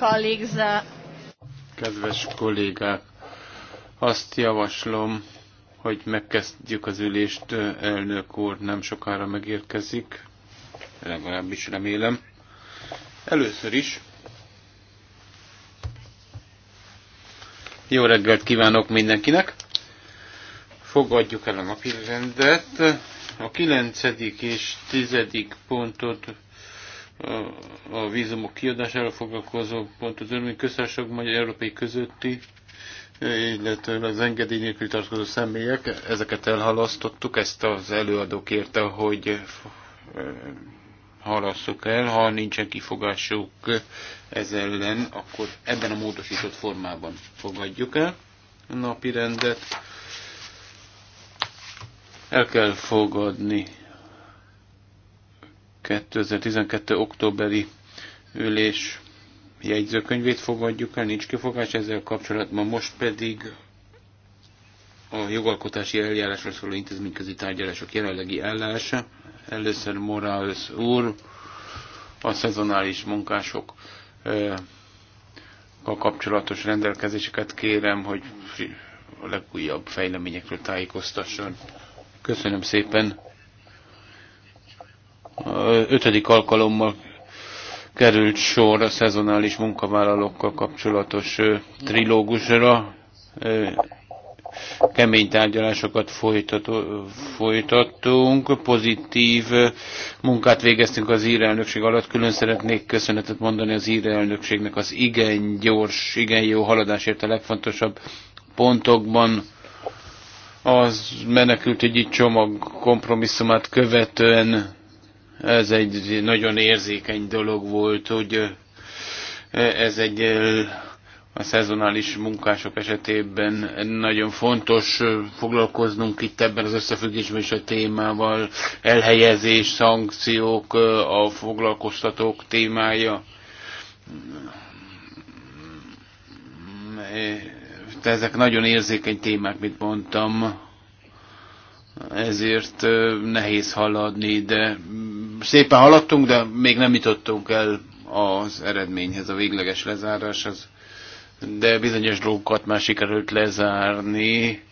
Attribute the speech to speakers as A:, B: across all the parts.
A: colleagues. Uh,
B: Kedves kollégák, azt javaslom, hogy megkezdjük az ülést. Uh, elnök úr nem sokára megérkezik, legalábbis remélem. Először is jó reggelt kívánok mindenkinek! Fogadjuk el a napi rendet. A 9. és 10. pontot a vízumok kiadására foglalkozó pont az örmény köztársaság magyar európai közötti, illetve az engedély nélkül tartozó személyek, ezeket elhalasztottuk, ezt az előadó kérte, hogy halasszuk el, ha nincsen kifogásuk ez ellen, akkor ebben a módosított formában fogadjuk el a napi rendet. El kell fogadni 2012. októberi ülés jegyzőkönyvét fogadjuk el, nincs kifogás ezzel kapcsolatban, most pedig a jogalkotási eljárásra szóló intézményközi tárgyalások jelenlegi ellása. Először Morales úr, a szezonális munkások a kapcsolatos rendelkezéseket kérem, hogy a legújabb fejleményekről tájékoztasson. Köszönöm szépen ötödik alkalommal került sor a szezonális munkavállalókkal kapcsolatos trilógusra. Kemény tárgyalásokat folytattunk, pozitív munkát végeztünk az írelnökség alatt. Külön szeretnék köszönetet mondani az írelnökségnek az igen gyors, igen jó haladásért a legfontosabb pontokban az menekültügyi csomag kompromisszumát követően ez egy nagyon érzékeny dolog volt, hogy ez egy a szezonális munkások esetében nagyon fontos foglalkoznunk itt ebben az összefüggésben is a témával, elhelyezés, szankciók, a foglalkoztatók témája. De ezek nagyon érzékeny témák, mint mondtam, ezért nehéz haladni, de szépen haladtunk, de még nem jutottunk el az eredményhez, a végleges lezáráshoz. De bizonyos dolgokat már sikerült lezárni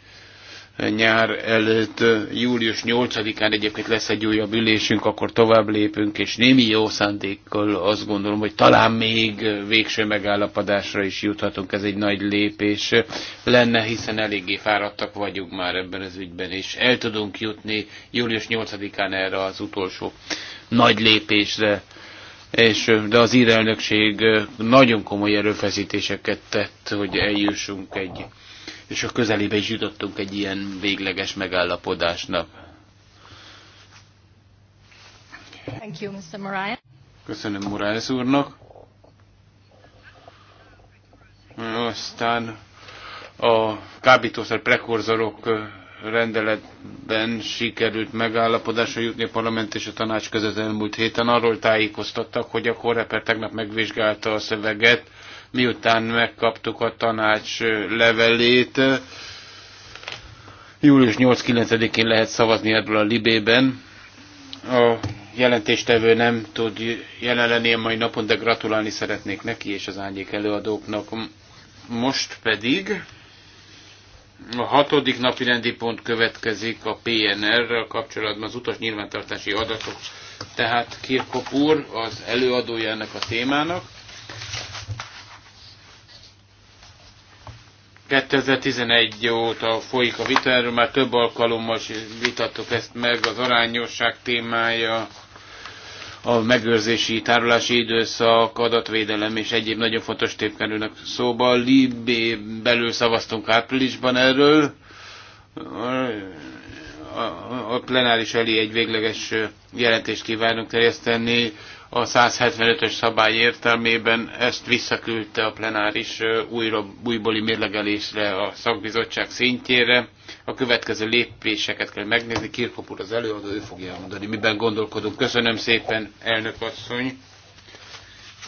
B: nyár előtt, július 8-án egyébként lesz egy újabb ülésünk, akkor tovább lépünk, és némi jó szándékkal azt gondolom, hogy talán még végső megállapodásra is juthatunk, ez egy nagy lépés lenne, hiszen eléggé fáradtak vagyunk már ebben az ügyben, és el tudunk jutni július 8-án erre az utolsó nagy lépésre, és, de az írelnökség nagyon komoly erőfeszítéseket tett, hogy eljussunk egy, és a közelébe is jutottunk egy ilyen végleges megállapodásnak.
A: Thank you, Mr. Mariah.
B: Köszönöm Morales úrnak. Aztán a kábítószer prekurzorok rendeletben sikerült megállapodásra jutni a parlament és a tanács között elmúlt héten. Arról tájékoztattak, hogy a Koreper tegnap megvizsgálta a szöveget, miután megkaptuk a tanács levelét. Július 8-9-én lehet szavazni erről a Libében. A jelentéstevő nem tud jelen lenni a mai napon, de gratulálni szeretnék neki és az ányék előadóknak. Most pedig a hatodik napi rendi pont következik a PNR-rel kapcsolatban az utas nyilvántartási adatok. Tehát Kirkop úr az előadója ennek a témának. 2011 óta folyik a vita, erről már több alkalommal vitattuk ezt meg, az arányosság témája, a megőrzési, tárolási időszak, adatvédelem és egyéb nagyon fontos tép szóba. Libé belül szavaztunk áprilisban erről. A plenáris elé egy végleges jelentést kívánunk terjeszteni a 175-ös szabály értelmében ezt visszaküldte a plenáris újra, újbóli mérlegelésre a szakbizottság szintjére. A következő lépéseket kell megnézni. Kirkop úr az előadó, ő fogja mondani. miben gondolkodunk. Köszönöm szépen, elnök asszony.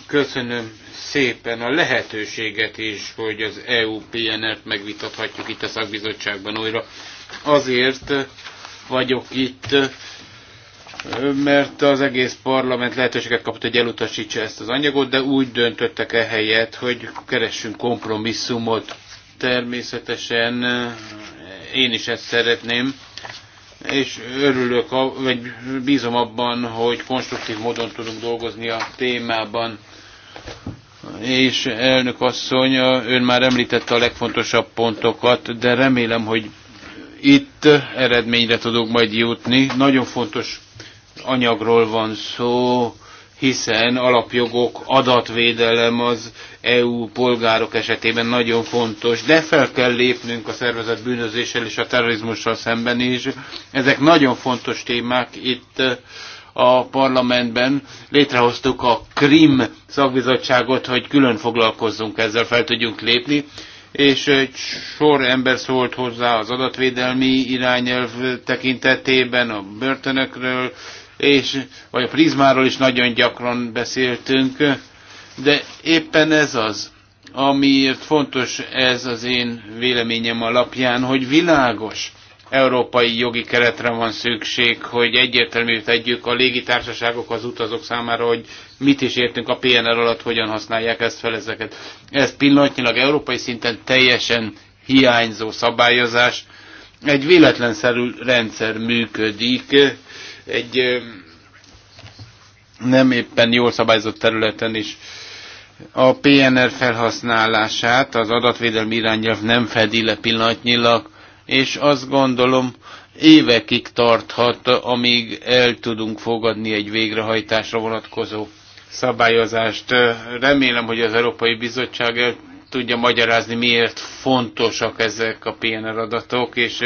B: Köszönöm szépen a lehetőséget is, hogy az EU PNR-t megvitathatjuk itt a szakbizottságban újra. Azért vagyok itt, mert az egész parlament lehetőséget kapott, hogy elutasítsa ezt az anyagot, de úgy döntöttek ehelyett, hogy keressünk kompromisszumot. Természetesen eh, én is ezt szeretném, és örülök, vagy bízom abban, hogy konstruktív módon tudunk dolgozni a témában. És elnök asszony, ön már említette a legfontosabb pontokat, de remélem, hogy itt eredményre tudunk majd jutni. Nagyon fontos anyagról van szó, hiszen alapjogok, adatvédelem az EU polgárok esetében nagyon fontos, de fel kell lépnünk a szervezet bűnözéssel és a terrorizmussal szemben is. Ezek nagyon fontos témák itt a parlamentben. Létrehoztuk a Krim szakbizottságot, hogy külön foglalkozzunk ezzel, fel tudjunk lépni és egy sor ember szólt hozzá az adatvédelmi irányelv tekintetében, a börtönökről, és, vagy a prizmáról is nagyon gyakran beszéltünk, de éppen ez az, amiért fontos ez az én véleményem alapján, hogy világos európai jogi keretre van szükség, hogy egyértelmű tegyük a légitársaságok az utazók számára, hogy mit is értünk a PNR alatt, hogyan használják ezt fel ezeket. Ez pillanatnyilag európai szinten teljesen hiányzó szabályozás. Egy véletlenszerű rendszer működik, egy nem éppen jól szabályozott területen is. A PNR felhasználását az adatvédelmi irányelv nem fedi le pillanatnyilag, és azt gondolom évekig tarthat, amíg el tudunk fogadni egy végrehajtásra vonatkozó szabályozást. Remélem, hogy az Európai Bizottság el tudja magyarázni, miért fontosak ezek a PNR adatok, és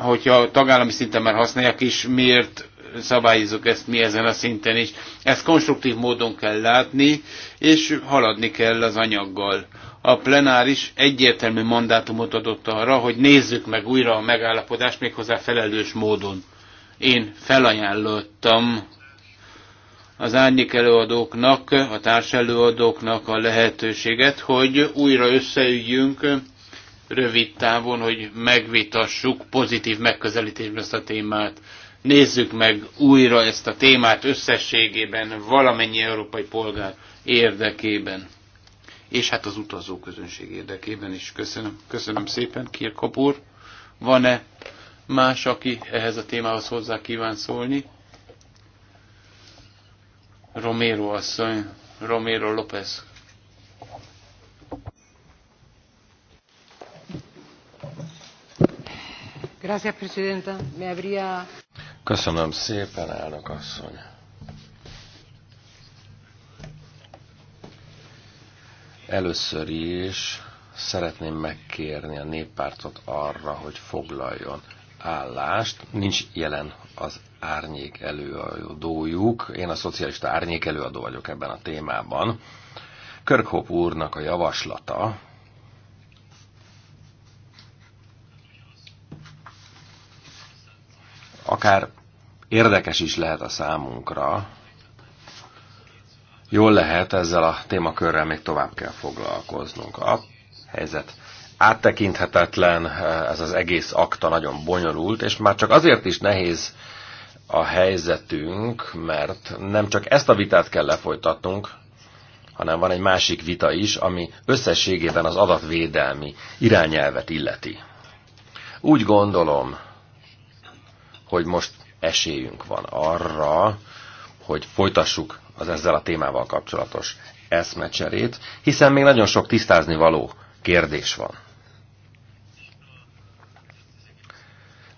B: hogyha tagállami szinten már használják is, miért szabályozok ezt mi ezen a szinten is. Ezt konstruktív módon kell látni, és haladni kell az anyaggal. A plenáris egyértelmű mandátumot adott arra, hogy nézzük meg újra a megállapodást méghozzá felelős módon. Én felajánlottam az árnyék előadóknak, a társelőadóknak a lehetőséget, hogy újra összeüljünk, rövid távon, hogy megvitassuk pozitív megközelítésben ezt a témát. Nézzük meg újra ezt a témát összességében, valamennyi európai polgár érdekében. És hát az utazó közönség érdekében is. Köszönöm, köszönöm szépen, Kirkop úr. Van-e más, aki ehhez a témához hozzá kíván szólni? Romero asszony, Romero López
A: Köszönöm szépen, elnök asszony. Először is szeretném megkérni a néppártot arra, hogy foglaljon állást. Nincs jelen az árnyék előadójuk. Én a szocialista árnyék előadó vagyok ebben a témában. Körkhop úrnak a javaslata akár érdekes is lehet a számunkra. Jól lehet, ezzel a témakörrel még tovább kell foglalkoznunk. A helyzet áttekinthetetlen, ez az egész akta nagyon bonyolult, és már csak azért is nehéz a helyzetünk, mert nem csak ezt a vitát kell lefolytatnunk, hanem van egy másik vita is, ami összességében az adatvédelmi irányelvet illeti. Úgy gondolom, hogy most esélyünk van arra, hogy folytassuk az ezzel a témával kapcsolatos eszmecserét, hiszen még nagyon sok tisztázni való kérdés van.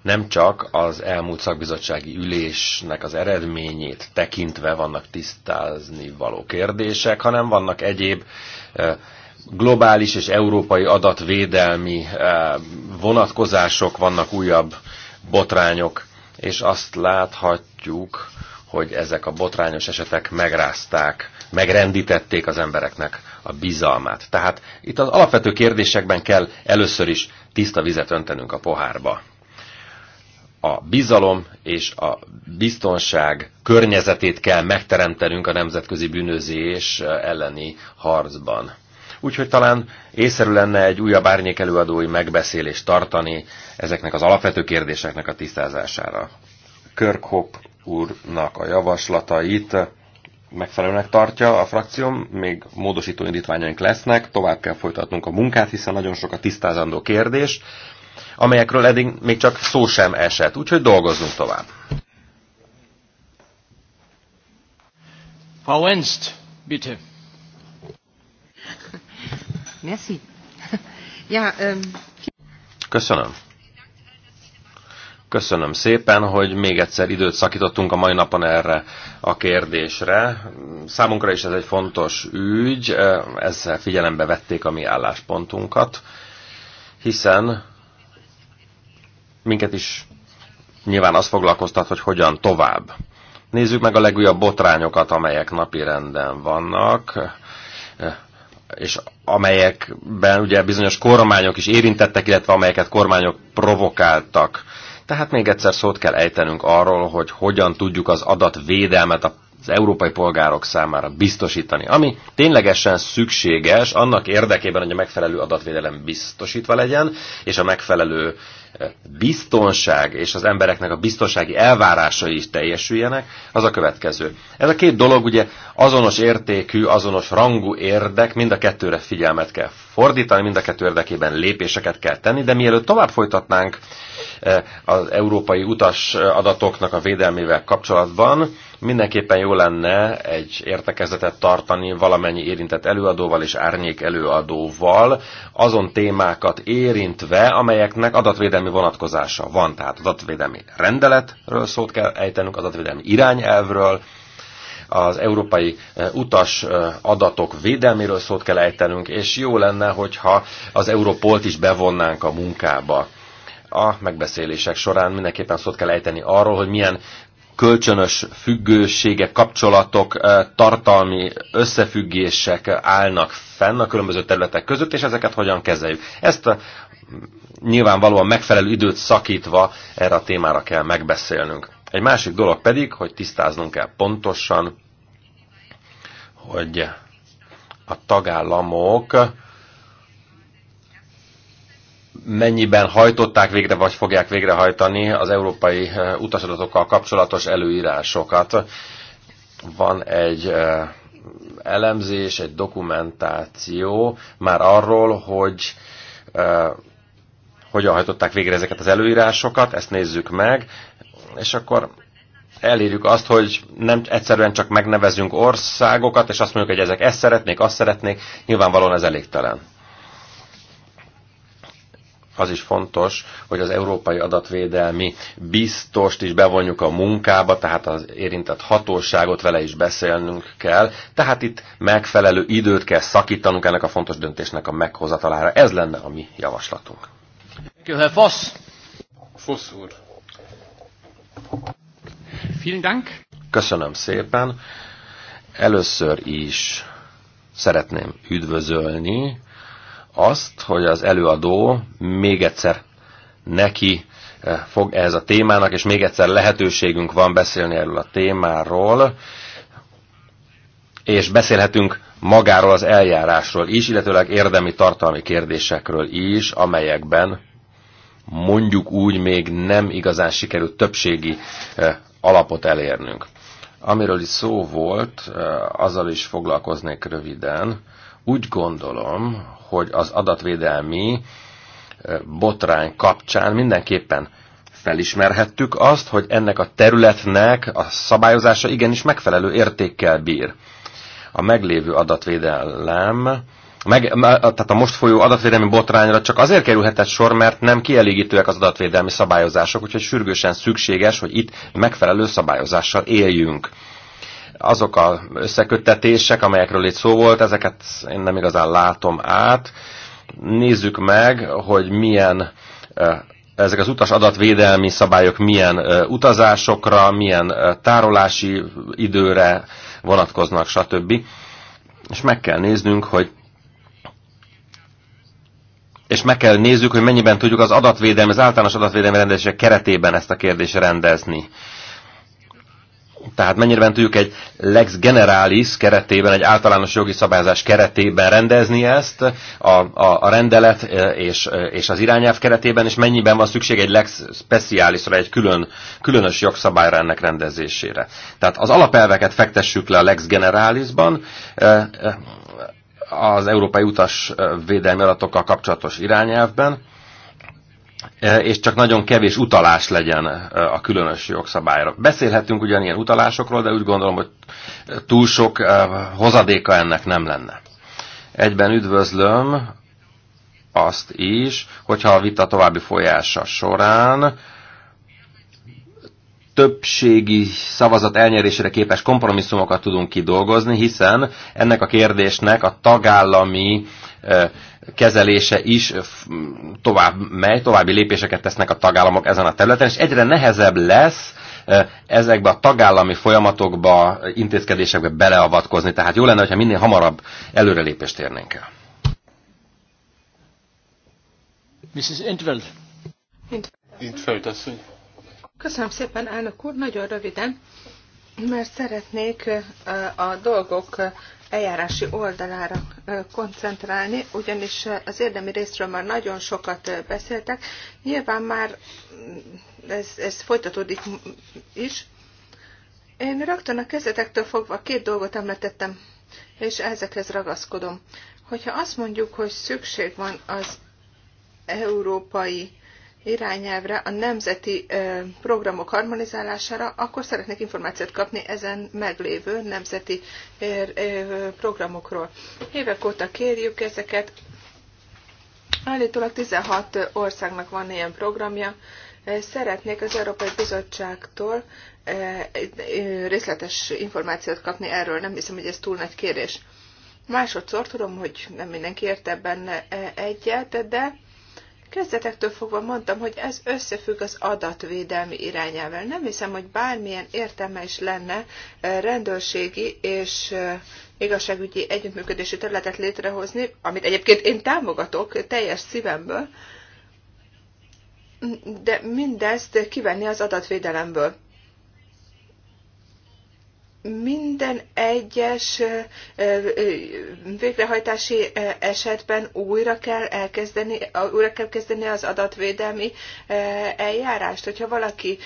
A: Nem csak az elmúlt szakbizottsági ülésnek az eredményét tekintve vannak tisztázni való kérdések, hanem vannak egyéb eh, globális és európai adatvédelmi eh, vonatkozások, vannak újabb botrányok, és azt láthatjuk, hogy ezek a botrányos esetek megrázták, megrendítették az embereknek a bizalmát. Tehát itt az alapvető kérdésekben kell először is tiszta vizet öntenünk a pohárba. A bizalom és a biztonság környezetét kell megteremtenünk a nemzetközi bűnözés elleni harcban. Úgyhogy talán észszerű lenne egy újabb árnyék előadói megbeszélést tartani ezeknek az alapvető kérdéseknek a tisztázására. Körkhop úrnak a javaslatait megfelelőnek tartja a frakcióm, még módosító indítványaink lesznek, tovább kell folytatnunk a munkát, hiszen nagyon sok a tisztázandó kérdés, amelyekről eddig még csak szó sem esett, úgyhogy dolgozzunk tovább.
B: Frau Ernst, bitte.
C: Merci. Ja, um...
A: Köszönöm. Köszönöm szépen, hogy még egyszer időt szakítottunk a mai napon erre a kérdésre. Számunkra is ez egy fontos ügy, ezzel figyelembe vették a mi álláspontunkat, hiszen minket is nyilván az foglalkoztat, hogy hogyan tovább. Nézzük meg a legújabb botrányokat, amelyek napirenden vannak és amelyekben ugye bizonyos kormányok is érintettek, illetve amelyeket kormányok provokáltak. Tehát még egyszer szót kell ejtenünk arról, hogy hogyan tudjuk az adatvédelmet az európai polgárok számára biztosítani, ami ténylegesen szükséges annak érdekében, hogy a megfelelő adatvédelem biztosítva legyen, és a megfelelő biztonság és az embereknek a biztonsági elvárásai is teljesüljenek, az a következő. Ez a két dolog ugye azonos értékű, azonos rangú érdek, mind a kettőre figyelmet kell fordítani, mind a kettő érdekében lépéseket kell tenni, de mielőtt tovább folytatnánk eh, az európai utas eh, adatoknak a védelmével kapcsolatban, mindenképpen jó lenne egy értekezetet tartani valamennyi érintett előadóval és árnyék előadóval, azon témákat érintve, amelyeknek adatvédelmi vonatkozása van. Tehát adatvédelmi rendeletről szót kell ejtenünk, adatvédelmi irányelvről, az európai eh, utas eh, adatok védelméről szót kell ejtenünk, és jó lenne, hogyha az Európolt is bevonnánk a munkába. A megbeszélések során mindenképpen szót kell ejteni arról, hogy milyen kölcsönös függőségek, kapcsolatok, eh, tartalmi összefüggések állnak fenn a különböző területek között, és ezeket hogyan kezeljük. Ezt nyilvánvalóan megfelelő időt szakítva erre a témára kell megbeszélnünk. Egy másik dolog pedig, hogy tisztáznunk kell pontosan, hogy a tagállamok mennyiben hajtották végre, vagy fogják végrehajtani az európai eh, utasadatokkal kapcsolatos előírásokat. Van egy eh, elemzés, egy dokumentáció már arról, hogy eh, hogyan hajtották végre ezeket az előírásokat, ezt nézzük meg, és akkor elérjük azt, hogy nem egyszerűen csak megnevezünk országokat, és azt mondjuk, hogy ezek ezt szeretnék, azt szeretnék, nyilvánvalóan ez elégtelen. Az is fontos, hogy az Európai Adatvédelmi biztost is bevonjuk a munkába, tehát az érintett hatóságot vele is beszélnünk kell. Tehát itt megfelelő időt kell szakítanunk ennek a fontos döntésnek a meghozatalára. Ez lenne a mi javaslatunk.
B: Köszönöm, Fosz! Fosz úr!
A: Vielen Dank. Köszönöm szépen. Először is szeretném üdvözölni azt, hogy az előadó még egyszer neki eh, fog ehhez a témának, és még egyszer lehetőségünk van beszélni erről a témáról, és beszélhetünk magáról az eljárásról is, illetőleg érdemi tartalmi kérdésekről is, amelyekben mondjuk úgy még nem igazán sikerült többségi eh, alapot elérnünk. Amiről is szó volt, azzal is foglalkoznék röviden. Úgy gondolom, hogy az adatvédelmi botrány kapcsán mindenképpen felismerhettük azt, hogy ennek a területnek a szabályozása igenis megfelelő értékkel bír. A meglévő adatvédelem meg, tehát a most folyó adatvédelmi botrányra csak azért kerülhetett sor, mert nem kielégítőek az adatvédelmi szabályozások, úgyhogy sürgősen szükséges, hogy itt megfelelő szabályozással éljünk. Azok a összeköttetések, amelyekről itt szó volt, ezeket én nem igazán látom át. Nézzük meg, hogy milyen ezek az utas adatvédelmi szabályok milyen utazásokra, milyen tárolási időre vonatkoznak, stb. És meg kell néznünk, hogy és meg kell nézzük, hogy mennyiben tudjuk az adatvédelmi, az általános adatvédelmi rendelések keretében ezt a kérdést rendezni. Tehát mennyiben tudjuk egy lex generalis keretében, egy általános jogi szabályozás keretében rendezni ezt a, a, a rendelet e, és, e, és az irányelv keretében, és mennyiben van szükség egy lex specialisra, egy külön, különös jogszabályra ennek rendezésére. Tehát az alapelveket fektessük le a lex generalisban, e, az európai utas védelmi adatokkal kapcsolatos irányelvben, e, és csak nagyon kevés utalás legyen e, a különös jogszabályra. Beszélhetünk ugyanilyen utalásokról, de úgy gondolom, hogy túl sok e, hozadéka ennek nem lenne. Egyben üdvözlöm azt is, hogyha a vita további folyása során többségi szavazat elnyerésére képes kompromisszumokat tudunk kidolgozni, hiszen ennek a kérdésnek a tagállami kezelése is tovább megy, további lépéseket tesznek a tagállamok ezen a területen, és egyre nehezebb lesz ezekbe a tagállami folyamatokba, intézkedésekbe beleavatkozni. Tehát jó lenne, hogyha minél hamarabb előrelépést érnénk el.
B: Mrs. Intveld. Intveld asszony.
C: Köszönöm szépen, elnök úr, nagyon röviden, mert szeretnék eh, a dolgok eh, eljárási oldalára eh, koncentrálni, ugyanis az érdemi részről már nagyon sokat beszéltek. Nyilván már mm, ez, ez folytatódik is. Én rögtön a kezdetektől fogva két dolgot említettem, és ezekhez ragaszkodom. Hogyha azt mondjuk, hogy szükség van az európai irányelvre, a nemzeti programok harmonizálására, akkor szeretnék információt kapni ezen meglévő nemzeti programokról. Évek óta kérjük ezeket. Állítólag 16 országnak van ilyen programja. Szeretnék az Európai Bizottságtól részletes információt kapni erről. Nem hiszem, hogy ez túl nagy kérés. Másodszor tudom, hogy nem mindenki ért ebben egyet, de Kezdetektől fogva mondtam, hogy ez összefügg az adatvédelmi irányával. Nem hiszem, hogy bármilyen értelme is lenne eh, rendőrségi és eh, igazságügyi együttműködési területet létrehozni, amit egyébként én támogatok teljes szívemből, de mindezt kivenni az adatvédelemből minden egyes végrehajtási esetben újra kell elkezdeni, újra kell kezdeni az adatvédelmi eljárást. Hogyha valaki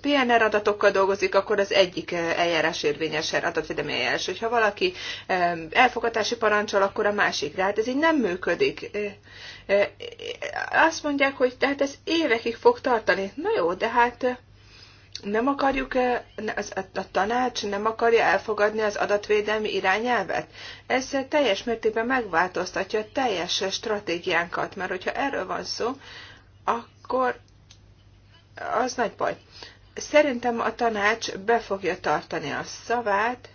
C: PNR adatokkal dolgozik, akkor az egyik eljárás érvényes adatvédelmi eljárás. Hogyha valaki elfogadási parancsol, akkor a másik. De hát ez így nem működik. Azt mondják, hogy tehát ez évekig fog tartani. Na jó, de hát nem akarjuk -e, a tanács nem akarja elfogadni az adatvédelmi irányelvet? Ez teljes mértékben megváltoztatja a teljes stratégiánkat, mert hogyha erről van szó, akkor az nagy baj. Szerintem a tanács be fogja tartani a szavát,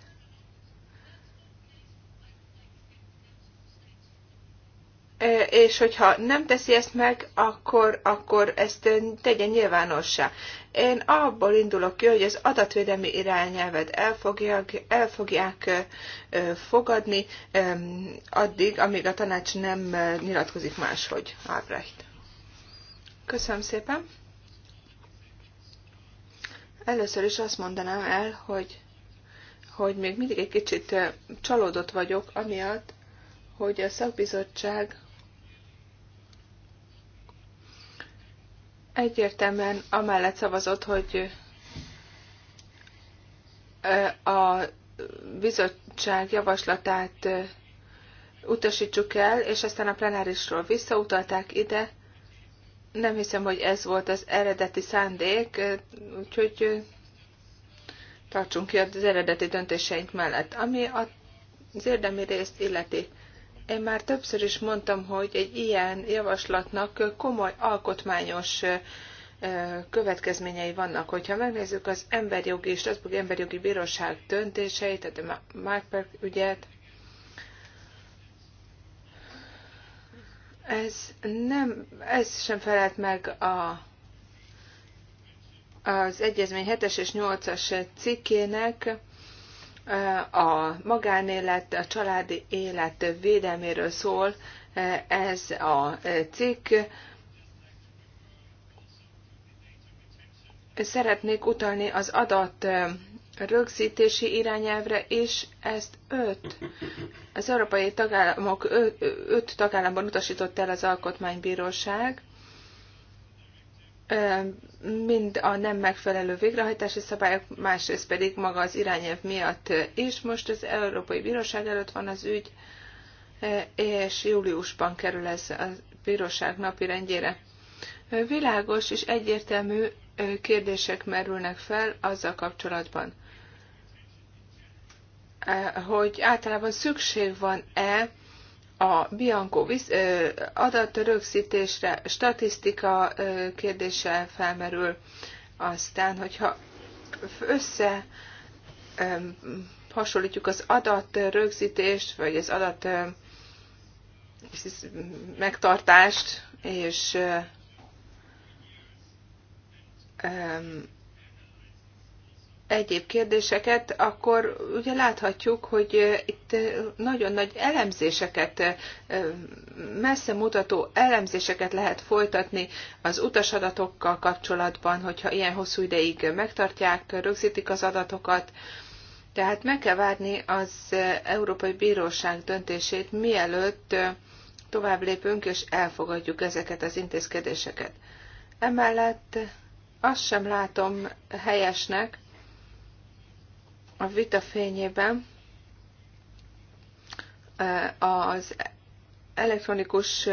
C: E, és hogyha nem teszi ezt meg, akkor, akkor ezt tegye nyilvánossá. Én abból indulok ki, hogy az adatvédelmi irányelvet el fogják, el fogják fogadni addig, amíg a tanács nem nyilatkozik máshogy, Albrecht. Köszönöm szépen. Először is azt mondanám el, hogy, hogy még mindig egy kicsit csalódott vagyok, amiatt, hogy a szakbizottság egyértelműen amellett szavazott, hogy a bizottság javaslatát utasítsuk el, és aztán a plenárisról visszautalták ide. Nem hiszem, hogy ez volt az eredeti szándék, úgyhogy tartsunk ki az eredeti döntéseink mellett. Ami az érdemi részt illeti, én már többször is mondtam, hogy egy ilyen javaslatnak komoly alkotmányos következményei vannak. Hogyha megnézzük az emberjogi, az emberjogi bíróság döntéseit, tehát a Markberg ügyet, ez, nem, ez sem felelt meg a, az egyezmény 7-es és 8-as cikkének, a magánélet, a családi élet védelméről szól ez a cikk. Szeretnék utalni az adat rögzítési irányelvre, és ezt öt, az európai tagállamok öt, öt tagállamban utasított el az Alkotmánybíróság mind a nem megfelelő végrehajtási szabályok, másrészt pedig maga az irányelv miatt is. Most az Európai Bíróság előtt van az ügy, és júliusban kerül ez a bíróság napi rendjére. Világos és egyértelmű kérdések merülnek fel azzal kapcsolatban, hogy általában szükség van-e a Bianco adatrögzítésre, statisztika kérdése felmerül, aztán, hogyha össze hasonlítjuk az adatrögzítést, vagy az adat megtartást, és egyéb kérdéseket, akkor ugye láthatjuk, hogy itt nagyon nagy elemzéseket, messze mutató elemzéseket lehet folytatni az utasadatokkal kapcsolatban, hogyha ilyen hosszú ideig megtartják, rögzítik az adatokat. Tehát meg kell várni az Európai Bíróság döntését, mielőtt tovább lépünk és elfogadjuk ezeket az intézkedéseket. Emellett azt sem látom helyesnek, a vita fényében az elektronikus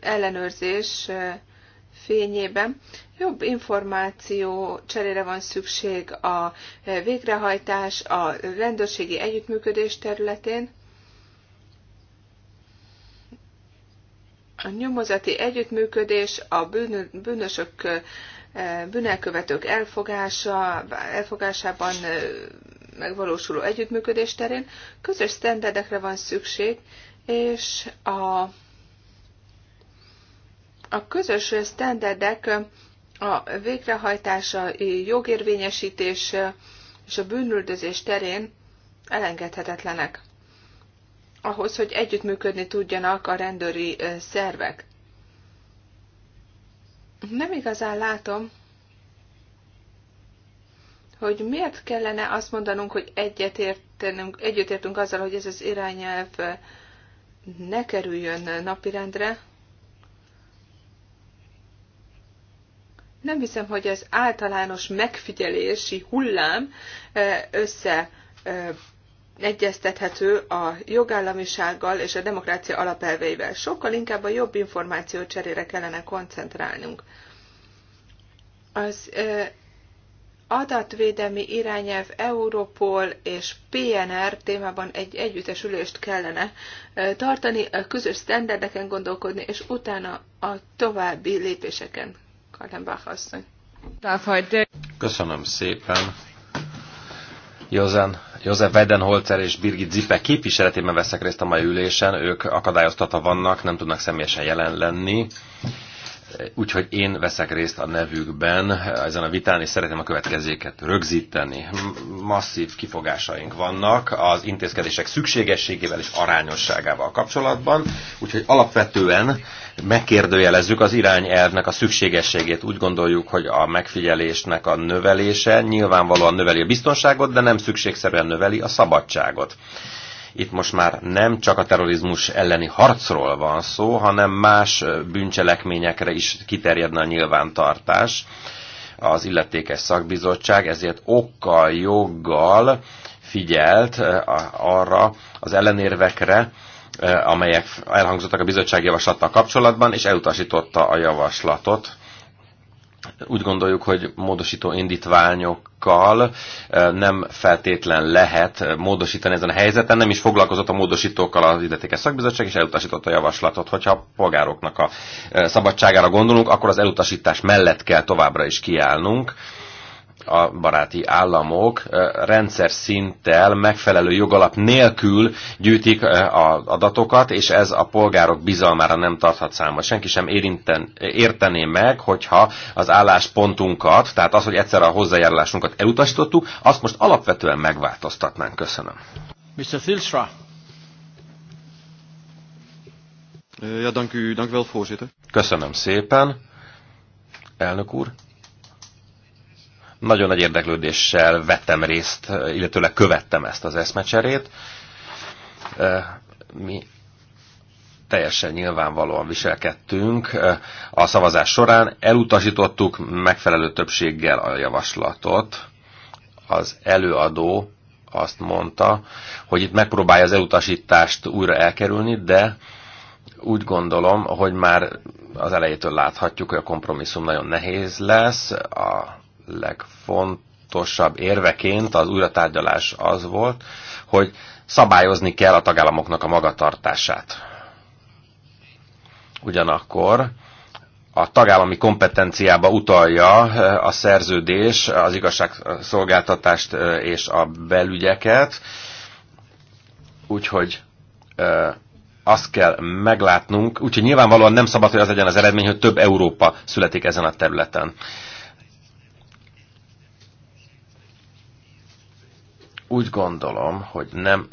C: ellenőrzés fényében jobb információ cserére van szükség a végrehajtás, a rendőrségi együttműködés területén, a nyomozati együttműködés, a bűnösök bűnelkövetők elfogása, elfogásában megvalósuló együttműködés terén közös sztenderdekre van szükség, és a, a közös sztenderdek a végrehajtása, jogérvényesítés és a bűnüldözés terén elengedhetetlenek ahhoz, hogy együttműködni tudjanak a rendőri szervek nem igazán látom, hogy miért kellene azt mondanunk, hogy egyetértenünk, egyetértünk, azzal, hogy ez az irányelv ne kerüljön napirendre. Nem hiszem, hogy az általános megfigyelési hullám eh, össze eh, egyeztethető a jogállamisággal és a demokrácia alapelveivel. Sokkal inkább a jobb információ cserére kellene koncentrálnunk. Az adatvédelmi irányelv Europol és PNR témában egy együttesülést kellene tartani, a közös sztenderdeken gondolkodni, és utána a további lépéseken. Kallenbach asszony.
A: Köszönöm szépen. Józan József Weidenholzer és Birgit Zippe képviseletében veszek részt a mai ülésen, ők akadályoztatva vannak, nem tudnak személyesen jelen lenni. Úgyhogy én veszek részt a nevükben ezen a vitán, és szeretném a következéket rögzíteni. Masszív kifogásaink vannak az intézkedések szükségességével és arányosságával kapcsolatban, úgyhogy alapvetően megkérdőjelezzük az irányelvnek a szükségességét. Úgy gondoljuk, hogy a megfigyelésnek a növelése nyilvánvalóan növeli a biztonságot, de nem szükségszerűen növeli a szabadságot. Itt most már nem csak a terrorizmus elleni harcról van szó, hanem más bűncselekményekre is kiterjedne a nyilvántartás. Az illetékes szakbizottság ezért okkal, joggal figyelt arra az ellenérvekre, amelyek elhangzottak a bizottság javaslattal kapcsolatban, és elutasította a javaslatot úgy gondoljuk, hogy módosító indítványokkal eh, nem feltétlen lehet eh, módosítani ezen a helyzeten, nem is foglalkozott a módosítókkal az illetékes szakbizottság, és elutasította a javaslatot. Hogyha a polgároknak a eh, szabadságára gondolunk, akkor az elutasítás mellett kell továbbra is kiállnunk a baráti államok rendszer szinttel megfelelő jogalap nélkül gyűjtik az adatokat, és ez a polgárok bizalmára nem tarthat számba. Senki sem érinten, értené meg, hogyha az álláspontunkat, tehát az, hogy egyszer a hozzájárulásunkat elutasítottuk, azt most alapvetően megváltoztatnánk. Köszönöm. Mr. Filstra. Ja, dank u, dank wel, voorzitter. Köszönöm szépen, elnök úr. Nagyon nagy érdeklődéssel vettem részt, illetőleg követtem ezt az eszmecserét. Mi teljesen nyilvánvalóan viselkedtünk a szavazás során. Elutasítottuk megfelelő többséggel a javaslatot. Az előadó azt mondta, hogy itt megpróbálja az elutasítást újra elkerülni, de úgy gondolom, hogy már az elejétől láthatjuk, hogy a kompromisszum nagyon nehéz lesz. A legfontosabb érveként az újratárgyalás az volt, hogy szabályozni kell a tagállamoknak a magatartását. Ugyanakkor a tagállami kompetenciába utalja eh, a szerződés az igazságszolgáltatást eh, és a belügyeket, úgyhogy eh, azt kell meglátnunk, úgyhogy nyilvánvalóan nem szabad, hogy az legyen az eredmény, hogy több Európa születik ezen a területen. úgy gondolom, hogy nem,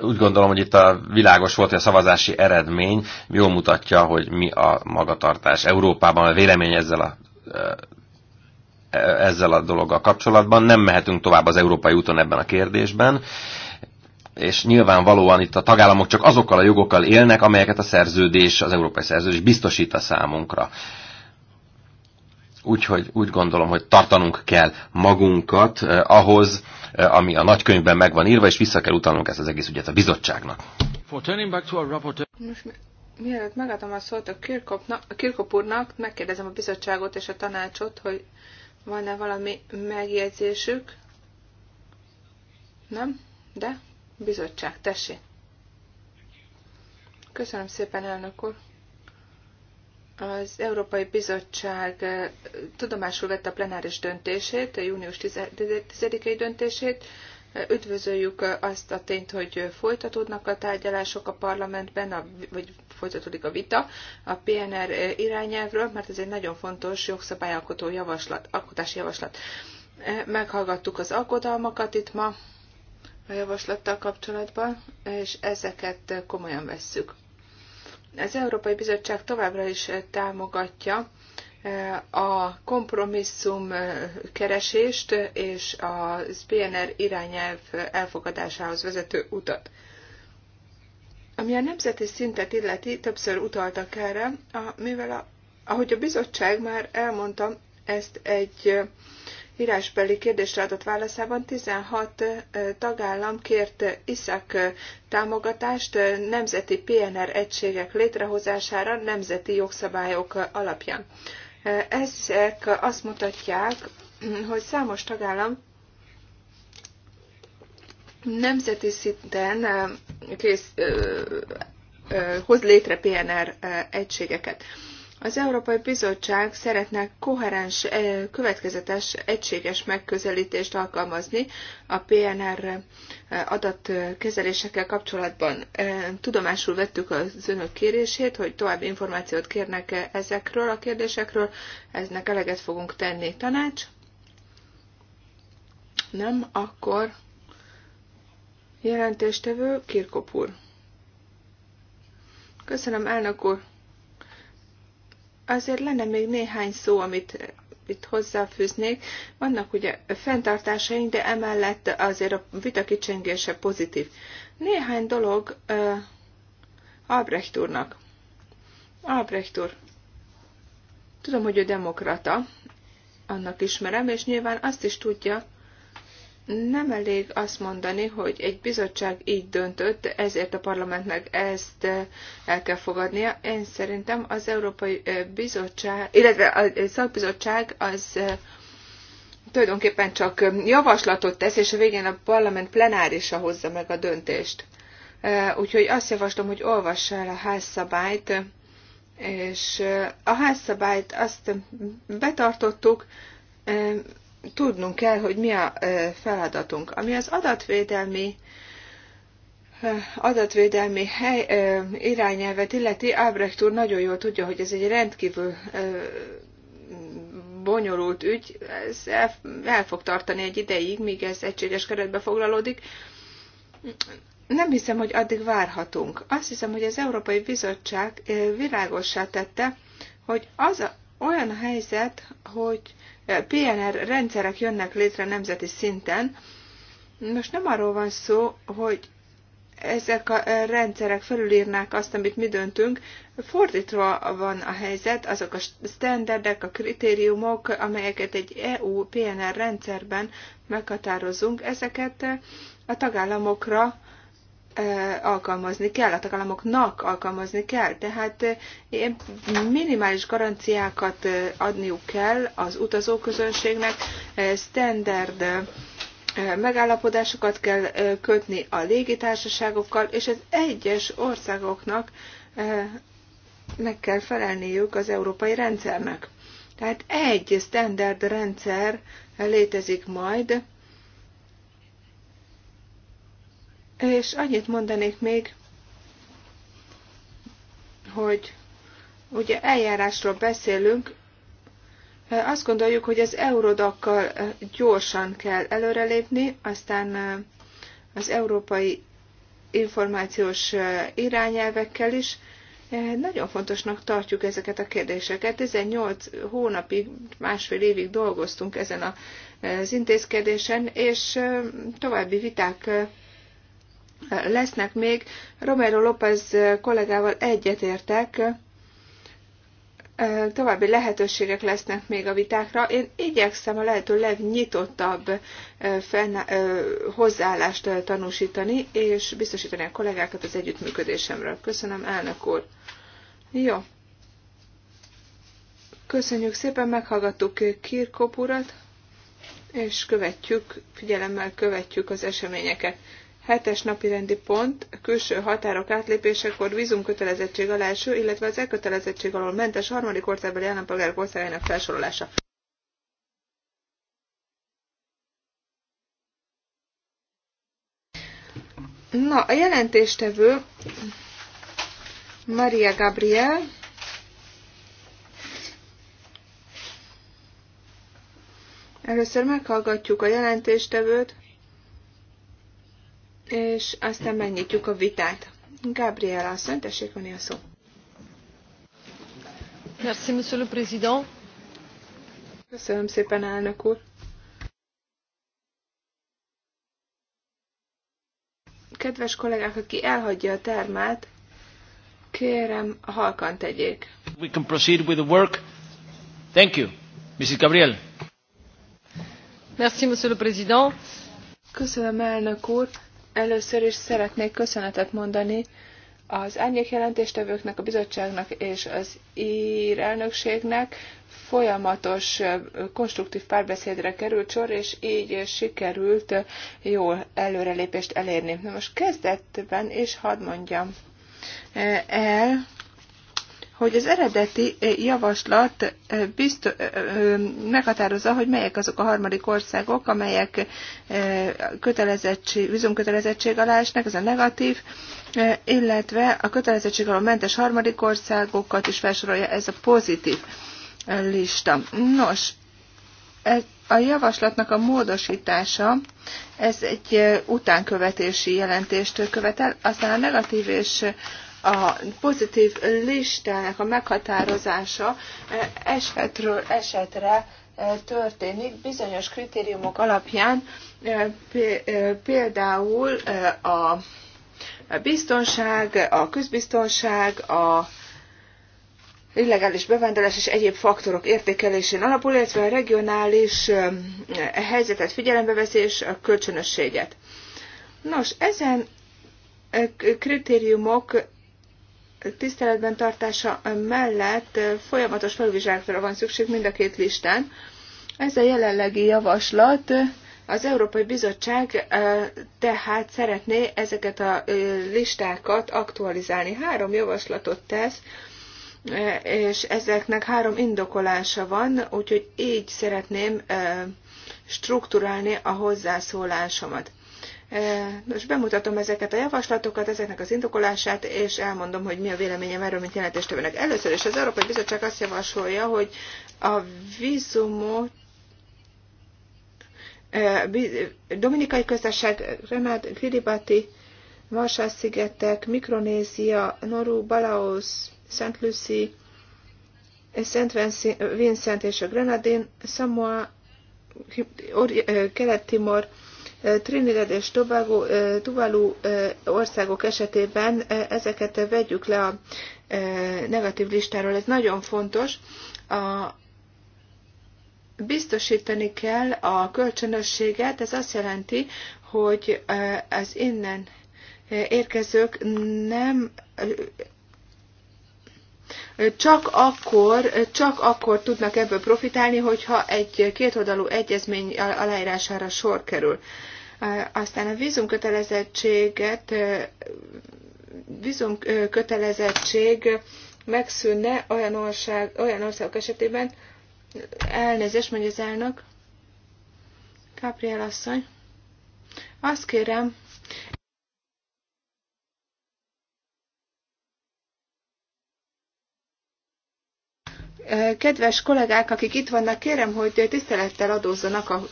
A: úgy gondolom, hogy itt a világos volt, hogy a szavazási eredmény jól mutatja, hogy mi a magatartás Európában, a vélemény ezzel a e, ezzel a dologgal kapcsolatban. Nem mehetünk tovább az európai úton ebben a kérdésben, és nyilvánvalóan itt a tagállamok csak azokkal a jogokkal élnek, amelyeket a szerződés, az európai szerződés biztosít a számunkra. Úgyhogy úgy gondolom, hogy tartanunk kell magunkat eh, ahhoz, eh, ami a nagykönyvben meg van írva, és vissza kell utalnunk ezt az egész ügyet a bizottságnak. Most
C: mielőtt megadom a szót a Kirkop úrnak, megkérdezem a bizottságot és a tanácsot, hogy van-e valami megjegyzésük? Nem? De? Bizottság, tessé. Köszönöm szépen, elnök úr. Az Európai Bizottság eh, tudomásul vette a plenáris döntését, a június 10-i döntését. Eh, üdvözöljük eh, azt a tényt, hogy folytatódnak a tárgyalások a parlamentben, a, vagy folytatódik a vita a PNR irányelvről, mert ez egy nagyon fontos jogszabályalkotó javaslat, alkotási javaslat. Meghallgattuk az aggodalmakat itt ma a javaslattal kapcsolatban, és ezeket komolyan vesszük. Az Európai Bizottság továbbra is eh, támogatja eh, a kompromisszum eh, keresést és a PNR irányelv elfogadásához vezető utat. Ami a nemzeti szintet illeti, többször utaltak erre, mivel a, ahogy a bizottság már elmondta, ezt egy írásbeli kérdésre adott válaszában 16 tagállam kért ISZAK támogatást nemzeti PNR egységek létrehozására nemzeti jogszabályok alapján. Ezek azt mutatják, hogy számos tagállam nemzeti szinten kész, ö, ö, hoz létre PNR egységeket. Az Európai Bizottság szeretne koherens, eh, következetes, egységes megközelítést alkalmazni a PNR eh, adatkezelésekkel kapcsolatban. Eh, tudomásul vettük az önök kérését, hogy további információt kérnek -e ezekről a kérdésekről, eznek eleget fogunk tenni. Tanács? Nem, akkor jelentéstevő Kirkopúr. Köszönöm, elnök úr! Azért lenne még néhány szó, amit eh, itt hozzáfűznék. Vannak ugye fenntartásaink, de emellett azért a vita kicsengése pozitív. Néhány dolog uh, Albrecht úrnak. Albrecht úr, tudom, hogy ő demokrata, annak ismerem, és nyilván azt is tudja, nem elég azt mondani, hogy egy bizottság így döntött, ezért a parlamentnek ezt eh, el kell fogadnia. Én szerintem az Európai eh, Bizottság, illetve a szakbizottság az eh, tulajdonképpen csak javaslatot tesz, és a végén a parlament plenárisa hozza meg a döntést. Úgyhogy azt javaslom, hogy olvass el a házszabályt, és a házszabályt azt betartottuk, tudnunk kell, hogy mi a feladatunk. Ami az adatvédelmi adatvédelmi hely, irányelvet illeti, Ábrecht úr nagyon jól tudja, hogy ez egy rendkívül bonyolult ügy, ez el, el fog tartani egy ideig, míg ez egységes keretbe foglalódik. Nem hiszem, hogy addig várhatunk. Azt hiszem, hogy az Európai Bizottság világossá tette, hogy az a, olyan a helyzet, hogy PNR rendszerek jönnek létre nemzeti szinten. Most nem arról van szó, hogy ezek a rendszerek felülírnák azt, amit mi döntünk. Fordítva van a helyzet, azok a standardek, a kritériumok, amelyeket egy EU PNR rendszerben meghatározunk, ezeket a tagállamokra alkalmazni kell, a tagállamoknak alkalmazni kell, tehát minimális garanciákat adniuk kell az utazóközönségnek, standard megállapodásokat kell kötni a légitársaságokkal, és az egyes országoknak meg kell felelniük az európai rendszernek. Tehát egy standard rendszer létezik majd, És annyit mondanék még, hogy ugye eljárásról beszélünk, azt gondoljuk, hogy az eurodakkal gyorsan kell előrelépni, aztán az európai információs irányelvekkel is. Nagyon fontosnak tartjuk ezeket a kérdéseket. 18 hónapig, másfél évig dolgoztunk ezen az intézkedésen, és további viták lesznek még. Romero López kollégával egyetértek, további lehetőségek lesznek még a vitákra. Én igyekszem a lehető legnyitottabb hozzáállást tanúsítani, és biztosítani a kollégákat az együttműködésemről. Köszönöm, elnök úr. Jó. Köszönjük szépen, meghallgattuk Kirkop urat, és követjük, figyelemmel követjük az eseményeket. Hetes napi rendi pont, külső határok átlépésekor vízumkötelezettség alá eső, illetve az elkötelezettség alól mentes harmadik országbeli állampolgárok országának felsorolása. Na, a jelentéstevő Maria Gabriel, Először meghallgatjuk a jelentéstevőt, és aztán megnyitjuk a vitát. Gabriela, asszony, tessék venni a szó. Merci, monsieur le président. Köszönöm szépen, elnök úr. Kedves kollégák, aki elhagyja a termát, kérem, halkan tegyék.
A: We can proceed with the work. Thank you, Mrs. Gabriel.
C: Merci, monsieur le président. Köszönöm, elnök úr. Először is szeretnék köszönetet mondani az árnyék jelentéstevőknek, a bizottságnak és az ír elnökségnek folyamatos konstruktív párbeszédre került sor, és így sikerült jól előrelépést elérni. Na most kezdetben is hadd mondjam el, hogy az eredeti eh, javaslat eh, biztos, eh, meghatározza, hogy melyek azok a harmadik országok, amelyek kötelezettség, vízumkötelezettség alá esnek, ez a negatív, illetve a kötelezettség alól mentes harmadik országokat is felsorolja ez a pozitív lista. Nos, ez a javaslatnak a módosítása, ez egy utánkövetési jelentést követel, aztán a negatív és a pozitív listának a meghatározása eh, esetről esetre eh, történik bizonyos kritériumok alapján, eh, például a biztonság, a közbiztonság, a illegális bevándorlás és egyéb faktorok értékelésén alapul, illetve a regionális helyzetet figyelembe veszi és a kölcsönösséget. Nos, ezen kritériumok tiszteletben tartása mellett folyamatos felvizsgálatra van szükség mind a két listán. Ez a jelenlegi javaslat az Európai Bizottság tehát szeretné ezeket a listákat aktualizálni. Három javaslatot tesz, és ezeknek három indokolása van, úgyhogy így szeretném strukturálni a hozzászólásomat. Most e, bemutatom ezeket a javaslatokat, ezeknek az indokolását, és elmondom, hogy mi a véleményem erről, mint jelentéstevőnek. Először is az Európai Bizottság azt javasolja, hogy a vízumot e, Dominikai Köztársaság, Renát, Kiribati, Marshall-szigetek, Mikronézia, Noru, Balaos, Szent Lucy, Szent Vincent és a Grenadin, Samoa, e, Kelet-Timor, Trinidad és Tobago, Tuvalu országok esetében ezeket vegyük le a negatív listáról. Ez nagyon fontos. A biztosítani kell a kölcsönösséget, ez azt jelenti, hogy az innen érkezők nem csak akkor, csak akkor tudnak ebből profitálni, hogyha egy kétoldalú egyezmény aláírására sor kerül. Aztán a vízumkötelezettséget, vízumkötelezettség megszűnne olyan, ország, olyan országok esetében, elnézést mondja az elnök, Gabriel asszony, azt kérem, Kedves kollégák, akik itt vannak, kérem, hogy tisztelettel adózzanak a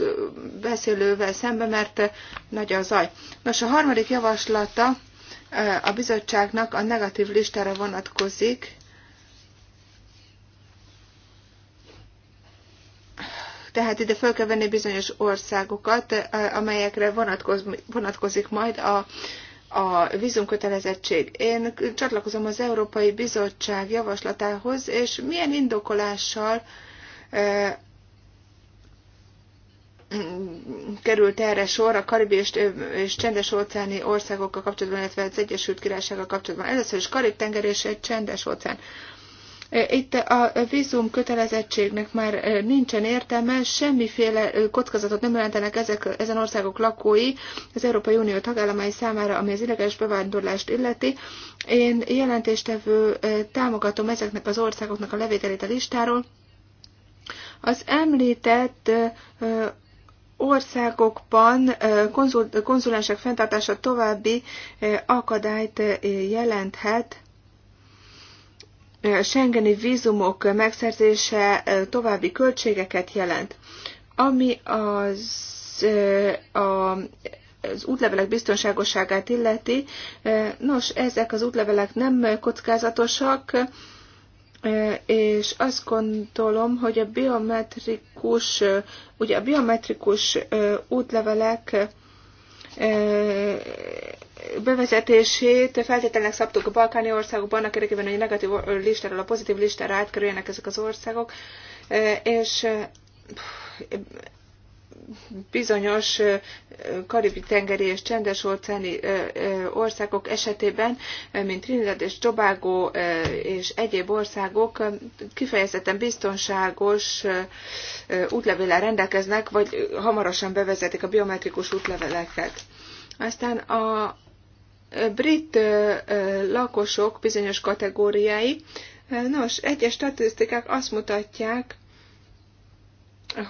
C: beszélővel szembe, mert nagy a zaj. Nos, a harmadik javaslata eh, a bizottságnak a negatív listára vonatkozik. Tehát ide fel kell venni bizonyos országokat, eh, amelyekre vonatkozik majd a a vízumkötelezettség. Én csatlakozom az Európai Bizottság javaslatához, és milyen indokolással eh, került erre sor a karibi és, és csendes óceáni országokkal kapcsolatban, illetve az Egyesült Királysággal kapcsolatban. Először is Karib-tenger és egy csendes óceán. Itt a vízum kötelezettségnek már nincsen értelme, semmiféle kockázatot nem jelentenek ezek, ezen országok lakói az Európai Unió tagállamai számára, ami az illegális bevándorlást illeti. Én jelentéstevő támogatom ezeknek az országoknak a levételét a listáról. Az említett országokban konzul, konzulensek fenntartása további akadályt jelenthet Schengeni vízumok megszerzése további költségeket jelent. Ami az, a, az útlevelek biztonságosságát illeti, nos, ezek az útlevelek nem kockázatosak, és azt gondolom, hogy a biometrikus, ugye a biometrikus útlevelek bevezetését feltételnek szabtuk a balkáni országokban, annak érdekében, hogy a negatív listáról a pozitív listára átkerüljenek ezek az országok, e, és e, bizonyos e, karibi tengeri és csendes óceáni országok esetében, mint Trinidad és Tobago és egyéb országok kifejezetten biztonságos útlevéllel rendelkeznek, vagy hamarosan bevezetik a biometrikus útleveleket. Aztán a brit lakosok bizonyos kategóriái. Nos, egyes statisztikák azt mutatják,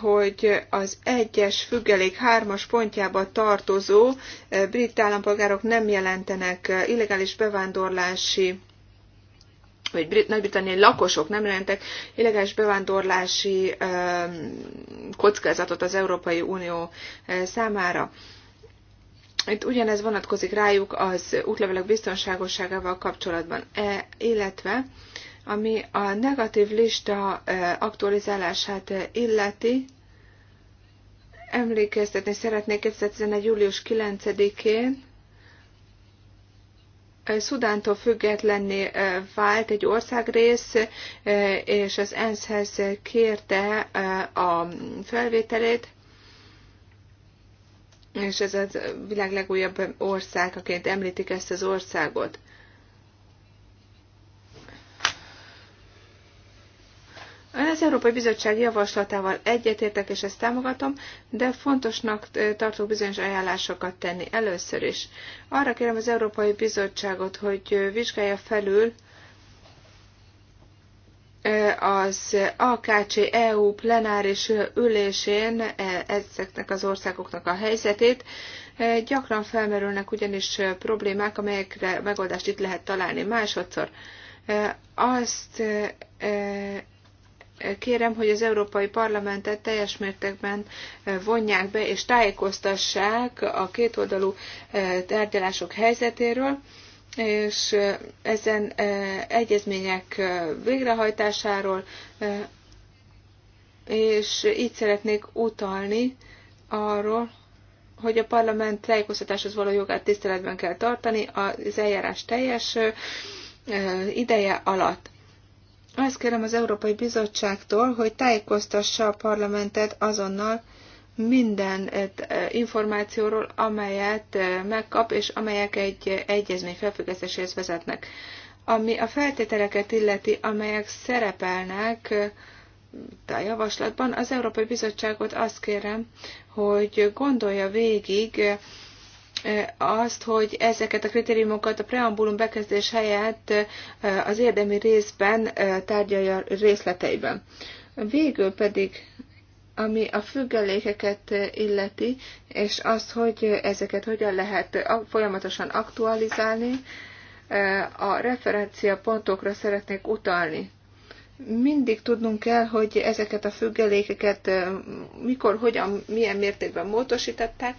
C: hogy az egyes függelék hármas pontjába tartozó brit állampolgárok nem jelentenek illegális bevándorlási vagy brit, nagy-britanniai lakosok nem jelentek illegális bevándorlási kockázatot az Európai Unió számára. Itt ugyanez vonatkozik rájuk az útlevelek biztonságosságával kapcsolatban, e, illetve ami a negatív lista e, aktualizálását e, illeti, emlékeztetni szeretnék 2011. július 9-én e, Szudántól függetlenné vált egy országrész, és az ENSZ-hez kérte a felvételét és ez a világ legújabb országaként említik ezt az országot. Ön az Európai Bizottság javaslatával egyetértek, és ezt támogatom, de fontosnak tartok bizonyos ajánlásokat tenni először is. Arra kérem az Európai Bizottságot, hogy vizsgálja felül az AKC-EU plenáris ülésén e, ezeknek az országoknak a helyzetét. E, gyakran felmerülnek ugyanis problémák, amelyekre megoldást itt lehet találni. Másodszor e, azt kérem, hogy az Európai Parlamentet teljes mértékben vonják be és tájékoztassák a kétoldalú tárgyalások helyzetéről és ezen egyezmények végrehajtásáról, és így szeretnék utalni arról, hogy a parlament tájékoztatáshoz való jogát tiszteletben kell tartani az eljárás teljes ideje alatt. Azt kérem az Európai Bizottságtól, hogy tájékoztassa a parlamentet azonnal, minden eh, eh, információról, amelyet eh, megkap, és amelyek egy egyezmény felfüggesztéséhez vezetnek. Ami a feltételeket illeti, amelyek szerepelnek a javaslatban, az Európai Bizottságot azt kérem, hogy gondolja végig azt, hogy ezeket a kritériumokat a preambulum bekezdés helyett az érdemi részben tárgyalja részleteiben. Végül pedig ami a függelékeket illeti, és azt, hogy ezeket hogyan lehet folyamatosan aktualizálni, a referencia pontokra szeretnék utalni. Mindig tudnunk kell, hogy ezeket a függelékeket mikor, hogyan, milyen mértékben módosították,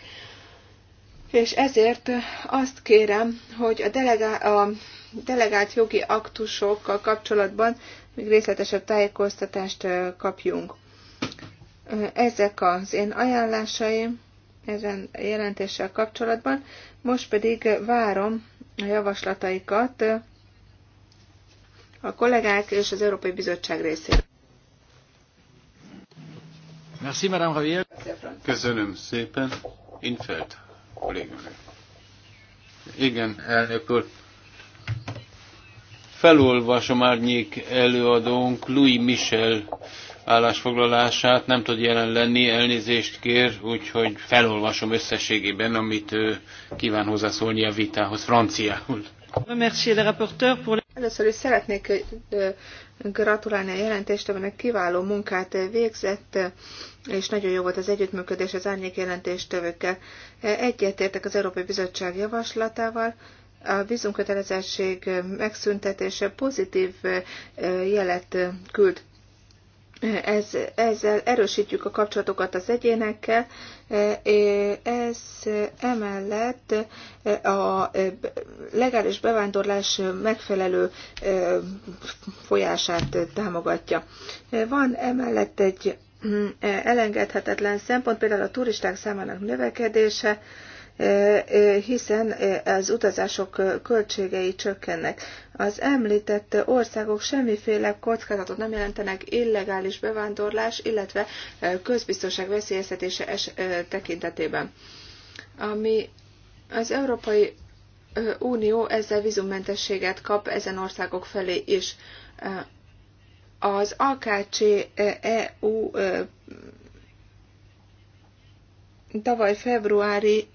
C: és ezért azt kérem, hogy a, delegá- a delegált jogi aktusokkal kapcsolatban még részletesebb tájékoztatást kapjunk. Ezek az én ajánlásaim ezen jelentéssel kapcsolatban. Most pedig várom a javaslataikat a kollégák és az Európai Bizottság részéről.
A: Merci, Madame Ravier.
B: Köszönöm szépen. Infeld kollégának. Igen, elnök úr. Felolvasom árnyék előadónk Louis Michel állásfoglalását, nem tud jelen lenni, elnézést kér, úgyhogy felolvasom összességében, amit ő kíván hozzászólni a vitához franciául.
C: Először is szeretnék gratulálni a amelynek kiváló munkát végzett, és nagyon jó volt az együttműködés az árnyék jelentéstevőkkel. Egyetértek az Európai Bizottság javaslatával, a vízumkötelezettség megszüntetése pozitív jelet küld ez, ezzel erősítjük a kapcsolatokat az egyénekkel, e, e, ez emellett a legális bevándorlás megfelelő e, folyását támogatja. Van emellett egy mm, elengedhetetlen szempont, például a turisták számának növekedése, hiszen az utazások költségei csökkennek. Az említett országok semmiféle kockázatot nem jelentenek illegális bevándorlás, illetve közbiztonság veszélyeztetése tekintetében. Ami az Európai Unió ezzel vízummentességet kap ezen országok felé is. Az AKC-EU tavaly februári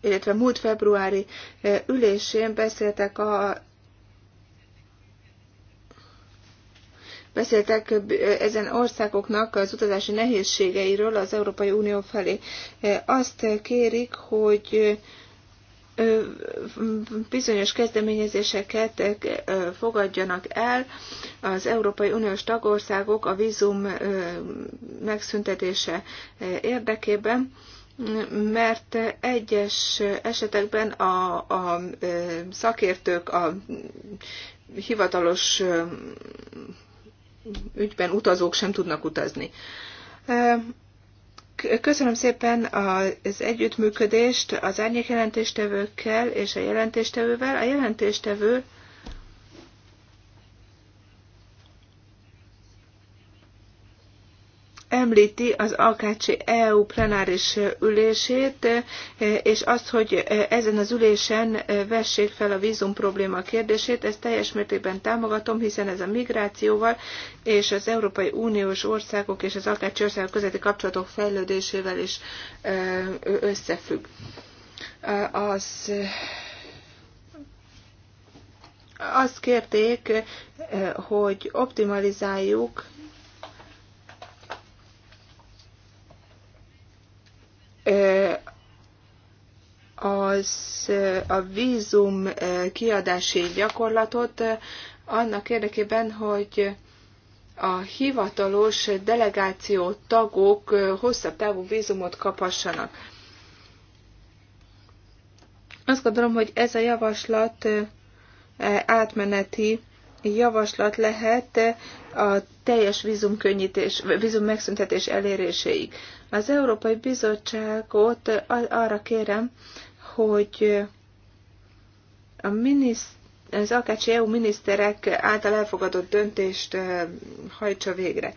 C: illetve múlt februári ülésén beszéltek a beszéltek ezen országoknak az utazási nehézségeiről az Európai Unió felé. Azt kérik, hogy bizonyos kezdeményezéseket fogadjanak el az Európai Uniós tagországok a vízum megszüntetése érdekében mert egyes esetekben a, a szakértők a hivatalos ügyben utazók sem tudnak utazni. Köszönöm szépen az együttműködést az árnyékjelentéstevőkkel és a jelentéstevővel. A jelentéstevő említi az AKC EU plenáris ülését, és azt, hogy ezen az ülésen vessék fel a vízum probléma kérdését, ezt teljes mértékben támogatom, hiszen ez a migrációval és az Európai Uniós országok és az AKC országok közötti kapcsolatok fejlődésével is összefügg. Az azt kérték, hogy optimalizáljuk az, a vízum kiadási gyakorlatot annak érdekében, hogy a hivatalos delegáció tagok hosszabb távú vízumot kaphassanak. Azt gondolom, hogy ez a javaslat átmeneti javaslat lehet a teljes vízumkönnyítés, vízum megszüntetés eléréséig. Az Európai Bizottságot arra kérem, hogy a miniszt az AKC EU miniszterek által elfogadott döntést hajtsa végre.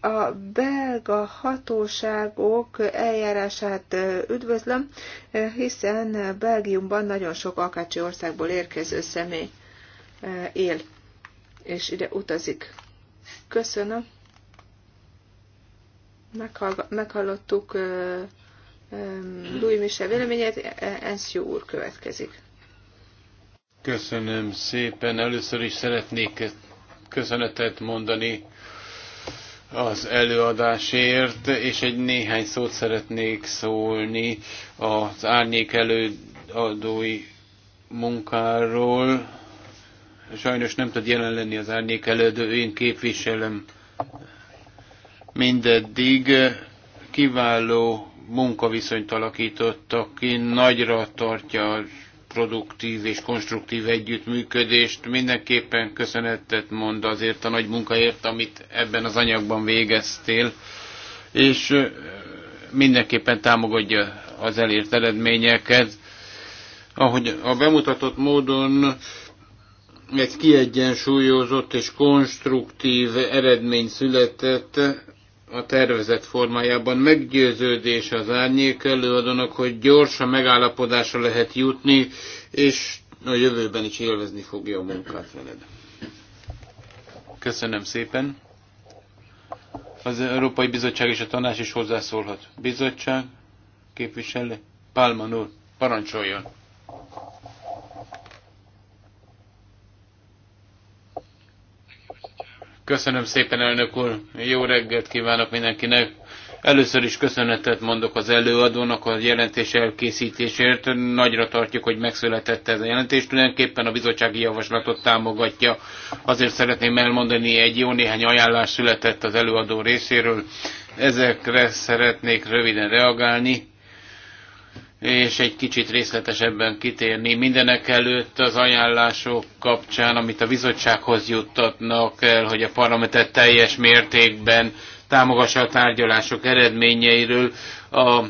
C: A belga hatóságok eljárását üdvözlöm, hiszen Belgiumban nagyon sok AKC országból érkező személy él, és ide utazik. Köszönöm. Meghallottuk Lui Mise véleményét, Enzio úr következik.
B: Köszönöm szépen. Először is szeretnék köszönetet mondani az előadásért, és egy néhány szót szeretnék szólni az árnyék előadói munkáról sajnos nem tud jelen lenni az árnyék elődő, én képviselem mindeddig. Kiváló munkaviszonyt alakítottak ki, nagyra tartja a produktív és konstruktív együttműködést. Mindenképpen köszönetet mond azért a nagy munkaért, amit ebben az anyagban végeztél, és mindenképpen támogatja az elért eredményeket. Ahogy a bemutatott módon egy kiegyensúlyozott és konstruktív eredmény született a tervezet formájában. Meggyőződés az árnyék előadónak, hogy gyorsan megállapodásra lehet jutni, és a jövőben is élvezni fogja a munkát veled. Köszönöm szépen. Az Európai Bizottság és a Tanács is hozzászólhat. Bizottság, képviselő, Pálman úr, parancsoljon! Köszönöm szépen, elnök úr. Jó reggelt kívánok mindenkinek. Először is köszönetet mondok az előadónak a jelentés elkészítésért. Nagyra tartjuk, hogy megszületett ez a jelentés. Tulajdonképpen a bizottsági javaslatot támogatja. Azért szeretném elmondani, egy jó néhány ajánlás született az előadó részéről. Ezekre szeretnék röviden reagálni és egy kicsit részletesebben kitérni mindenek előtt az ajánlások kapcsán, amit a bizottsághoz juttatnak el, hogy a parlamentet teljes mértékben támogassa a tárgyalások eredményeiről. A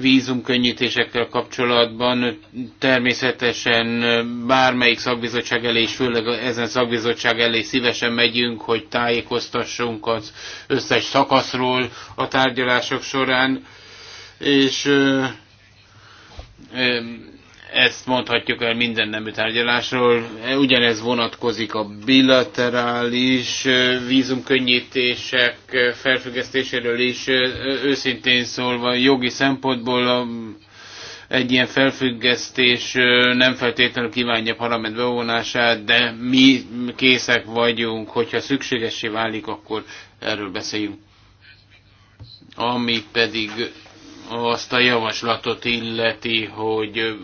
B: vízumkönnyítésekkel kapcsolatban természetesen bármelyik szakbizottság elé, és főleg ezen szakbizottság elé szívesen megyünk, hogy tájékoztassunk az összes szakaszról a tárgyalások során, és ezt mondhatjuk el minden nemű tárgyalásról. E, ugyanez vonatkozik a bilaterális vízumkönnyítések felfüggesztéséről is. Őszintén szólva, jogi szempontból egy ilyen felfüggesztés nem feltétlenül kívánja parlament bevonását, de mi készek vagyunk, hogyha szükségessé válik, akkor erről beszéljünk. Ami pedig azt a javaslatot illeti, hogy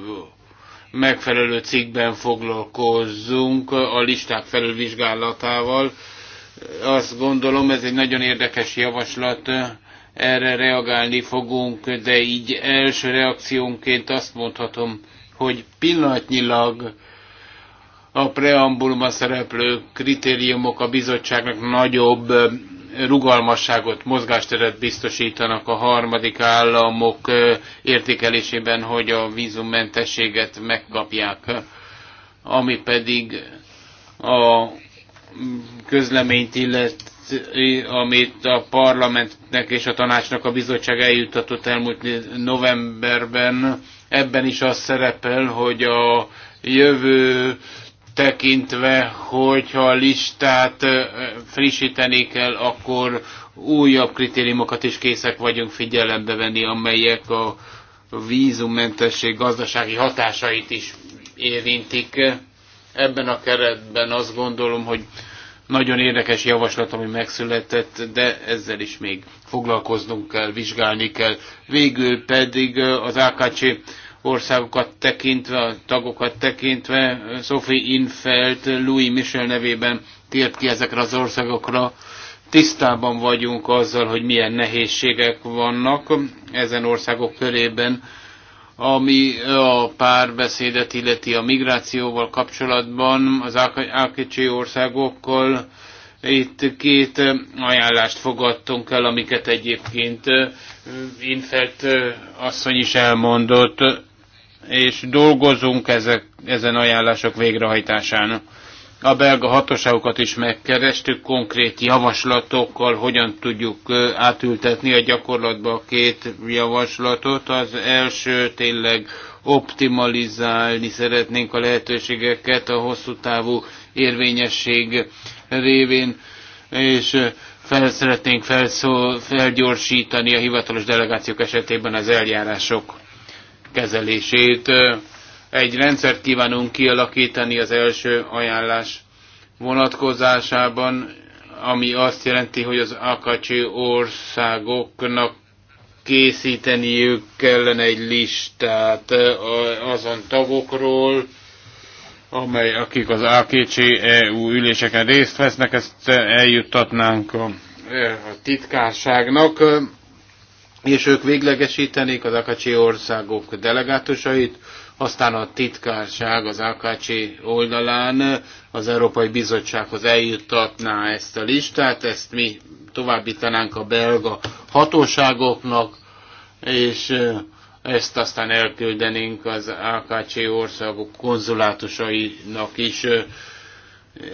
B: megfelelő cikkben foglalkozzunk a listák felülvizsgálatával. Azt gondolom, ez egy nagyon érdekes javaslat, erre reagálni fogunk, de így első reakciónként azt mondhatom, hogy pillanatnyilag a preambulma szereplő kritériumok a bizottságnak nagyobb rugalmasságot, mozgásteret biztosítanak a harmadik államok értékelésében, hogy a vízummentességet megkapják, ami pedig a közleményt illet, amit a parlamentnek és a tanácsnak a bizottság eljuttatott elmúlt novemberben, ebben is az szerepel, hogy a jövő tekintve, hogyha a listát frissíteni kell, akkor újabb kritériumokat is készek vagyunk figyelembe venni, amelyek a vízummentesség gazdasági hatásait is érintik. Ebben a keretben azt gondolom, hogy nagyon érdekes javaslat, ami megszületett, de ezzel is még foglalkoznunk kell, vizsgálni kell. Végül pedig az AKC országokat tekintve, a tagokat tekintve, Sophie Infeld, Louis Michel nevében tért ki ezekre az országokra. Tisztában vagyunk azzal, hogy milyen nehézségek vannak ezen országok körében, ami a párbeszédet illeti a migrációval kapcsolatban, az Ákicsi országokkal. Itt két ajánlást fogadtunk el, amiket egyébként Infelt asszony is elmondott és dolgozunk ezek, ezen ajánlások végrehajtásán. A belga hatóságokat is megkerestük konkrét javaslatokkal, hogyan tudjuk átültetni a gyakorlatba a két javaslatot. Az első tényleg optimalizálni szeretnénk a lehetőségeket a hosszú távú érvényesség révén, és fel szeretnénk felszó, felgyorsítani a hivatalos delegációk esetében az eljárások kezelését. Egy rendszert kívánunk kialakítani az első ajánlás vonatkozásában, ami azt jelenti, hogy az akacsi országoknak készíteniük kellene egy listát azon tagokról, amely, akik az AKC EU üléseken részt vesznek, ezt eljuttatnánk a, a titkárságnak és ők véglegesítenék az AKC országok delegátusait, aztán a titkárság az AKC oldalán az Európai Bizottsághoz eljuttatná ezt a listát, ezt mi továbbítanánk a belga hatóságoknak, és ezt aztán elküldenénk az AKC országok konzulátusainak is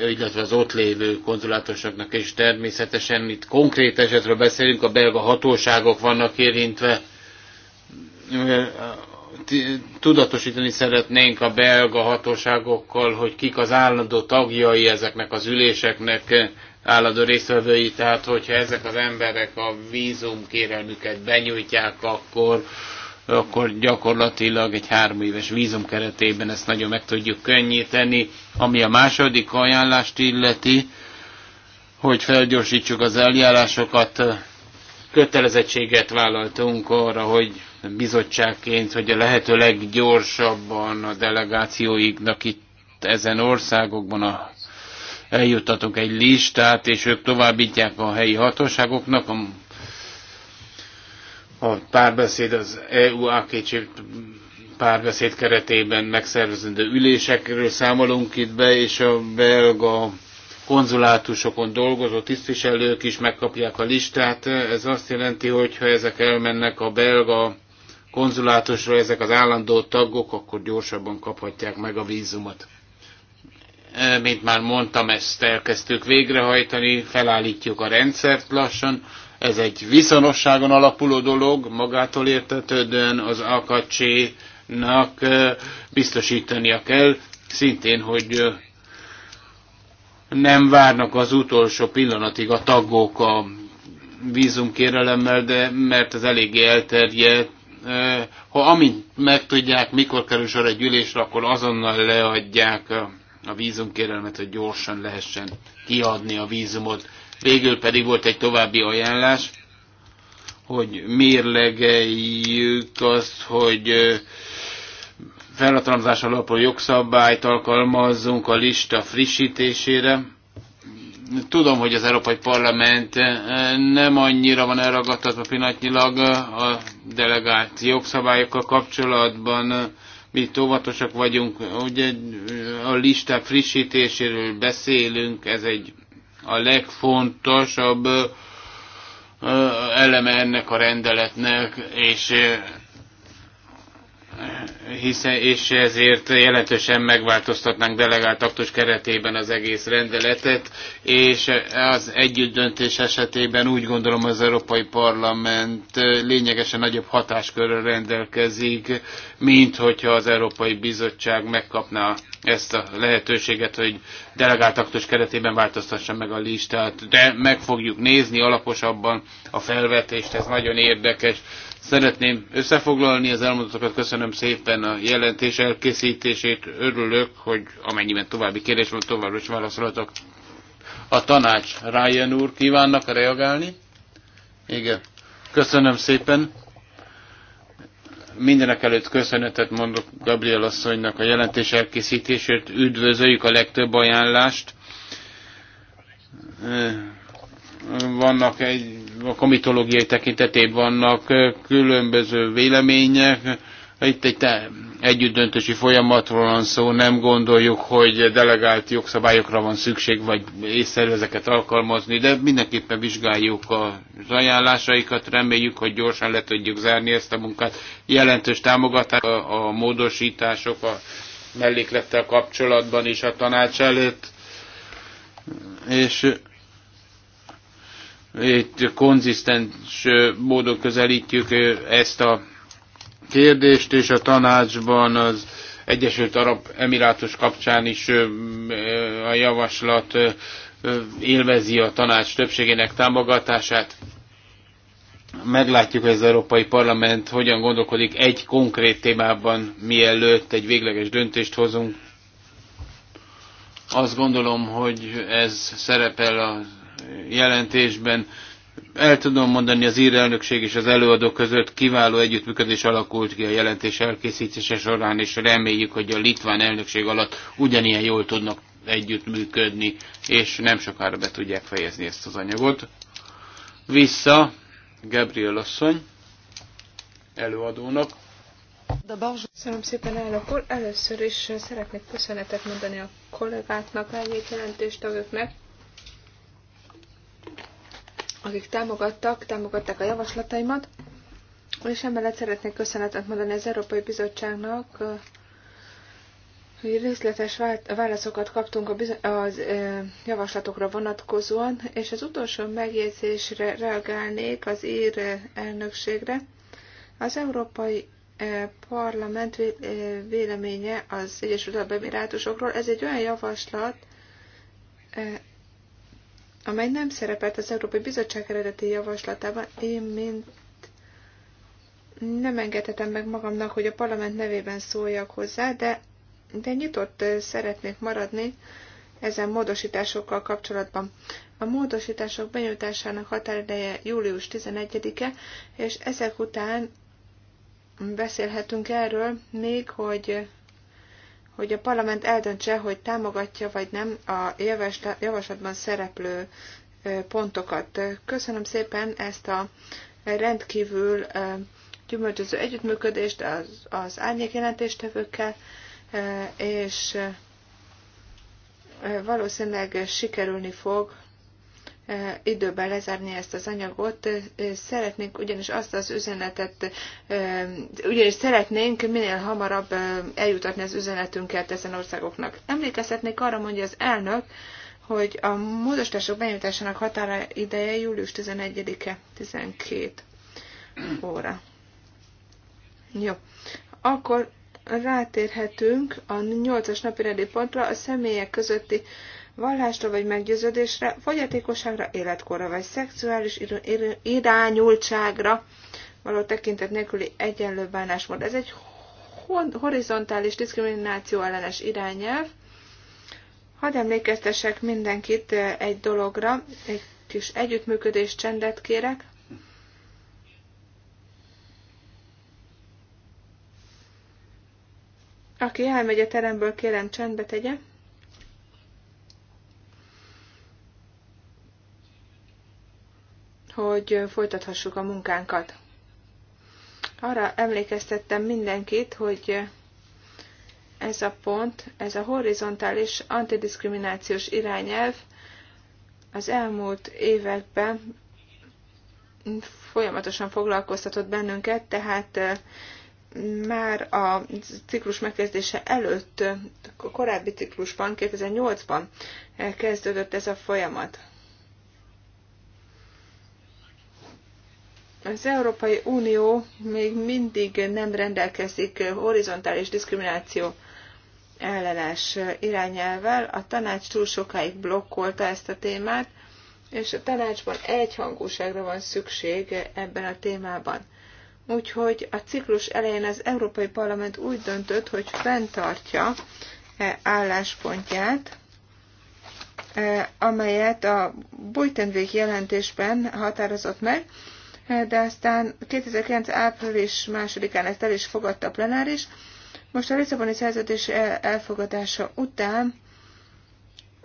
B: illetve az ott lévő konzulátusoknak, és természetesen itt konkrét esetről beszélünk, a belga hatóságok vannak érintve. Tudatosítani szeretnénk a belga hatóságokkal, hogy kik az állandó tagjai ezeknek az üléseknek, állandó résztvevői, tehát hogyha ezek az emberek a vízum kérelmüket benyújtják, akkor akkor gyakorlatilag egy három éves vízum keretében ezt nagyon meg tudjuk könnyíteni. Ami a második ajánlást illeti, hogy felgyorsítsuk az eljárásokat, kötelezettséget vállaltunk arra, hogy bizottságként, hogy a lehető leggyorsabban a delegációiknak itt ezen országokban a, eljuttatunk egy listát, és ők továbbítják a helyi hatóságoknak, a a párbeszéd az EU AKC párbeszéd keretében megszervezendő ülésekről számolunk itt be, és a belga konzulátusokon dolgozó tisztviselők is megkapják a listát. Ez azt jelenti, hogy ha ezek elmennek a belga konzulátusra, ezek az állandó tagok, akkor gyorsabban kaphatják meg a vízumot. E, mint már mondtam, ezt elkezdtük végrehajtani, felállítjuk a rendszert lassan ez egy viszonosságon alapuló dolog, magától értetődően az akacsénak biztosítania kell, szintén, hogy nem várnak az utolsó pillanatig a tagok a vízumkérelemmel, de mert ez eléggé elterjedt, ha amint megtudják, mikor kerül sor egy ülésre, akkor azonnal leadják a vízumkérelmet, hogy gyorsan lehessen kiadni a vízumot. Végül pedig volt egy további ajánlás, hogy mérlegeljük azt, hogy felhatalmazás alapú jogszabályt alkalmazzunk a lista frissítésére. Tudom, hogy az Európai Parlament nem annyira van elragadtatva pillanatnyilag a delegált jogszabályokkal kapcsolatban. Mi óvatosak vagyunk, ugye a listák frissítéséről beszélünk, ez egy a legfontosabb eleme ennek a rendeletnek, és hiszen, és ezért jelentősen megváltoztatnánk delegált aktus keretében az egész rendeletet, és az együttdöntés esetében úgy gondolom az Európai Parlament lényegesen nagyobb hatáskörrel rendelkezik, mint hogyha az Európai Bizottság megkapná ezt a lehetőséget, hogy delegált aktus keretében változtassa meg a listát, de meg fogjuk nézni alaposabban a felvetést, ez nagyon érdekes Szeretném összefoglalni az elmondottakat, köszönöm szépen a jelentés elkészítését, örülök, hogy amennyiben további kérdés van, tovább is válaszolatok. A tanács, Ryan úr, kívánnak reagálni? Igen. Köszönöm szépen. Mindenek előtt köszönetet mondok Gabriel asszonynak a jelentés elkészítését. Üdvözöljük a legtöbb ajánlást. Vannak egy a komitológiai tekintetében vannak különböző vélemények. Itt egy együttdöntési folyamatról van szó, nem gondoljuk, hogy delegált jogszabályokra van szükség, vagy észszerű ezeket alkalmazni, de mindenképpen vizsgáljuk az ajánlásaikat, reméljük, hogy gyorsan le tudjuk zárni ezt a munkát. Jelentős támogatás a, a módosítások a melléklettel kapcsolatban is a tanács előtt, és itt konzisztens módon közelítjük ezt a kérdést, és a tanácsban az Egyesült Arab Emirátus kapcsán is a javaslat élvezi a tanács többségének támogatását. Meglátjuk, hogy az Európai Parlament hogyan gondolkodik egy konkrét témában, mielőtt egy végleges döntést hozunk. Azt gondolom, hogy ez szerepel az jelentésben. El tudom mondani, az ír elnökség és az előadó között kiváló együttműködés alakult ki a jelentés elkészítése során, és reméljük, hogy a litván elnökség alatt ugyanilyen jól tudnak együttműködni, és nem sokára be tudják fejezni ezt az anyagot. Vissza Gabriel asszony előadónak.
C: Köszönöm szépen, elnök úr. Először is szeretnék köszönetet mondani a kollégáknak, a jelentéstagoknak, akik támogattak, támogatták a javaslataimat, és emellett szeretnék köszönetet mondani az Európai Bizottságnak, hogy részletes válaszokat kaptunk az javaslatokra vonatkozóan, és az utolsó megjegyzésre reagálnék az ír elnökségre. Az Európai Parlament véleménye az Egyesült Arab Emirátusokról, ez egy olyan javaslat, amely nem szerepelt az Európai Bizottság eredeti javaslatában, én mint nem engedhetem meg magamnak, hogy a parlament nevében szóljak hozzá, de, de nyitott szeretnék maradni ezen módosításokkal kapcsolatban. A módosítások benyújtásának határideje július 11-e, és ezek után beszélhetünk erről még, hogy hogy a parlament eldöntse, hogy támogatja vagy nem a javaslatban szereplő pontokat. Köszönöm szépen ezt a rendkívül gyümölcsöző együttműködést az, az árnyék jelentéstevőkkel, és valószínűleg sikerülni fog időben lezárni ezt az anyagot. Szeretnénk ugyanis azt az üzenetet, ugyanis szeretnénk minél hamarabb eljutatni az üzenetünket ezen országoknak. Emlékezhetnék arra, mondja az elnök, hogy a módosítások benyújtásának határa ideje július 11-e 12 óra. Jó. Akkor rátérhetünk a 8-as napi pontra a személyek közötti vallásra vagy meggyőződésre, fogyatékosságra, életkorra vagy szexuális irányultságra való tekintet nélküli egyenlő bánásmód. Ez egy horizontális diszkrimináció ellenes irányelv. Hadd emlékeztessek mindenkit eh, egy dologra, egy kis együttműködés csendet kérek. Aki elmegy a teremből, kérem csendbe tegye. hogy folytathassuk a munkánkat. Arra emlékeztettem mindenkit, hogy ez a pont, ez a horizontális antidiskriminációs irányelv az elmúlt években folyamatosan foglalkoztatott bennünket, tehát eh, már a ciklus megkezdése előtt, a korábbi ciklusban, 2008-ban eh, kezdődött ez a folyamat. Az Európai Unió még mindig nem rendelkezik horizontális diszkrimináció ellenes irányelvel. A tanács túl sokáig blokkolta ezt a témát, és a tanácsban egyhangúságra van szükség ebben a témában. Úgyhogy a ciklus elején az Európai Parlament úgy döntött, hogy fenntartja e álláspontját, e, amelyet a Bújtendvég jelentésben határozott meg, de aztán 2009. április másodikán ezt el is fogadta a plenáris. Most a Lisszaboni szerződés elfogadása után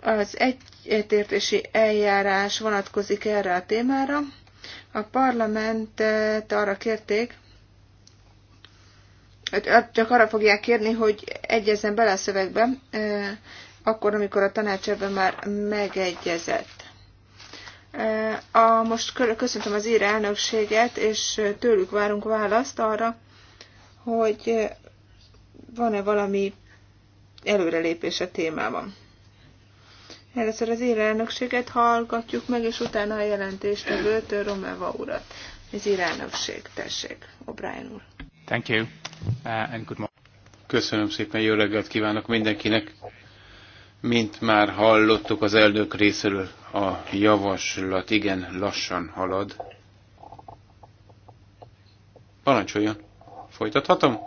C: az egyetértési eljárás vonatkozik erre a témára. A parlamentet arra kérték, csak arra fogják kérni, hogy egyezzen bele a szövegbe, eh, akkor, amikor a tanács ebben már megegyezett. A, most köszöntöm az ír elnökséget, és tőlük várunk választ arra, hogy van-e valami előrelépés a témában. Először az ír elnökséget hallgatjuk meg, és utána a jelentéstevőt Romeva urat. Az ír elnökség, tessék, O'Brien úr.
B: Thank you, uh, and good morning. Köszönöm szépen, jó reggelt kívánok mindenkinek. Mint már hallottuk az elnök részéről, a javaslat igen lassan halad. Parancsoljon, folytathatom?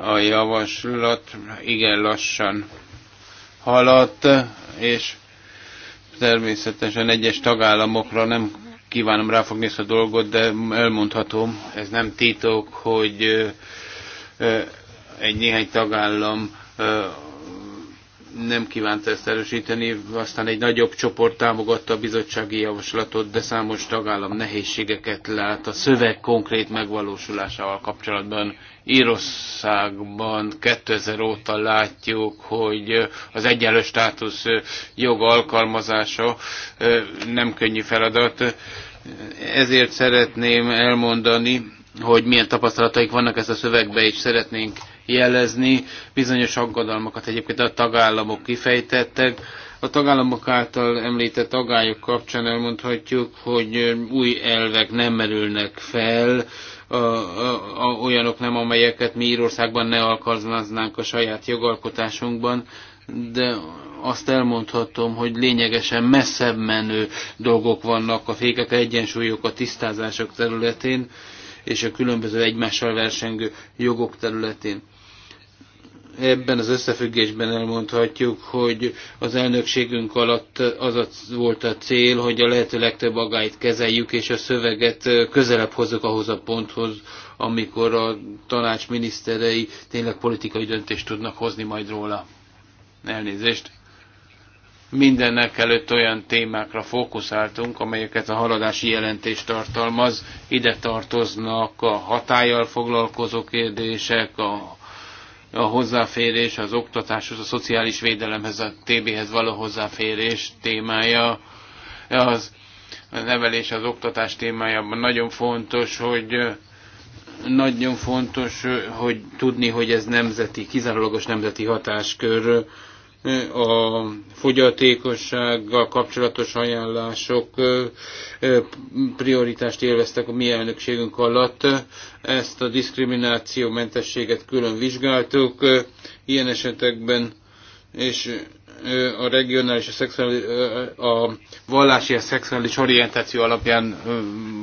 B: A javaslat igen lassan haladt, és természetesen egyes tagállamokra nem kívánom ráfogni ezt a dolgot, de elmondhatom, ez nem titok, hogy egy néhány tagállam nem kívánta ezt erősíteni, aztán egy nagyobb csoport támogatta a bizottsági javaslatot, de számos tagállam nehézségeket lát a szöveg konkrét megvalósulásával kapcsolatban. Írországban 2000 óta látjuk, hogy az egyenlő státusz jog alkalmazása nem könnyű feladat. Ezért szeretném elmondani, hogy milyen tapasztalataik vannak ezt a szövegbe, és szeretnénk jelezni. Bizonyos aggodalmakat egyébként a tagállamok kifejtettek. A tagállamok által említett agályok kapcsán elmondhatjuk, hogy új elvek nem merülnek fel, a, a, a, olyanok nem, amelyeket mi Írországban ne alkalmaznánk a saját jogalkotásunkban, de azt elmondhatom, hogy lényegesen messzebb menő dolgok vannak a fékek, a egyensúlyok, a tisztázások területén, és a különböző egymással versengő jogok területén ebben az összefüggésben elmondhatjuk, hogy az elnökségünk alatt az volt a cél, hogy a lehető legtöbb agályt kezeljük, és a szöveget közelebb hozzuk ahhoz a ponthoz, amikor a tanács miniszterei tényleg politikai döntést tudnak hozni majd róla. Elnézést. Mindennek előtt olyan témákra fókuszáltunk, amelyeket a haladási jelentés tartalmaz. Ide tartoznak a hatállyal foglalkozó kérdések, a a hozzáférés az oktatáshoz, a szociális védelemhez, a TB-hez való hozzáférés témája, az a nevelés, az oktatás témájában nagyon fontos, hogy nagyon fontos, hogy tudni, hogy ez nemzeti, kizárólagos nemzeti hatáskör, a fogyatékossággal kapcsolatos ajánlások prioritást élveztek a mi elnökségünk alatt. Ezt a mentességet külön vizsgáltuk ilyen esetekben, és a regionális, a, a vallási, a szexuális orientáció alapján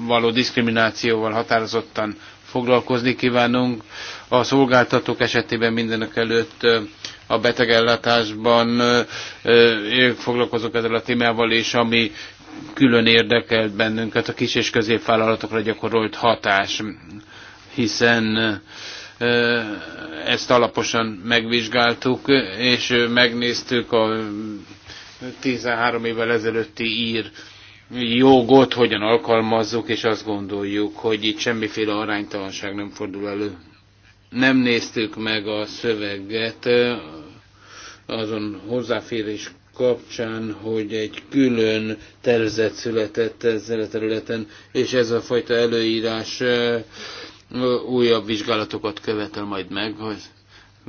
B: való diszkriminációval határozottan foglalkozni kívánunk. A szolgáltatók esetében mindenek előtt a betegellátásban. foglalkozok ezzel a témával, és ami külön érdekelt bennünket a kis és középvállalatokra gyakorolt hatás, hiszen ezt alaposan megvizsgáltuk, és megnéztük a 13 évvel ezelőtti ír jogot hogyan alkalmazzuk, és azt gondoljuk, hogy itt semmiféle aránytalanság nem fordul elő nem néztük meg a szöveget azon hozzáférés kapcsán, hogy egy külön tervezet született ezzel a területen, és ez a fajta előírás újabb vizsgálatokat követel majd meg, hogy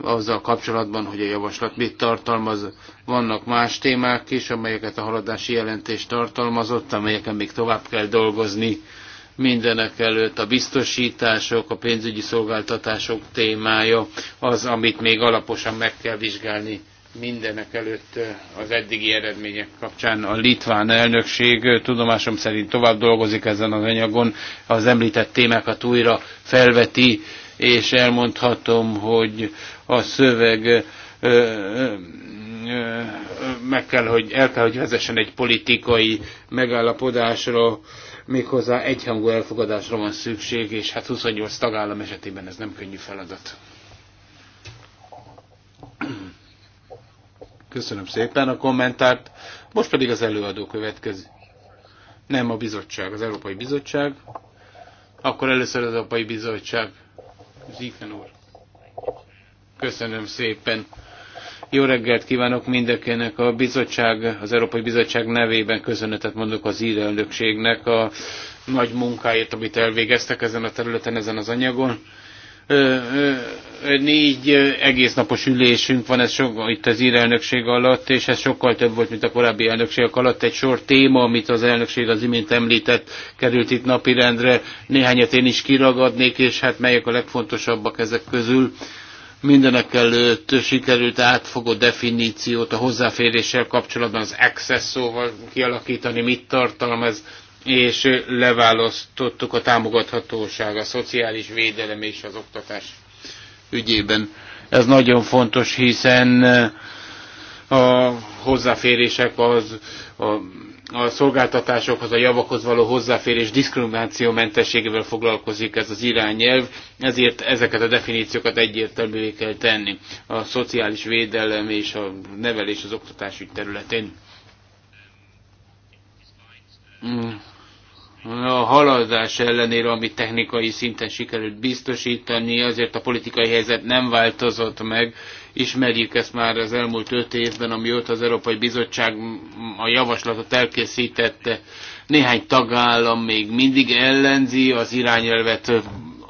B: azzal kapcsolatban, hogy a javaslat mit tartalmaz. Vannak más témák is, amelyeket a haladási jelentés tartalmazott, amelyeken még tovább kell dolgozni. Mindenek előtt a biztosítások, a pénzügyi szolgáltatások témája az, amit még alaposan meg kell vizsgálni mindenek előtt eh, az eddigi eredmények kapcsán a litván elnökség eh, tudomásom szerint tovább dolgozik ezen az anyagon, az említett témákat újra felveti, és elmondhatom, hogy a szöveg ö, eh, ö, meg kell, hogy el kell, hogy vezessen egy politikai megállapodásra, méghozzá egyhangú elfogadásra van szükség, és hát 28 tagállam esetében ez nem könnyű feladat. Köszönöm szépen a kommentárt. Most pedig az előadó következik. Nem a bizottság, az Európai Bizottság. Akkor először az Európai Bizottság. Zíken úr. Köszönöm szépen. Jó reggelt kívánok mindenkinek a bizottság, az Európai Bizottság nevében köszönetet mondok az ír elnökségnek a nagy munkáért, amit elvégeztek ezen a területen, ezen az anyagon négy egész napos ülésünk van ez sok, itt az ír elnökség alatt, és ez sokkal több volt, mint a korábbi elnökségek alatt. Egy sor téma, amit az elnökség az imént említett, került itt napirendre. Néhányat én is kiragadnék, és hát melyek a legfontosabbak ezek közül. Mindenek előtt sikerült átfogó definíciót a hozzáféréssel kapcsolatban az access szóval kialakítani, mit tartalmaz, és leválasztottuk a támogathatóság, a szociális védelem és az oktatás ügyében. Ez nagyon fontos, hiszen a hozzáférések az a a szolgáltatásokhoz, a javakhoz való hozzáférés mentességével foglalkozik ez az irányelv, ezért ezeket a definíciókat egyértelművé kell tenni a szociális védelem és a nevelés az oktatásügy területén. Mm a haladás ellenére, ami technikai szinten sikerült biztosítani, azért a politikai helyzet nem változott meg. Ismerjük ezt már az elmúlt öt évben, amióta az Európai Bizottság a javaslatot elkészítette. Néhány tagállam még mindig ellenzi az irányelvet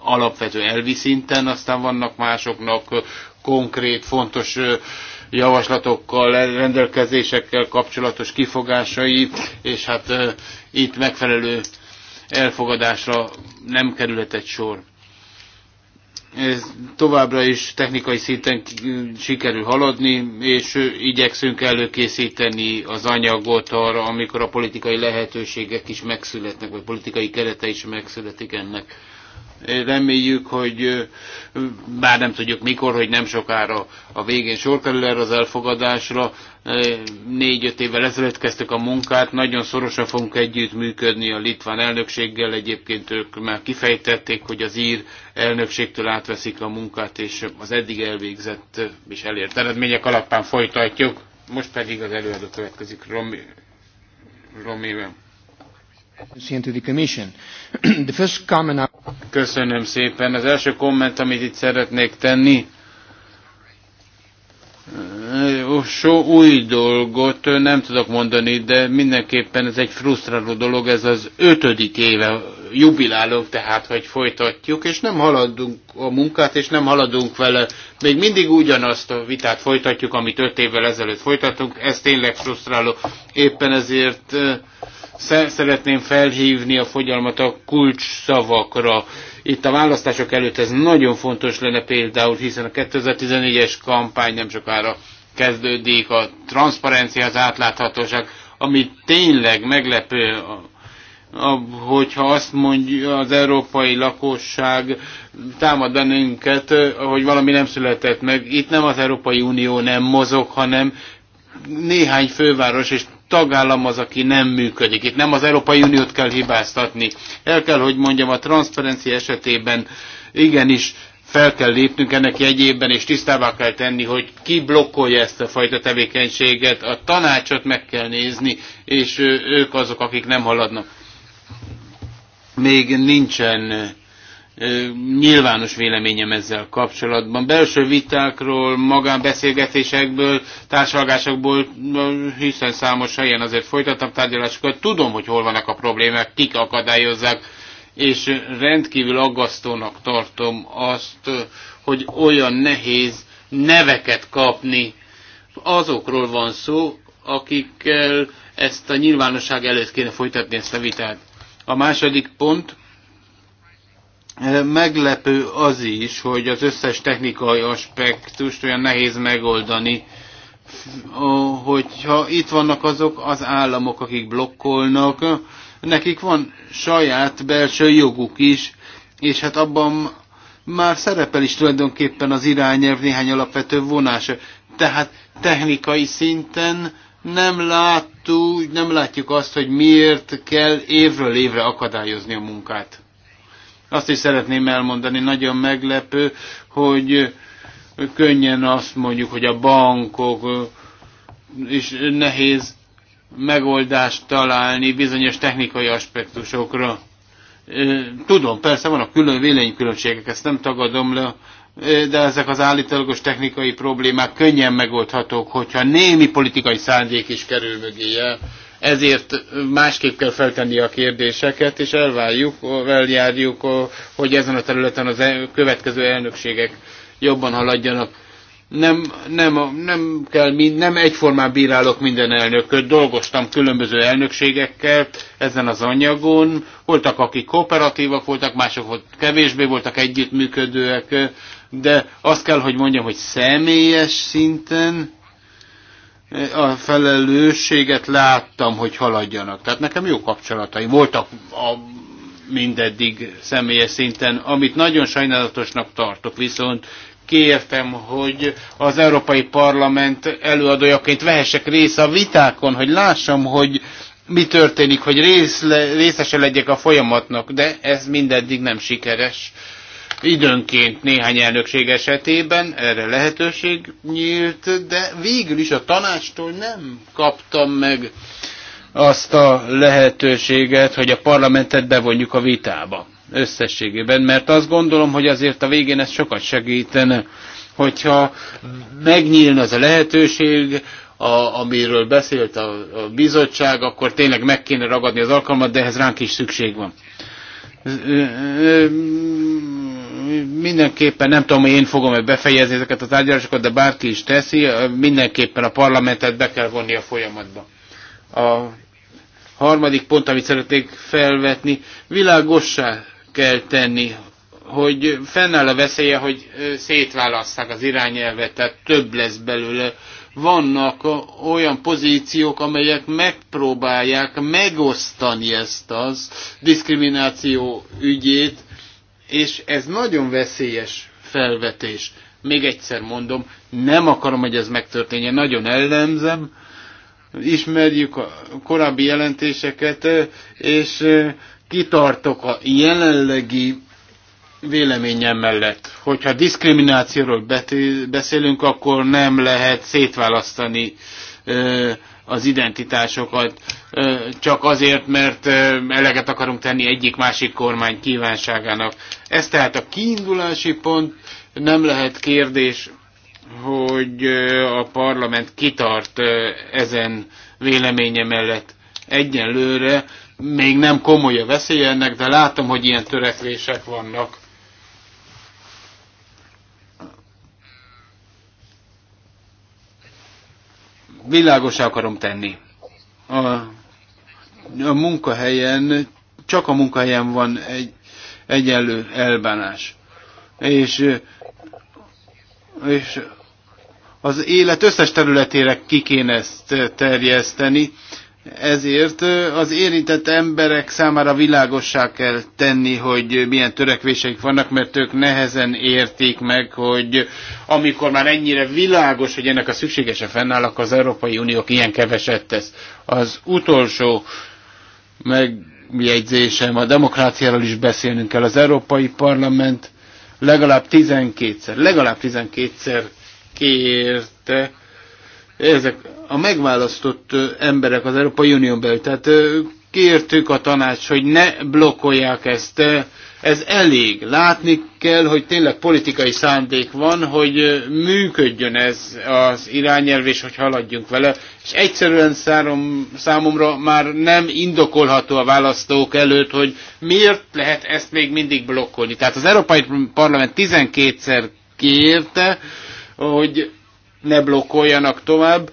B: alapvető elvi szinten, aztán vannak másoknak konkrét, fontos javaslatokkal, rendelkezésekkel kapcsolatos kifogásai, és hát itt megfelelő elfogadásra nem kerülhetett sor. Ez továbbra is technikai szinten sikerül haladni, és igyekszünk előkészíteni az anyagot arra, amikor a politikai lehetőségek is megszületnek, vagy politikai kerete is megszületik ennek. Reméljük, hogy bár nem tudjuk mikor, hogy nem sokára a végén sor kerül erre az elfogadásra. Négy-öt évvel ezelőtt kezdtük a munkát, nagyon szorosan fogunk együttműködni a litván elnökséggel. Egyébként ők már kifejtették, hogy az ír elnökségtől átveszik a munkát, és az eddig elvégzett és elért eredmények alapján folytatjuk. Most pedig az előadó következik, Romével. Köszönöm szépen. Az első komment, amit itt szeretnék tenni, so új dolgot nem tudok mondani, de mindenképpen ez egy frusztráló dolog, ez az ötödik éve jubilálunk, tehát hogy folytatjuk, és nem haladunk a munkát, és nem haladunk vele. Még mindig ugyanazt a vitát folytatjuk, amit öt évvel ezelőtt folytattunk, ez tényleg frusztráló. Éppen ezért szeretném felhívni a fogyalmat a kulcs szavakra. Itt a választások előtt ez nagyon fontos lenne például, hiszen a 2014-es kampány nem sokára kezdődik, a transzparencia, az átláthatóság, ami tényleg meglepő, hogyha azt mondja az európai lakosság támad bennünket, hogy valami nem született meg. Itt nem az Európai Unió nem mozog, hanem néhány főváros és tagállam az, aki nem működik. Itt nem az Európai Uniót kell hibáztatni. El kell, hogy mondjam, a transzparencia esetében igenis fel kell lépnünk ennek jegyében, és tisztává kell tenni, hogy ki blokkolja ezt a fajta tevékenységet, a tanácsot meg kell nézni, és ők azok, akik nem haladnak. Még nincsen nyilvános véleményem ezzel kapcsolatban. Belső vitákról, magánbeszélgetésekből, társalgásokból, hiszen számos helyen azért folytattam tárgyalásokat, tudom, hogy hol vannak a problémák, kik akadályozzák, és rendkívül aggasztónak tartom azt, hogy olyan nehéz neveket kapni. Azokról van szó, akikkel ezt a nyilvánosság előtt kéne folytatni ezt a vitát. A második pont, Meglepő az is, hogy az összes technikai aspektust olyan nehéz megoldani, hogyha itt vannak azok az államok, akik blokkolnak, nekik van saját belső joguk is, és hát abban már szerepel is tulajdonképpen az irányelv néhány alapvető vonása. Tehát technikai szinten nem láttuk, nem látjuk azt, hogy miért kell évről évre akadályozni a munkát. Azt is szeretném elmondani, nagyon meglepő, hogy könnyen azt mondjuk, hogy a bankok is nehéz megoldást találni bizonyos technikai aspektusokra. Tudom, persze van a külön véleménykülönbségek, ezt nem tagadom le, de ezek az állítólagos technikai problémák könnyen megoldhatók, hogyha némi politikai szándék is kerül mögéje. Ezért másképp kell feltenni a kérdéseket, és elvárjuk, eljárjuk, hogy ezen a területen az következő elnökségek jobban haladjanak. Nem, nem, nem, kell, nem egyformán bírálok minden elnököt, dolgoztam különböző elnökségekkel ezen az anyagon. Voltak, akik kooperatívak voltak, mások volt, kevésbé voltak együttműködőek, de azt kell, hogy mondjam, hogy személyes szinten a felelősséget láttam, hogy haladjanak. Tehát nekem jó kapcsolatai voltak a mindeddig személyes szinten, amit nagyon sajnálatosnak tartok, viszont kértem, hogy az Európai Parlament előadójaként vehessek részt a vitákon, hogy lássam, hogy mi történik, hogy részle, részese legyek a folyamatnak, de ez mindeddig nem sikeres Időnként néhány elnökség esetében erre lehetőség nyílt, de végül is a tanácstól nem kaptam meg azt a lehetőséget, hogy a parlamentet bevonjuk a vitába összességében, mert azt gondolom, hogy azért a végén ez sokat segítene, hogyha megnyílna az a lehetőség, a, amiről beszélt a, a bizottság, akkor tényleg meg kéne ragadni az alkalmat, de ehhez ránk is szükség van mindenképpen nem tudom, hogy én fogom-e befejezni ezeket a tárgyalásokat, de bárki is teszi, mindenképpen a parlamentet be kell vonni a folyamatba. A harmadik pont, amit szeretnék felvetni, világossá kell tenni, hogy fennáll a veszélye, hogy szétválasszák az irányelvet, tehát több lesz belőle. Vannak olyan pozíciók, amelyek megpróbálják megosztani ezt az diszkrimináció ügyét, és ez nagyon veszélyes felvetés. Még egyszer mondom, nem akarom, hogy ez megtörténjen, nagyon ellenzem, ismerjük a korábbi jelentéseket, és kitartok a jelenlegi véleményem mellett. Hogyha diszkriminációról beszélünk, akkor nem lehet szétválasztani az identitásokat, csak azért, mert eleget akarunk tenni egyik-másik kormány kívánságának. Ez tehát a kiindulási pont, nem lehet kérdés, hogy a parlament kitart ezen véleménye mellett egyenlőre. Még nem komoly a veszély ennek, de látom, hogy ilyen törekvések vannak világosá akarom tenni. A, a munkahelyen, csak a munkahelyen van egy egyenlő elbánás. És, és az élet összes területére ki kéne ezt terjeszteni, ezért az érintett emberek számára világossá kell tenni, hogy milyen törekvéseik vannak, mert ők nehezen értik meg, hogy amikor már ennyire világos, hogy ennek a szükségese fennáll, akkor az Európai Unió ilyen keveset tesz. Az utolsó megjegyzésem, a demokráciáról is beszélnünk kell. Az Európai Parlament legalább 12-szer, legalább 12-szer kérte ezek a megválasztott emberek az Európai Unión belül. Tehát kértük a tanács, hogy ne blokkolják ezt. Ez elég. Látni kell, hogy tényleg politikai szándék van, hogy működjön ez az irányelv, és hogy haladjunk vele. És egyszerűen szárom, számomra már nem indokolható a választók előtt, hogy miért lehet ezt még mindig blokkolni. Tehát az Európai Parlament 12-szer kérte, hogy ne blokkoljanak tovább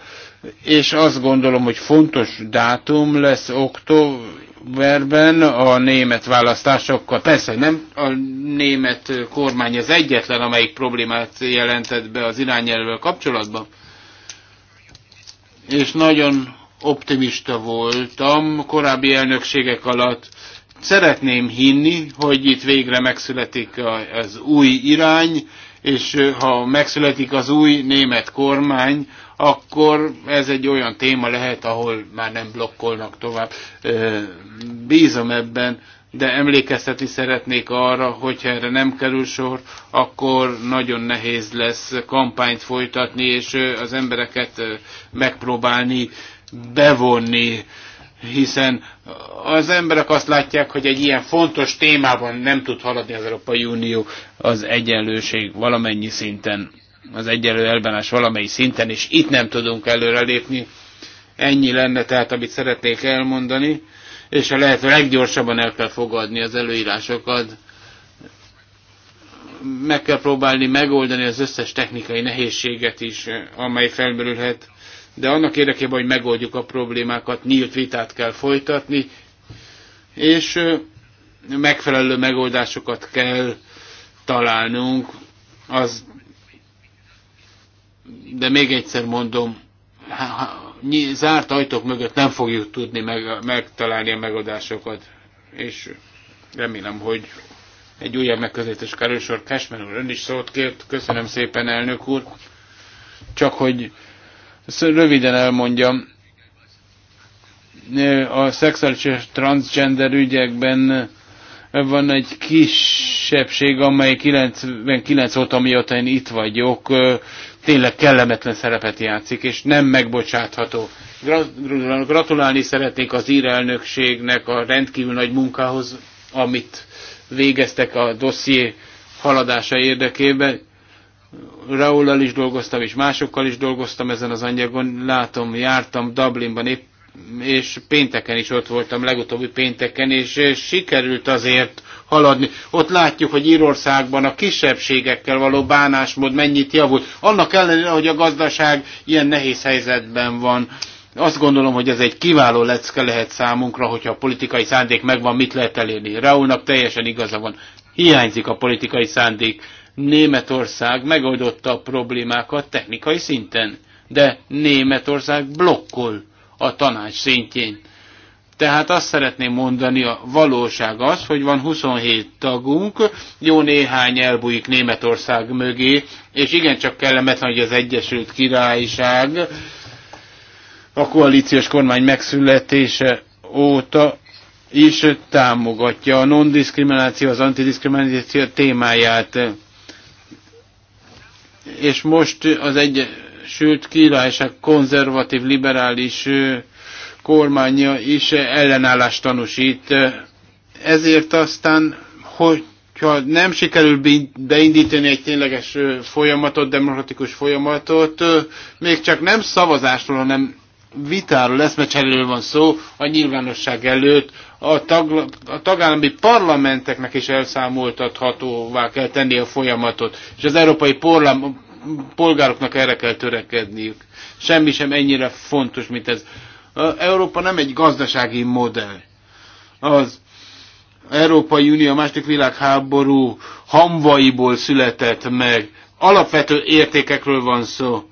B: és azt gondolom, hogy fontos dátum lesz októberben a német választásokkal. Persze, hogy nem a német kormány az egyetlen, amelyik problémát jelentett be az irányelvvel kapcsolatban. És nagyon optimista voltam korábbi elnökségek alatt. Szeretném hinni, hogy itt végre megszületik az új irány, és ha megszületik az új német kormány, akkor ez egy olyan téma lehet, ahol már nem blokkolnak tovább. Bízom ebben, de emlékeztetni szeretnék arra, hogyha erre nem kerül sor, akkor nagyon nehéz lesz kampányt folytatni, és az embereket megpróbálni bevonni hiszen az emberek azt látják, hogy egy ilyen fontos témában nem tud haladni az Európai Unió az egyenlőség valamennyi szinten az egyenlő elbenás valamely szinten, és itt nem tudunk előrelépni. Ennyi lenne tehát, amit szeretnék elmondani, és a lehető leggyorsabban el kell fogadni az előírásokat. Meg kell próbálni megoldani az összes technikai nehézséget is, amely felmerülhet, de annak érdekében, hogy megoldjuk a problémákat, nyílt vitát kell folytatni, és megfelelő megoldásokat kell találnunk az de még egyszer mondom, zárt ajtók mögött nem fogjuk tudni meg, megtalálni a megoldásokat, és remélem, hogy egy újabb megközelítés kerülsor. sor. úr, ön is szót kért, köszönöm szépen, elnök úr. Csak hogy röviden elmondjam, a szexuális és transgender ügyekben van egy kisebbség, amely 99 óta, mióta én itt vagyok, tényleg kellemetlen szerepet játszik, és nem megbocsátható. Gratulálni szeretnék az írelnökségnek a rendkívül nagy munkához, amit végeztek a dosszié haladása érdekében. Raúllal is dolgoztam, és másokkal is dolgoztam ezen az anyagon. Látom, jártam Dublinban épp, és pénteken is ott voltam, legutóbbi pénteken, és sikerült azért haladni. Ott látjuk, hogy Írországban a kisebbségekkel való bánásmód mennyit javult. Annak ellenére, hogy a gazdaság ilyen nehéz helyzetben van. Azt gondolom, hogy ez egy kiváló lecke lehet számunkra, hogyha a politikai szándék megvan, mit lehet elérni. Raúlnak teljesen igaza van. Hiányzik a politikai szándék. Németország megoldotta a problémákat technikai szinten, de Németország blokkol a tanács szintjén. Tehát azt szeretném mondani, a valóság az, hogy van 27 tagunk, jó néhány elbújik Németország mögé, és igencsak kellemetlen, hogy az Egyesült Királyság a koalíciós kormány megszületése óta is támogatja a non-diszkrimináció, az antidiszkrimináció témáját. És most az Egyesült Királyság konzervatív, liberális kormánya is ellenállást tanúsít. Ezért aztán, hogyha nem sikerül beindítani egy tényleges folyamatot, demokratikus folyamatot, még csak nem szavazásról, hanem vitáról, eszmecseréről van szó a nyilvánosság előtt, a, tag, a tagállami parlamenteknek is elszámoltathatóvá kell tenni a folyamatot, és az európai polgároknak erre kell törekedniük. Semmi sem ennyire fontos, mint ez. Európa nem egy gazdasági modell. Az Európai Unió a második világháború hamvaiból született meg. Alapvető értékekről van szó.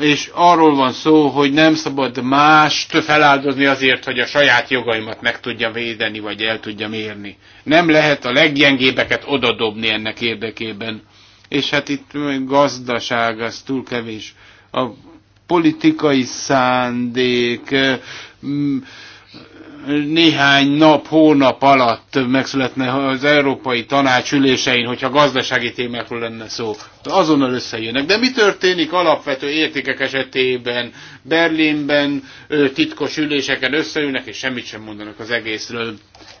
B: És arról van szó, hogy nem szabad mást feláldozni azért, hogy a saját jogaimat meg tudja védeni, vagy el tudja mérni. Nem lehet a leggyengébeket odadobni ennek érdekében. És hát itt gazdaság, az túl kevés. A politikai szándék mm, néhány nap, hónap alatt megszületne az Európai Tanács ülésein, hogyha gazdasági témákról lenne szó. Azonnal összejönnek. De mi történik alapvető értékek esetében? Berlinben titkos üléseken összeülnek, és semmit sem mondanak az egészről.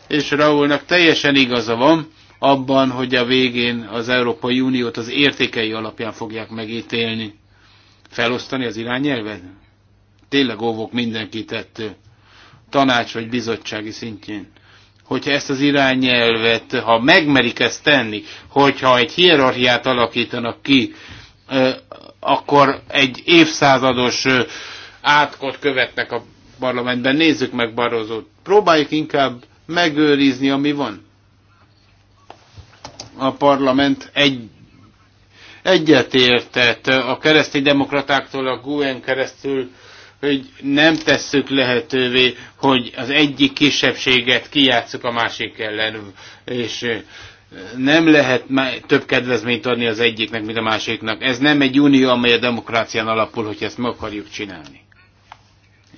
B: És Raúlnak teljesen igaza van abban, hogy a végén az Európai Uniót az értékei alapján fogják megítélni felosztani az irányelvet? Tényleg óvok mindenkit ettől, tanács vagy bizottsági szintjén. Hogyha ezt az irányelvet, ha megmerik ezt tenni, hogyha egy hierarchiát alakítanak ki, akkor egy évszázados átkot követnek a parlamentben. Nézzük meg Barozót. Próbáljuk inkább megőrizni, ami van. A parlament egy egyetértett a keresztény demokratáktól a GUEN keresztül, hogy nem tesszük lehetővé, hogy az egyik kisebbséget kijátszuk a másik ellen, és nem lehet több kedvezményt adni az egyiknek, mint a másiknak. Ez nem egy unió, amely a demokrácián alapul, hogy ezt meg akarjuk csinálni.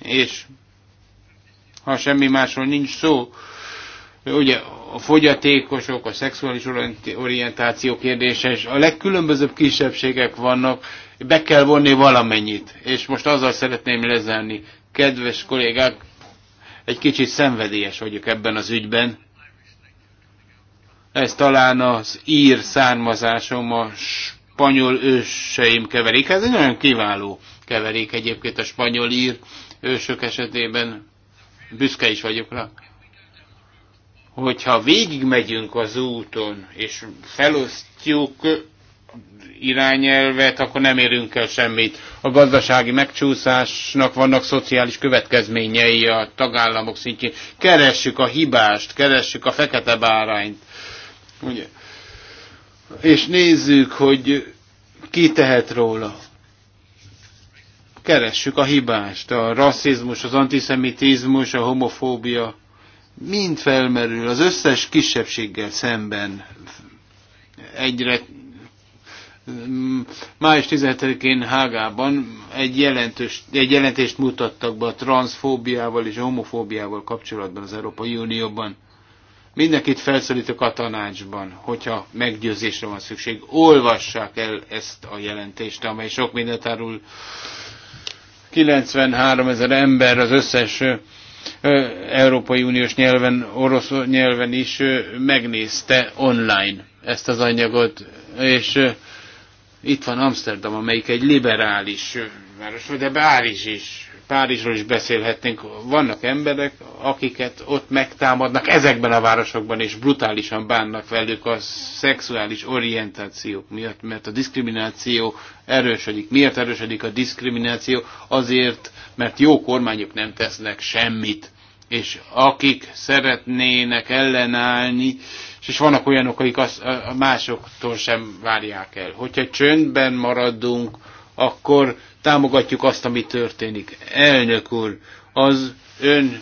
B: És ha semmi másról nincs szó, Ugye a fogyatékosok, a szexuális orientáció kérdése, és a legkülönbözőbb kisebbségek vannak, be kell vonni valamennyit. És most azzal szeretném lezárni, kedves kollégák, egy kicsit szenvedélyes vagyok ebben az ügyben. Ez talán az ír származásom, a spanyol őseim keverik. Ez egy nagyon kiváló keverék egyébként a spanyol ír ősök esetében. Büszke is vagyok rá hogyha végigmegyünk az úton, és felosztjuk irányelvet, akkor nem érünk el semmit. A gazdasági megcsúszásnak vannak szociális következményei a tagállamok szintjén. Keressük a hibást, keressük a fekete bárányt. Ugye? És nézzük, hogy ki tehet róla. Keressük a hibást. A rasszizmus, az antiszemitizmus, a homofóbia mind felmerül az összes kisebbséggel szemben egyre május 17-én Hágában egy, jelentős, egy jelentést mutattak be a transzfóbiával és homofóbiával kapcsolatban az Európai Unióban. Mindenkit felszólítok a tanácsban, hogyha meggyőzésre van szükség, olvassák el ezt a jelentést, amely sok mindent árul. 93 ezer ember az összes Európai Uniós nyelven, orosz nyelven is megnézte online ezt az anyagot, és itt van Amsterdam, amelyik egy liberális város, de Párizs is. Párizsról is beszélhetnénk. Vannak emberek, akiket ott megtámadnak ezekben a városokban, és brutálisan bánnak velük a szexuális orientációk miatt, mert a diszkrimináció erősödik. Miért erősödik a diszkrimináció? Azért, mert jó kormányok nem tesznek semmit. És akik szeretnének ellenállni, és vannak olyanok, akik azt másoktól sem várják el. Hogyha csöndben maradunk, akkor támogatjuk azt, ami történik. Elnök úr, az ön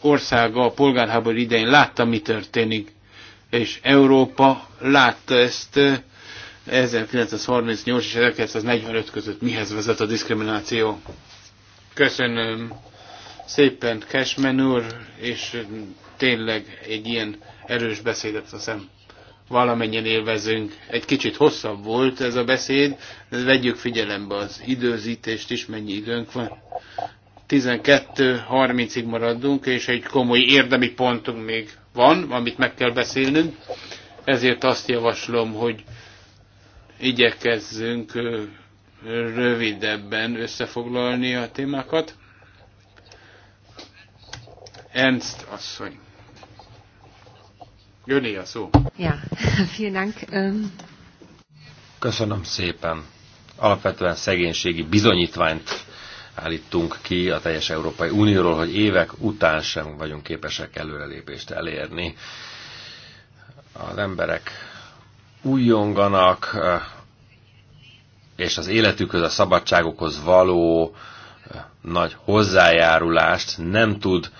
B: országa a polgárháború idején látta, mi történik, és Európa látta ezt 1938 eh, és 1945 között mihez vezet a diszkrimináció. Köszönöm szépen, Kesmen úr, és tényleg egy ilyen erős beszédet azt hiszem valamennyien élvezünk. Egy kicsit hosszabb volt ez a beszéd, de vegyük figyelembe az időzítést is, mennyi időnk van. 12.30-ig maradunk, és egy komoly érdemi pontunk még van, amit meg kell beszélnünk. Ezért azt javaslom, hogy igyekezzünk rövidebben összefoglalni a témákat. Ernst asszony. Jönni a szó.
C: Ja, vielen Dank. Ähm,
A: Köszönöm szépen. Alapvetően szegénységi bizonyítványt állítunk ki a teljes Európai Unióról, hogy évek után sem vagyunk képesek előrelépést elérni. Az emberek újonganak, és az életükhöz, a szabadságokhoz való nagy hozzájárulást nem tud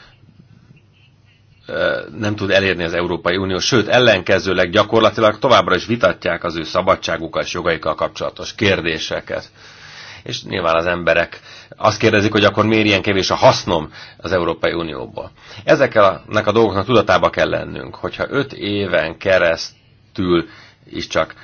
A: nem tud elérni az Európai Unió, sőt ellenkezőleg gyakorlatilag továbbra is vitatják az ő szabadságukkal és jogaikkal kapcsolatos kérdéseket. És nyilván az emberek azt kérdezik, hogy akkor miért ilyen kevés a hasznom az Európai Unióból. Ezeknek a dolgoknak tudatába kell lennünk, hogyha öt éven keresztül is csak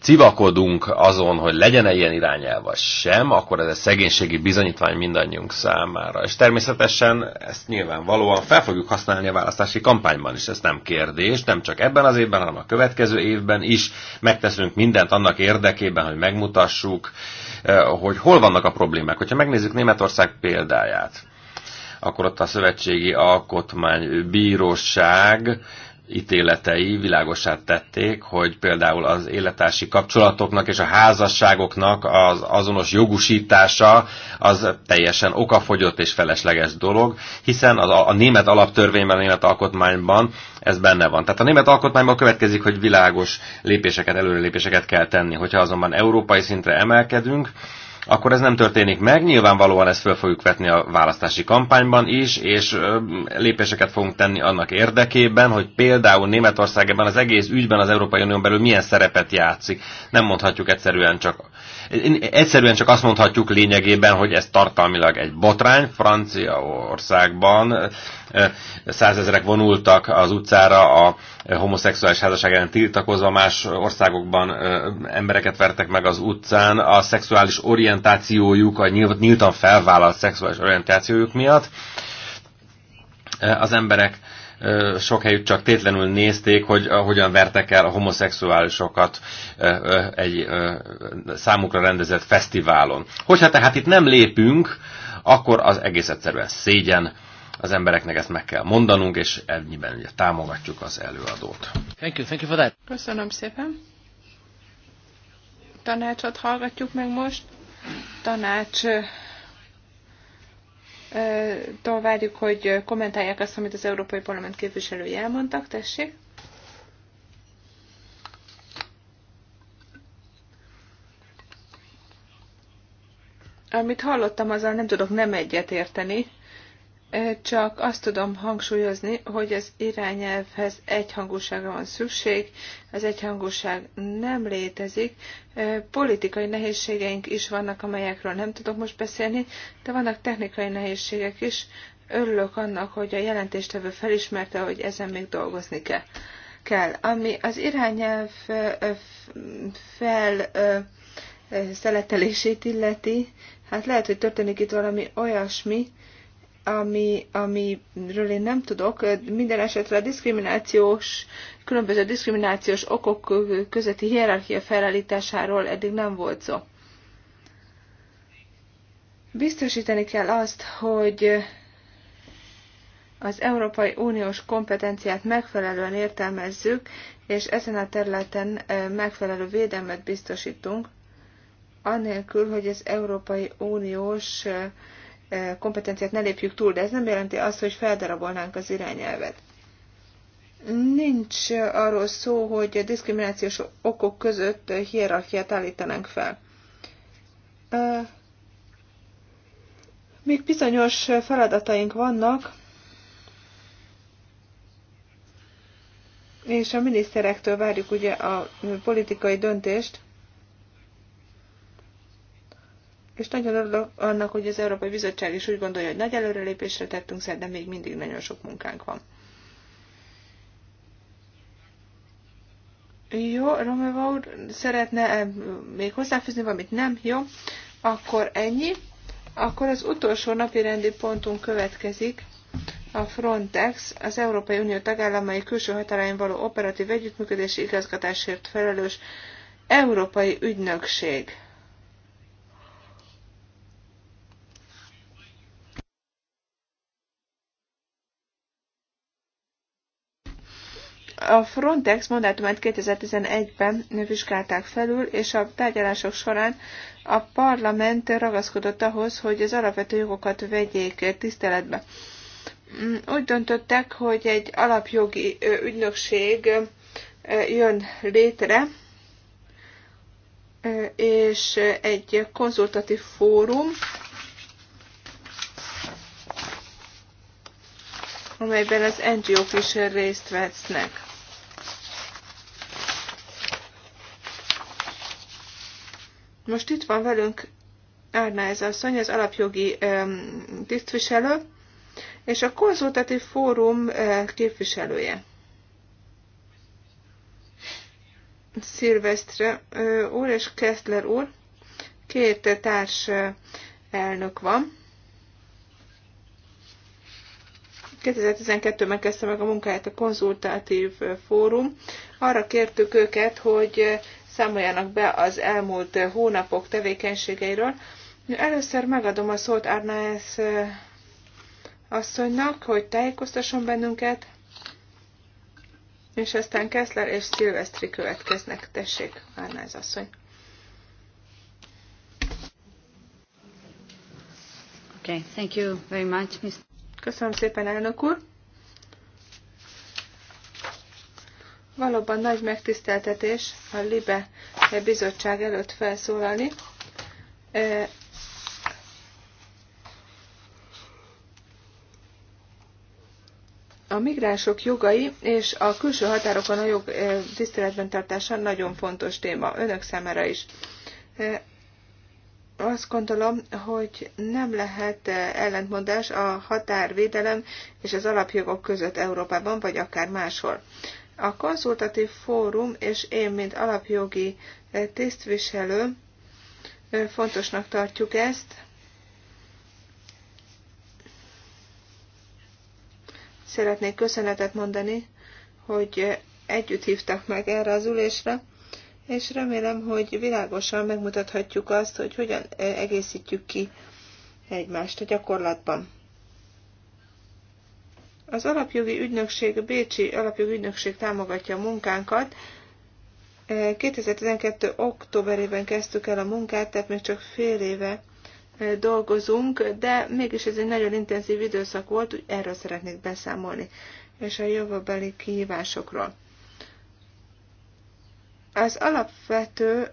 A: civakodunk azon, hogy legyen-e ilyen irányelv sem, akkor ez egy szegénységi bizonyítvány mindannyiunk számára. És természetesen ezt nyilvánvalóan fel fogjuk használni a választási kampányban is, ez nem kérdés, nem csak ebben az évben, hanem a következő évben is megteszünk mindent annak érdekében, hogy megmutassuk, eh, hogy hol vannak a problémák. Hogyha megnézzük Németország példáját, akkor ott a Szövetségi Alkotmánybíróság ítéletei világosát tették, hogy például az életási kapcsolatoknak és a házasságoknak az azonos jogusítása az teljesen okafogyott és felesleges dolog, hiszen az, a, a német alaptörvényben, a német alkotmányban ez benne van. Tehát a német alkotmányban következik, hogy világos lépéseket, előrelépéseket kell tenni. Hogyha azonban európai szintre emelkedünk, akkor ez nem történik meg. Nyilvánvalóan ezt föl fogjuk vetni a választási kampányban is, és lépéseket fogunk tenni annak érdekében, hogy például Németország ebben az egész ügyben az Európai Unión belül milyen szerepet játszik. Nem mondhatjuk egyszerűen csak egyszerűen csak azt mondhatjuk lényegében, hogy ez tartalmilag egy botrány Franciaországban százezerek vonultak az utcára a homoszexuális házasság ellen tiltakozva, más országokban embereket vertek meg az utcán a szexuális orientációjuk, a nyíltan felvállalt szexuális orientációjuk miatt. Az emberek sok helyütt csak tétlenül nézték, hogy hogyan vertek el a homoszexuálisokat egy számukra rendezett fesztiválon. Hogyha tehát itt nem lépünk, akkor az egész egyszerűen szégyen az embereknek ezt meg kell mondanunk, és ennyiben ugye támogatjuk az előadót.
B: Thank you, thank you for that.
C: Köszönöm szépen. Tanácsot hallgatjuk meg most. Tanács Tól várjuk, hogy kommentálják azt, amit az Európai Parlament képviselői elmondtak. Tessék. Amit hallottam, azzal nem tudok nem egyet érteni csak azt tudom hangsúlyozni, hogy az irányelvhez egyhangúságra van szükség, az egyhangúság nem létezik, politikai nehézségeink is vannak, amelyekről nem tudok most beszélni, de vannak technikai nehézségek is. Örülök annak, hogy a jelentéstevő felismerte, hogy ezen még dolgozni kell. kell. Ami az irányelv fel szeletelését illeti, hát lehet, hogy történik itt valami olyasmi, ami, amiről én nem tudok, minden esetre a diszkriminációs, különböző diszkriminációs okok közötti hierarchia felállításáról eddig nem volt szó. Biztosítani kell azt, hogy az Európai Uniós kompetenciát megfelelően értelmezzük, és ezen a területen megfelelő védelmet biztosítunk, anélkül, hogy az Európai Uniós kompetenciát ne lépjük túl, de ez nem jelenti azt, hogy feldarabolnánk az irányelvet. Nincs arról szó, hogy a diszkriminációs okok között hierarchiát állítanánk fel. Még bizonyos feladataink vannak, és a miniszterektől várjuk ugye a politikai döntést, és nagyon örülök annak, hogy az Európai Bizottság is úgy gondolja, hogy nagy előrelépésre tettünk szert, de még mindig nagyon sok munkánk van. Jó, Romeva úr, szeretne eh, még hozzáfűzni valamit? Nem? Jó. Akkor ennyi. Akkor az utolsó napi rendi pontunk következik. A Frontex, az Európai Unió tagállamai külső határain való operatív együttműködési igazgatásért felelős Európai Ügynökség. A Frontex mandátumát 2011-ben vizsgálták felül, és a tárgyalások során a parlament ragaszkodott ahhoz, hogy az alapvető jogokat vegyék tiszteletbe. Mm, úgy döntöttek, hogy egy alapjogi ügynökség jön létre, és egy konzultatív fórum, amelyben az NGO-k is részt vesznek. Most itt van velünk Árna ez asszony, az alapjogi tisztviselő, és a konzultatív fórum eh, képviselője. Szilvesztre eh, úr és Kessler úr, két társ eh, elnök van. 2012-ben kezdte meg a munkáját a konzultatív fórum. Arra kértük őket, hogy számoljanak be az elmúlt hónapok tevékenységeiről. Először megadom a szót Arnaez asszonynak, hogy tájékoztasson bennünket, és aztán Kessler és Szilvesztri következnek. Tessék, Arnaez asszony. Okay, thank you very much, Mr. Köszönöm szépen, elnök úr. Valóban nagy megtiszteltetés a LIBE bizottság előtt felszólalni. A migránsok jogai és a külső határokon a jog tiszteletben tartása nagyon fontos téma önök számára is. Azt gondolom, hogy nem lehet ellentmondás a határvédelem és az alapjogok között Európában, vagy akár máshol. A konzultatív fórum és én, mint alapjogi e, tisztviselő, e, fontosnak tartjuk ezt. Szeretnék köszönetet mondani, hogy e, együtt hívtak meg erre az ülésre, és remélem, hogy világosan megmutathatjuk azt, hogy hogyan egészítjük ki egymást a gyakorlatban. Az alapjogi ügynökség, a Bécsi alapjogi ügynökség támogatja a munkánkat. 2012. E, októberében kezdtük el a munkát, tehát még csak fél éve e, dolgozunk, de mégis ez egy nagyon intenzív időszak volt, úgy erről szeretnék beszámolni, és a jövőbeli kihívásokról. Az alapvető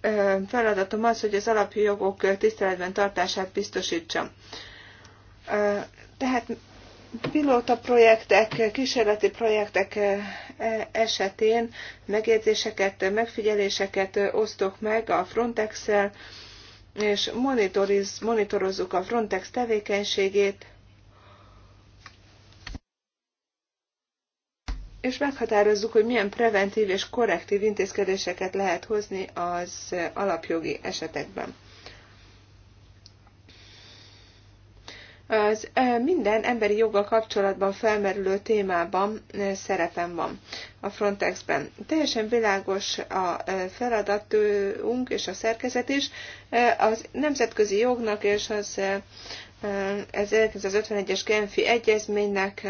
C: e, feladatom az, hogy az alapjogok tiszteletben tartását biztosítsam. Tehát pilóta projektek, kísérleti projektek e, esetén megjegyzéseket, megfigyeléseket osztok meg a Frontex-el, és monitorozzuk a Frontex tevékenységét, és meghatározzuk, hogy milyen preventív és korrektív intézkedéseket lehet hozni az alapjogi esetekben. az minden emberi joga kapcsolatban felmerülő témában szerepem van a Frontexben. Teljesen világos a feladatunk és a szerkezet is. Az nemzetközi jognak és az, az 1951-es Genfi egyezménynek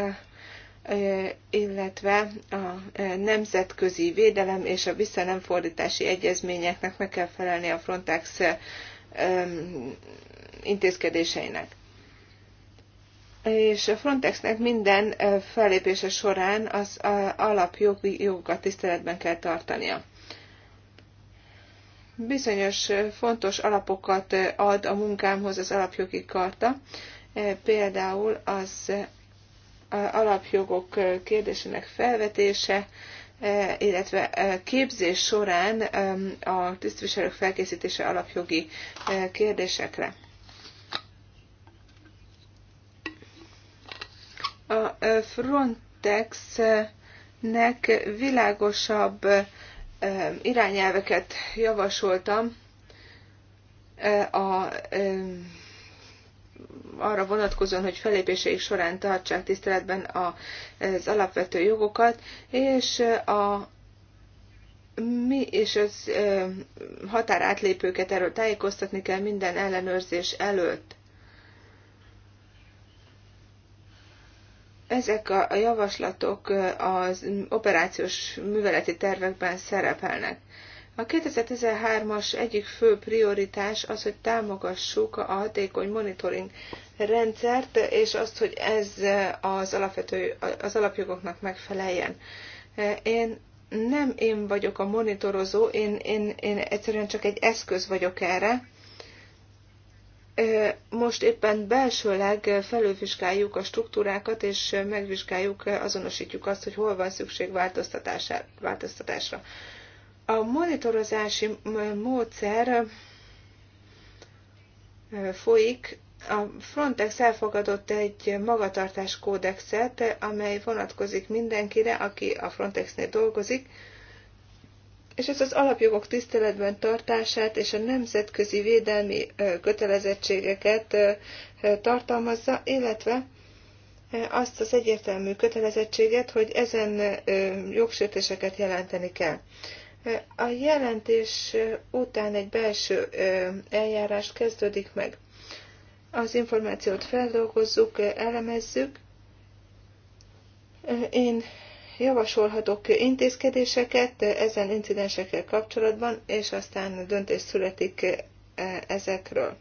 C: illetve a nemzetközi védelem és a visszanemfordítási egyezményeknek meg kell felelni a Frontex intézkedéseinek és a Frontexnek minden fellépése során az alapjogi jogokat tiszteletben kell tartania. Bizonyos fontos alapokat ad a munkámhoz az alapjogi karta, például az alapjogok kérdésének felvetése, illetve képzés során a tisztviselők felkészítése alapjogi kérdésekre. A Frontexnek világosabb irányelveket javasoltam a arra vonatkozóan, hogy felépéseik során tartsák tiszteletben az alapvető jogokat, és a mi és az határátlépőket erről tájékoztatni kell minden ellenőrzés előtt. ezek a javaslatok az operációs műveleti tervekben szerepelnek. A 2013-as egyik fő prioritás az, hogy támogassuk a hatékony monitoring rendszert, és azt, hogy ez az, alapvető, az alapjogoknak megfeleljen. Én nem én vagyok a monitorozó, én, én, én egyszerűen csak egy eszköz vagyok erre, most éppen belsőleg felülvizsgáljuk a struktúrákat, és megvizsgáljuk, azonosítjuk azt, hogy hol van szükség változtatásra. A monitorozási módszer folyik. A Frontex elfogadott egy magatartás kódexet, amely vonatkozik mindenkire, aki a Frontexnél dolgozik, és ez az alapjogok tiszteletben tartását és a nemzetközi védelmi kötelezettségeket tartalmazza, illetve azt az egyértelmű kötelezettséget, hogy ezen jogsértéseket jelenteni kell. A jelentés után egy belső eljárás kezdődik meg. Az információt feldolgozzuk, elemezzük. Én javasolhatok intézkedéseket ezen incidensekkel kapcsolatban, és aztán döntés születik eh, ezekről.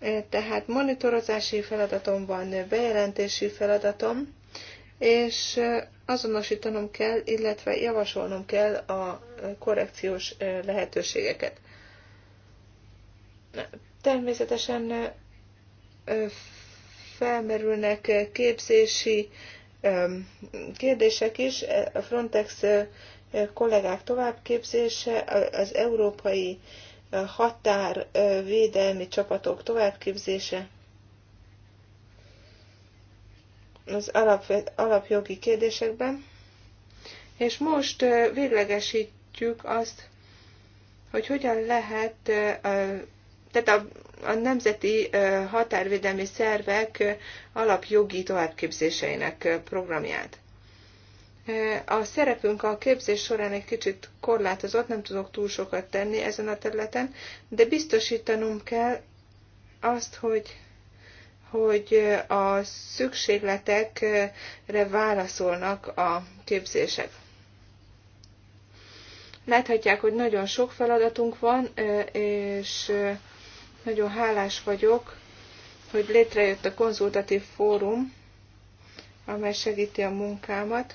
C: Eh, tehát monitorozási feladatom van, bejelentési feladatom, és eh, azonosítanom kell, illetve javasolnom kell a korrekciós lehetőségeket. Természetesen felmerülnek képzési kérdések is. E, a Frontex kollégák továbbképzése, az európai határvédelmi csapatok továbbképzése, az alap, alapjogi kérdésekben. És most véglegesítjük azt, hogy hogyan lehet, tehát a a nemzeti határvédelmi szervek alapjogi továbbképzéseinek programját. A szerepünk a képzés során egy kicsit korlátozott, nem tudok túl sokat tenni ezen a területen, de biztosítanunk kell azt, hogy hogy a szükségletekre válaszolnak a képzések. Láthatják, hogy nagyon sok feladatunk van, és nagyon hálás vagyok, hogy létrejött a konzultatív fórum, amely segíti a munkámat.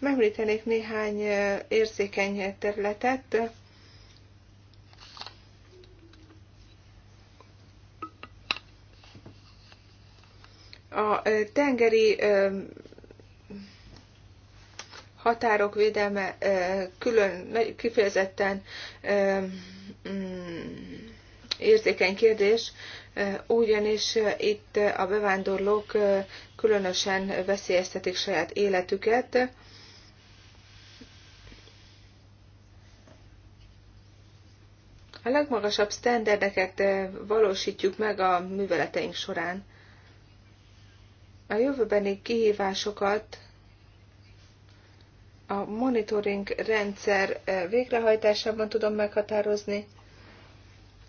C: Megmítenék néhány érzékeny területet. A tengeri határok védelme külön kifejezetten Mm, érzékeny kérdés, ugyanis itt a bevándorlók különösen veszélyeztetik saját életüket. A legmagasabb sztenderdeket valósítjuk meg a műveleteink során. A jövőbeni kihívásokat a monitoring rendszer végrehajtásában tudom meghatározni,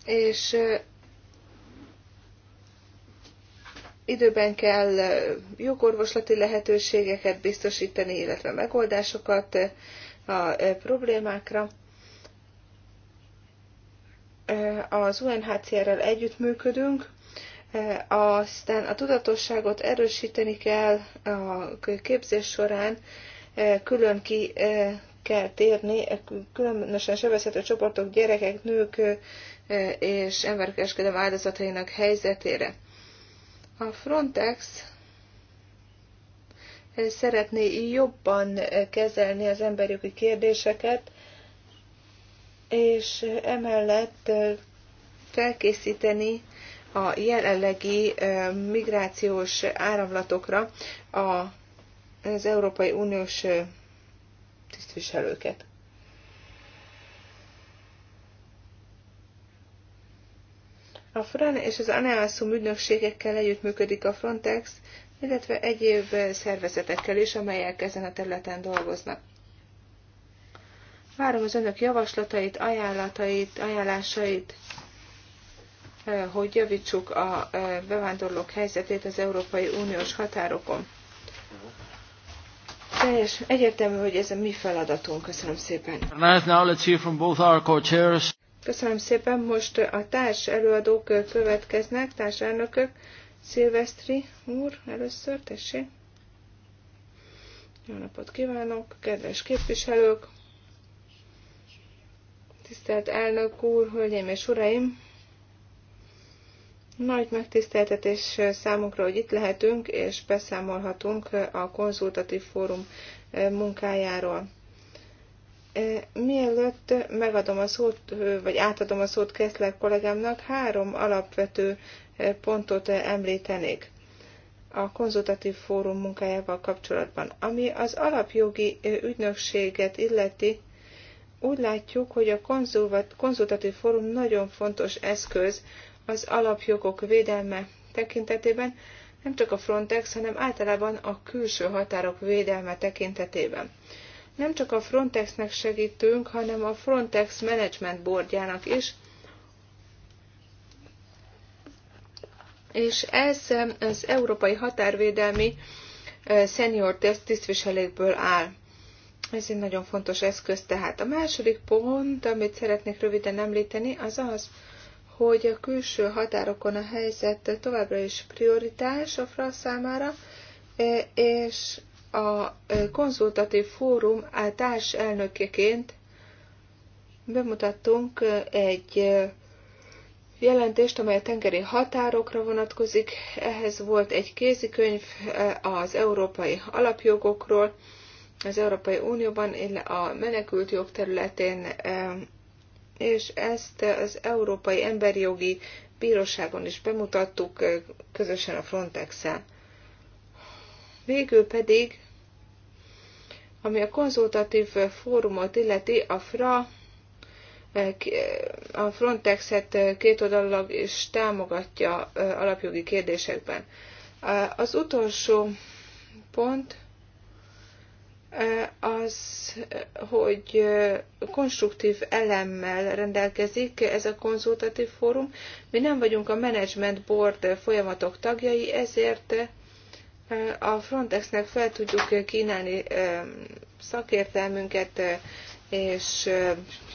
C: és időben kell jogorvoslati lehetőségeket biztosítani, illetve megoldásokat a problémákra. Az UNHCR-rel együttműködünk, aztán a tudatosságot erősíteni kell a képzés során, külön ki kell térni, különösen sebezhető csoportok, gyerekek, nők és emberkereskedem áldozatainak helyzetére. A Frontex eh, szeretné jobban eh, kezelni az emberjogi kérdéseket, és eh, emellett felkészíteni a jelenlegi migrációs áramlatokra az Európai Uniós tisztviselőket. A FRAN és az Aneasum ügynökségekkel működik a Frontex, illetve egyéb szervezetekkel is, amelyek ezen a területen dolgoznak. Várom az önök javaslatait, ajánlatait, ajánlásait, eh, hogy javítsuk a eh, bevándorlók helyzetét az Európai Uniós határokon. Teljes, egyértelmű, hogy ez a mi feladatunk. Köszönöm szépen. Köszönöm szépen, most a társ előadók következnek, társelnökök. Szilvesztri úr, először, tessék. Jó napot kívánok, kedves képviselők, tisztelt elnök úr, hölgyeim és uraim! Nagy megtiszteltetés számunkra, hogy itt lehetünk, és beszámolhatunk a konzultatív fórum munkájáról. Mielőtt megadom a szót, vagy átadom a szót Keszler kollégámnak, három alapvető pontot említenék a konzultatív fórum munkájával kapcsolatban. Ami az alapjogi ügynökséget illeti, úgy látjuk, hogy a konzultatív fórum nagyon fontos eszköz az alapjogok védelme tekintetében, nem csak a Frontex, hanem általában a külső határok védelme tekintetében nem csak a Frontexnek segítünk, hanem a Frontex Management Boardjának is, és ez az Európai Határvédelmi Senior tisztviselékből áll. Ez egy nagyon fontos eszköz. Tehát a második pont, amit szeretnék röviden említeni, az az, hogy a külső határokon a helyzet továbbra is prioritás a FRA számára, és a konzultatív fórum társ elnökeként bemutattunk egy jelentést, amely a tengeri határokra vonatkozik. Ehhez volt egy kézikönyv az európai alapjogokról, az Európai Unióban, illetve a menekült jog területén, és ezt az Európai Emberi Jogi Bíróságon is bemutattuk közösen a Frontex-el. Végül pedig, ami a konzultatív fórumot illeti, a FRA eh, eh, a Frontexet eh, oldalag is támogatja alapjogi kérdésekben. Az utolsó pont az, hogy konstruktív elemmel rendelkezik ez a konzultatív fórum. Mi nem vagyunk a Management Board folyamatok tagjai, ezért a Frontexnek fel tudjuk kínálni szakértelmünket, és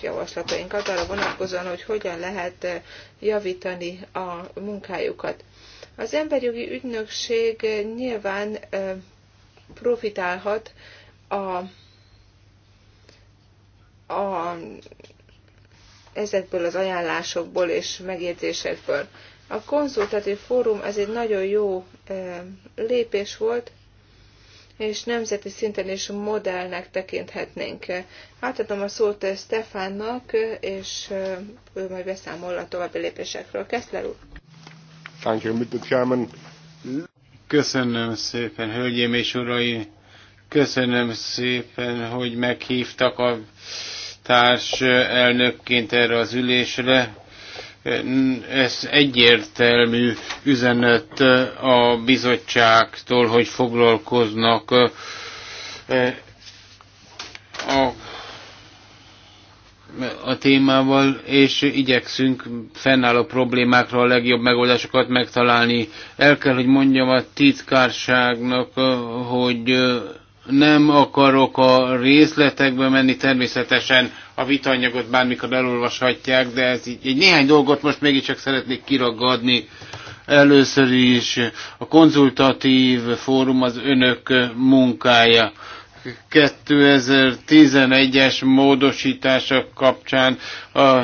C: javaslatainkat arra vonatkozóan, hogy hogyan lehet javítani a munkájukat. Az emberjogi ügynökség nyilván profitálhat a, a ezekből az ajánlásokból és megjegyzésekből. A konzultatív fórum ez egy nagyon jó lépés volt, és nemzeti szinten is modellnek tekinthetnénk. Átadom a szót Stefánnak, és ő majd beszámol a további lépésekről. Kessler úr!
B: Thank you, Mr. Chairman. Köszönöm szépen, hölgyeim és uraim! Köszönöm szépen, hogy meghívtak a társ elnökként erre az ülésre ez egyértelmű üzenet a bizottságtól, hogy foglalkoznak a, a témával, és igyekszünk fennálló problémákra a legjobb megoldásokat megtalálni. El kell, hogy mondjam a titkárságnak, hogy nem akarok a részletekbe menni, természetesen a vitanyagot bármikor elolvashatják, de ez így, egy néhány dolgot most mégiscsak szeretnék kiragadni. Először is a konzultatív fórum az önök munkája. 2011-es módosítása kapcsán a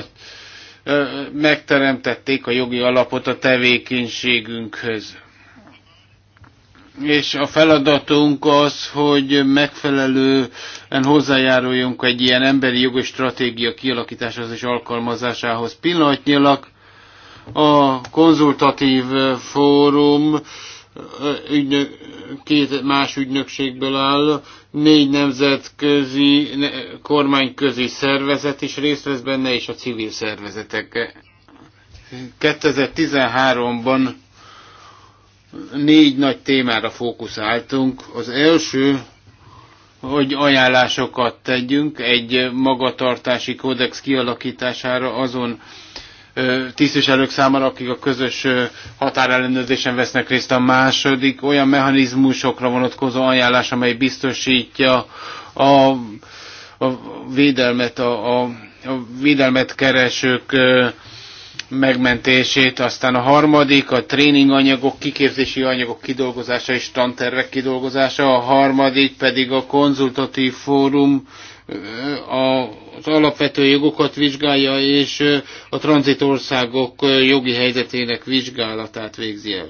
B: megteremtették a jogi alapot a tevékenységünkhöz és a feladatunk az, hogy megfelelően hozzájáruljunk egy ilyen emberi jogos stratégia kialakításához és alkalmazásához. Pillanatnyilag a konzultatív fórum ügynök, két más ügynökségből áll, négy nemzetközi, kormányközi szervezet is részt vesz benne, és a civil szervezetek. 2013-ban négy nagy témára fókuszáltunk. Az első, hogy ajánlásokat tegyünk egy magatartási kódex kialakítására azon tisztviselők számára, akik a közös határellenőrzésen vesznek részt. A második olyan mechanizmusokra vonatkozó ajánlás, amely biztosítja a, a védelmet a, a, a védelmet keresők megmentését, aztán a harmadik a tréninganyagok, kiképzési anyagok kidolgozása és tantervek kidolgozása, a harmadik pedig a konzultatív fórum az alapvető jogokat vizsgálja, és a tranzitországok jogi helyzetének vizsgálatát végzi el.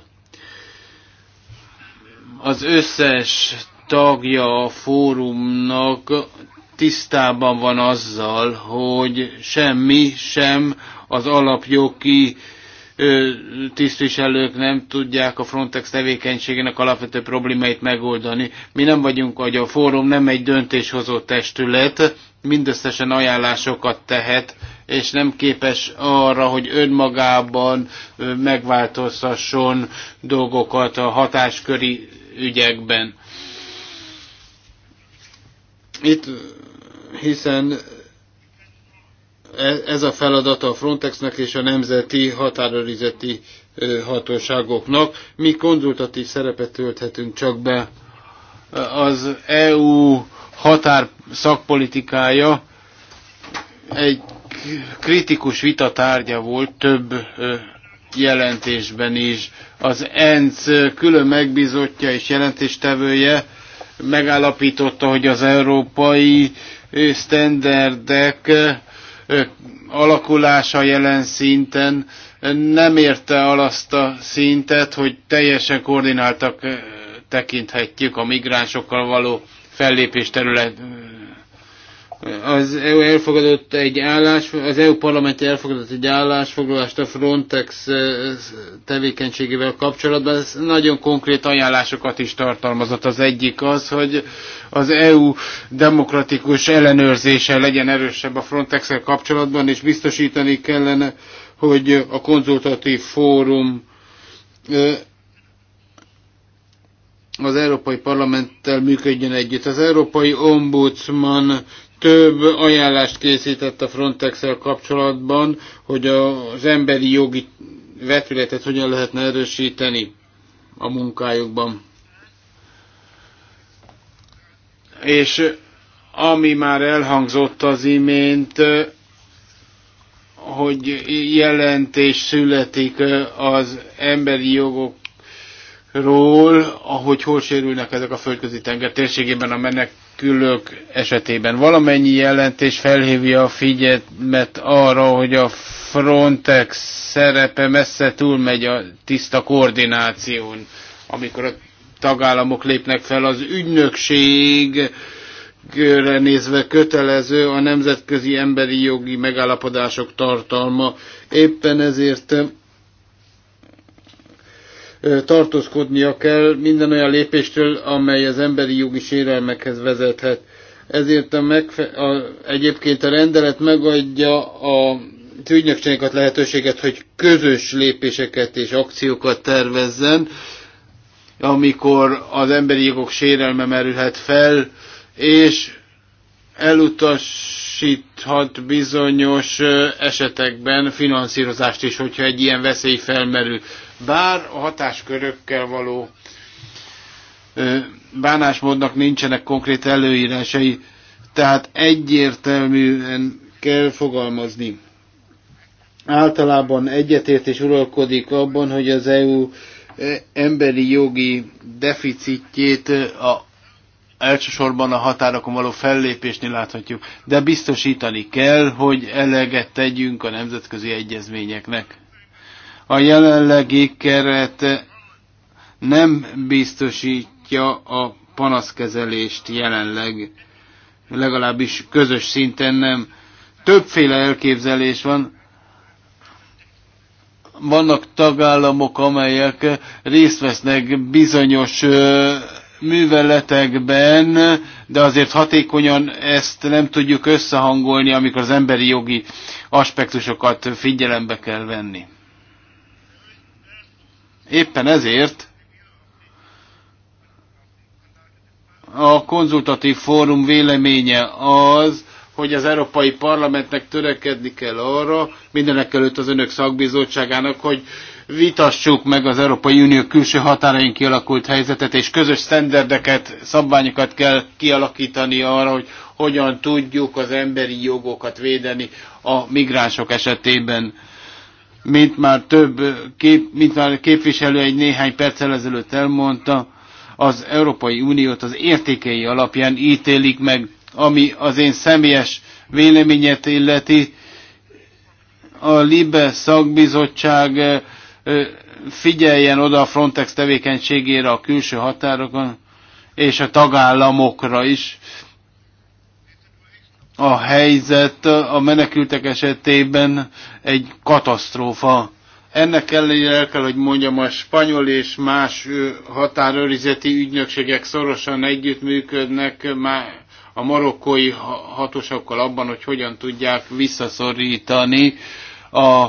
B: Az összes tagja a fórumnak tisztában van azzal, hogy semmi sem az alapjogi tisztviselők nem tudják a Frontex tevékenységének alapvető problémáit megoldani. Mi nem vagyunk, hogy a fórum nem egy döntéshozó testület, mindösszesen ajánlásokat tehet, és nem képes arra, hogy önmagában megváltoztasson dolgokat a hatásköri ügyekben. Itt hiszen E- ez a feladata a Frontexnek és a nemzeti határőrizeti hatóságoknak. Mi konzultatív szerepet tölthetünk csak be. Az EU határ szakpolitikája egy kritikus vita tárgya volt több jelentésben is. Az ENC külön megbizotja és jelentéstevője megállapította, hogy az európai standardek alakulása jelen szinten nem érte el azt a szintet, hogy teljesen koordináltak tekinthetjük a migránsokkal való fellépés terület az EU elfogadott egy állás, az EU parlament elfogadott egy állásfoglalást a Frontex eh, eh, tevékenységével kapcsolatban. Ez nagyon konkrét ajánlásokat is tartalmazott. Az egyik az, hogy az EU demokratikus ellenőrzése legyen erősebb a frontex kapcsolatban, és biztosítani kellene, hogy a konzultatív fórum eh, az Európai Parlamenttel működjön együtt. Az Európai Ombudsman több ajánlást készített a frontex kapcsolatban, hogy az emberi jogi vetületet hogyan lehetne erősíteni a munkájukban. És ami már elhangzott az imént, hogy jelentés születik az emberi jogokról, ahogy hol sérülnek ezek a földközi tenger térségében a menek menekülők esetében. Valamennyi jelentés felhívja a figyelmet arra, hogy a Frontex szerepe messze túlmegy a tiszta koordináción, amikor a tagállamok lépnek fel. Az ügynökség nézve kötelező a nemzetközi emberi jogi megállapodások tartalma. Éppen ezért tartózkodnia kell minden olyan lépéstől, amely az emberi jogi sérelmekhez vezethet. Ezért a megfe- a, egyébként a rendelet megadja a az ügynökségnek lehetőséget, hogy közös lépéseket és akciókat tervezzen, amikor az emberi jogok sérelme merülhet fel, és elutas biztosíthat bizonyos esetekben finanszírozást is, hogyha egy ilyen veszély felmerül. Bár a hatáskörökkel való bánásmódnak nincsenek konkrét előírásai, tehát egyértelműen kell fogalmazni. Általában egyetértés uralkodik abban, hogy az EU emberi jogi deficitjét a elsősorban a határokon való fellépésnél láthatjuk, de biztosítani kell, hogy eleget tegyünk a nemzetközi egyezményeknek. A jelenlegi keret nem biztosítja a panaszkezelést jelenleg, legalábbis közös szinten nem. Többféle elképzelés van, vannak tagállamok, amelyek részt vesznek bizonyos műveletekben, de azért hatékonyan ezt nem tudjuk összehangolni, amikor az emberi jogi aspektusokat figyelembe kell venni. Éppen ezért a konzultatív fórum véleménye az, hogy az Európai Parlamentnek törekedni kell arra, mindenek előtt az önök szakbizottságának, hogy vitassuk meg az Európai Unió külső határain kialakult helyzetet, és közös sztenderdeket, szabványokat kell kialakítani arra, hogy hogyan tudjuk az emberi jogokat védeni a migránsok esetében. Mint már több kép, mint már képviselő egy néhány perccel ezelőtt elmondta, az Európai Uniót az értékei alapján ítélik meg, ami az én személyes véleményet illeti. A LIBE szakbizottság figyeljen oda a Frontex tevékenységére a külső határokon, és a tagállamokra is. A helyzet a menekültek esetében egy katasztrófa. Ennek ellenére el kell, hogy mondjam, a spanyol és más határőrizeti ügynökségek szorosan együttműködnek már a marokkói hatósokkal abban, hogy hogyan tudják visszaszorítani a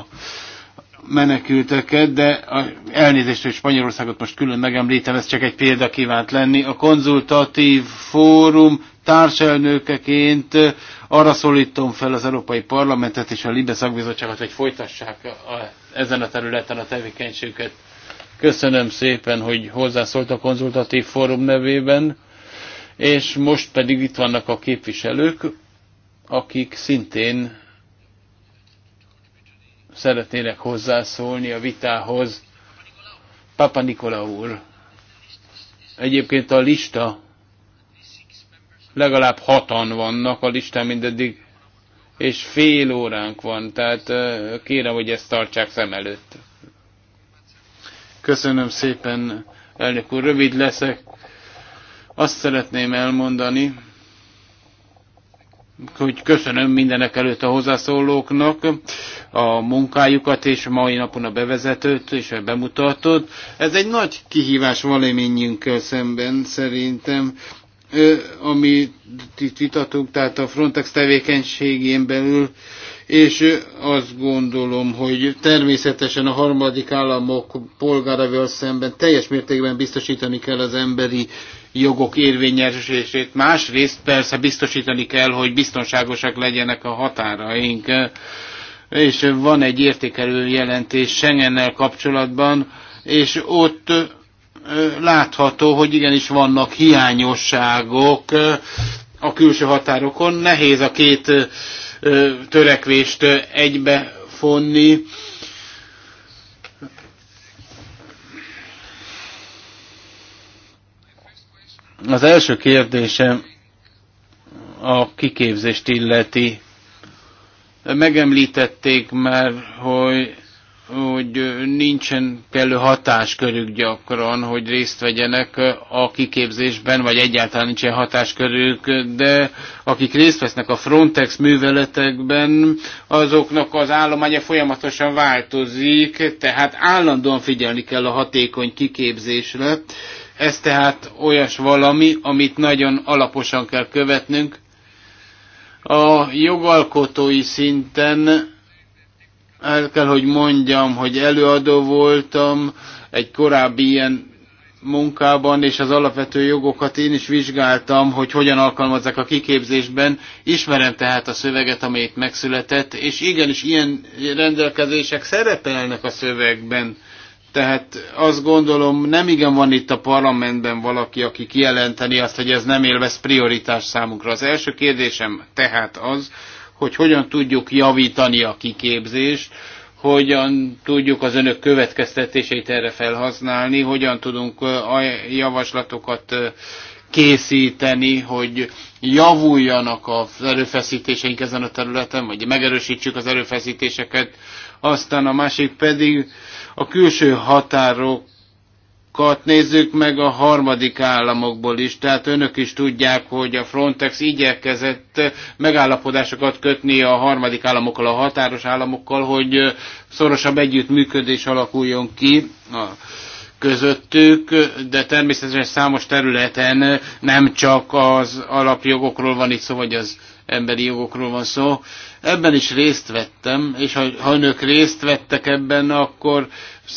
B: menekülteket, de a, elnézést, hogy Spanyolországot most külön megemlítem, ez csak egy példa kívánt lenni. A konzultatív fórum társelnökeként arra szólítom fel az Európai Parlamentet és a Libe szakbizottságot, hogy folytassák a, ezen a területen a tevékenységüket. Köszönöm szépen, hogy hozzászólt a konzultatív fórum nevében, és most pedig itt vannak a képviselők, akik szintén szeretnének hozzászólni a vitához. Papa Nikola úr, egyébként a lista legalább hatan vannak a listán mindeddig, és fél óránk van, tehát kérem, hogy ezt tartsák szem előtt. Köszönöm szépen, elnök úr, rövid leszek. Azt szeretném elmondani, hogy köszönöm mindenek előtt a hozzászólóknak a munkájukat és mai napon a bevezetőt és a bemutatót. Ez egy nagy kihívás valamennyiünkkel szemben szerintem, amit itt vitatunk, tehát a Frontex tevékenységén belül, és azt gondolom, hogy természetesen a harmadik államok polgáravel szemben teljes mértékben biztosítani kell az emberi jogok érvényesését, másrészt persze biztosítani kell, hogy biztonságosak legyenek a határaink. És van egy értékelő jelentés Schengennel kapcsolatban, és ott látható, hogy igenis vannak hiányosságok a külső határokon. Nehéz a két törekvést egybe fonni Az első kérdésem a kiképzést illeti. Megemlítették már, hogy, hogy nincsen kellő hatáskörük gyakran, hogy részt vegyenek a kiképzésben, vagy egyáltalán nincsen hatáskörük, de akik részt vesznek a Frontex műveletekben, azoknak az állománya folyamatosan változik, tehát állandóan figyelni kell a hatékony kiképzésre, ez tehát olyas valami, amit nagyon alaposan kell követnünk. A jogalkotói szinten el kell, hogy mondjam, hogy előadó voltam egy korábbi ilyen munkában, és az alapvető jogokat én is vizsgáltam, hogy hogyan alkalmazzák a kiképzésben. Ismerem tehát a szöveget, amelyet megszületett, és igenis ilyen rendelkezések szerepelnek a szövegben tehát azt gondolom, nem igen van itt a parlamentben valaki, aki kijelenteni azt, hogy ez nem élvez prioritás számunkra. Az első kérdésem tehát az, hogy hogyan tudjuk javítani a kiképzést, hogyan tudjuk az önök következtetéseit erre felhasználni, hogyan tudunk a javaslatokat készíteni, hogy javuljanak az erőfeszítéseink ezen a területen, vagy megerősítsük az erőfeszítéseket. Aztán a másik pedig a külső határok Kat nézzük meg a harmadik államokból is, tehát önök is tudják, hogy a Frontex igyekezett megállapodásokat kötni a harmadik államokkal, a határos államokkal, hogy szorosabb együttműködés alakuljon ki a közöttük, de természetesen számos területen nem csak az alapjogokról van itt szó, vagy az emberi jogokról van szó, Ebben is részt vettem, és ha, ha önök részt vettek ebben, akkor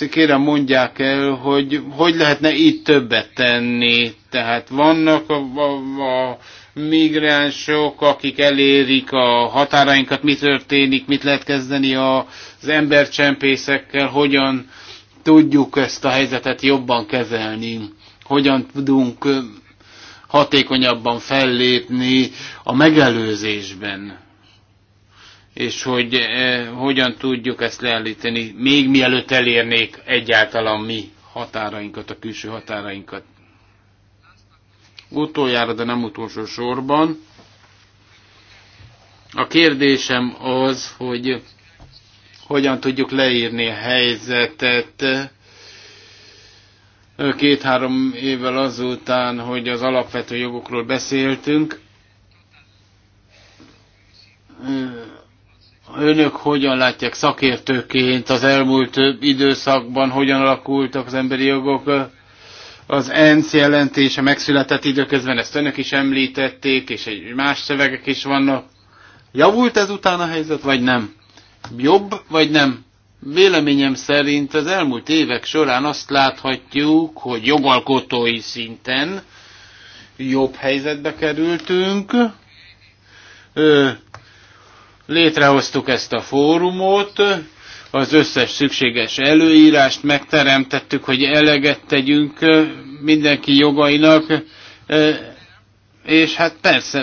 B: kérem mondják el, hogy hogy lehetne itt többet tenni. Tehát vannak a, a, a migránsok, akik elérik a határainkat, mi történik, mit lehet kezdeni az embercsempészekkel, hogyan tudjuk ezt a helyzetet jobban kezelni, hogyan tudunk hatékonyabban fellépni a megelőzésben és hogy eh, hogyan tudjuk ezt leállítani, még mielőtt elérnék egyáltalán mi határainkat, a külső határainkat. Utoljára, de nem utolsó sorban. A kérdésem az, hogy hogyan tudjuk leírni a helyzetet két-három évvel azután, hogy az alapvető jogokról beszéltünk önök hogyan látják szakértőként az elmúlt időszakban, hogyan alakultak az emberi jogok? Az ENSZ jelentése megszületett időközben, ezt önök is említették, és egy más szövegek is vannak. Javult ez után a helyzet, vagy nem? Jobb, vagy nem? Véleményem szerint az elmúlt évek során azt láthatjuk, hogy jogalkotói szinten jobb helyzetbe kerültünk, Létrehoztuk ezt a fórumot, az összes szükséges előírást megteremtettük, hogy eleget tegyünk mindenki jogainak, e, és hát persze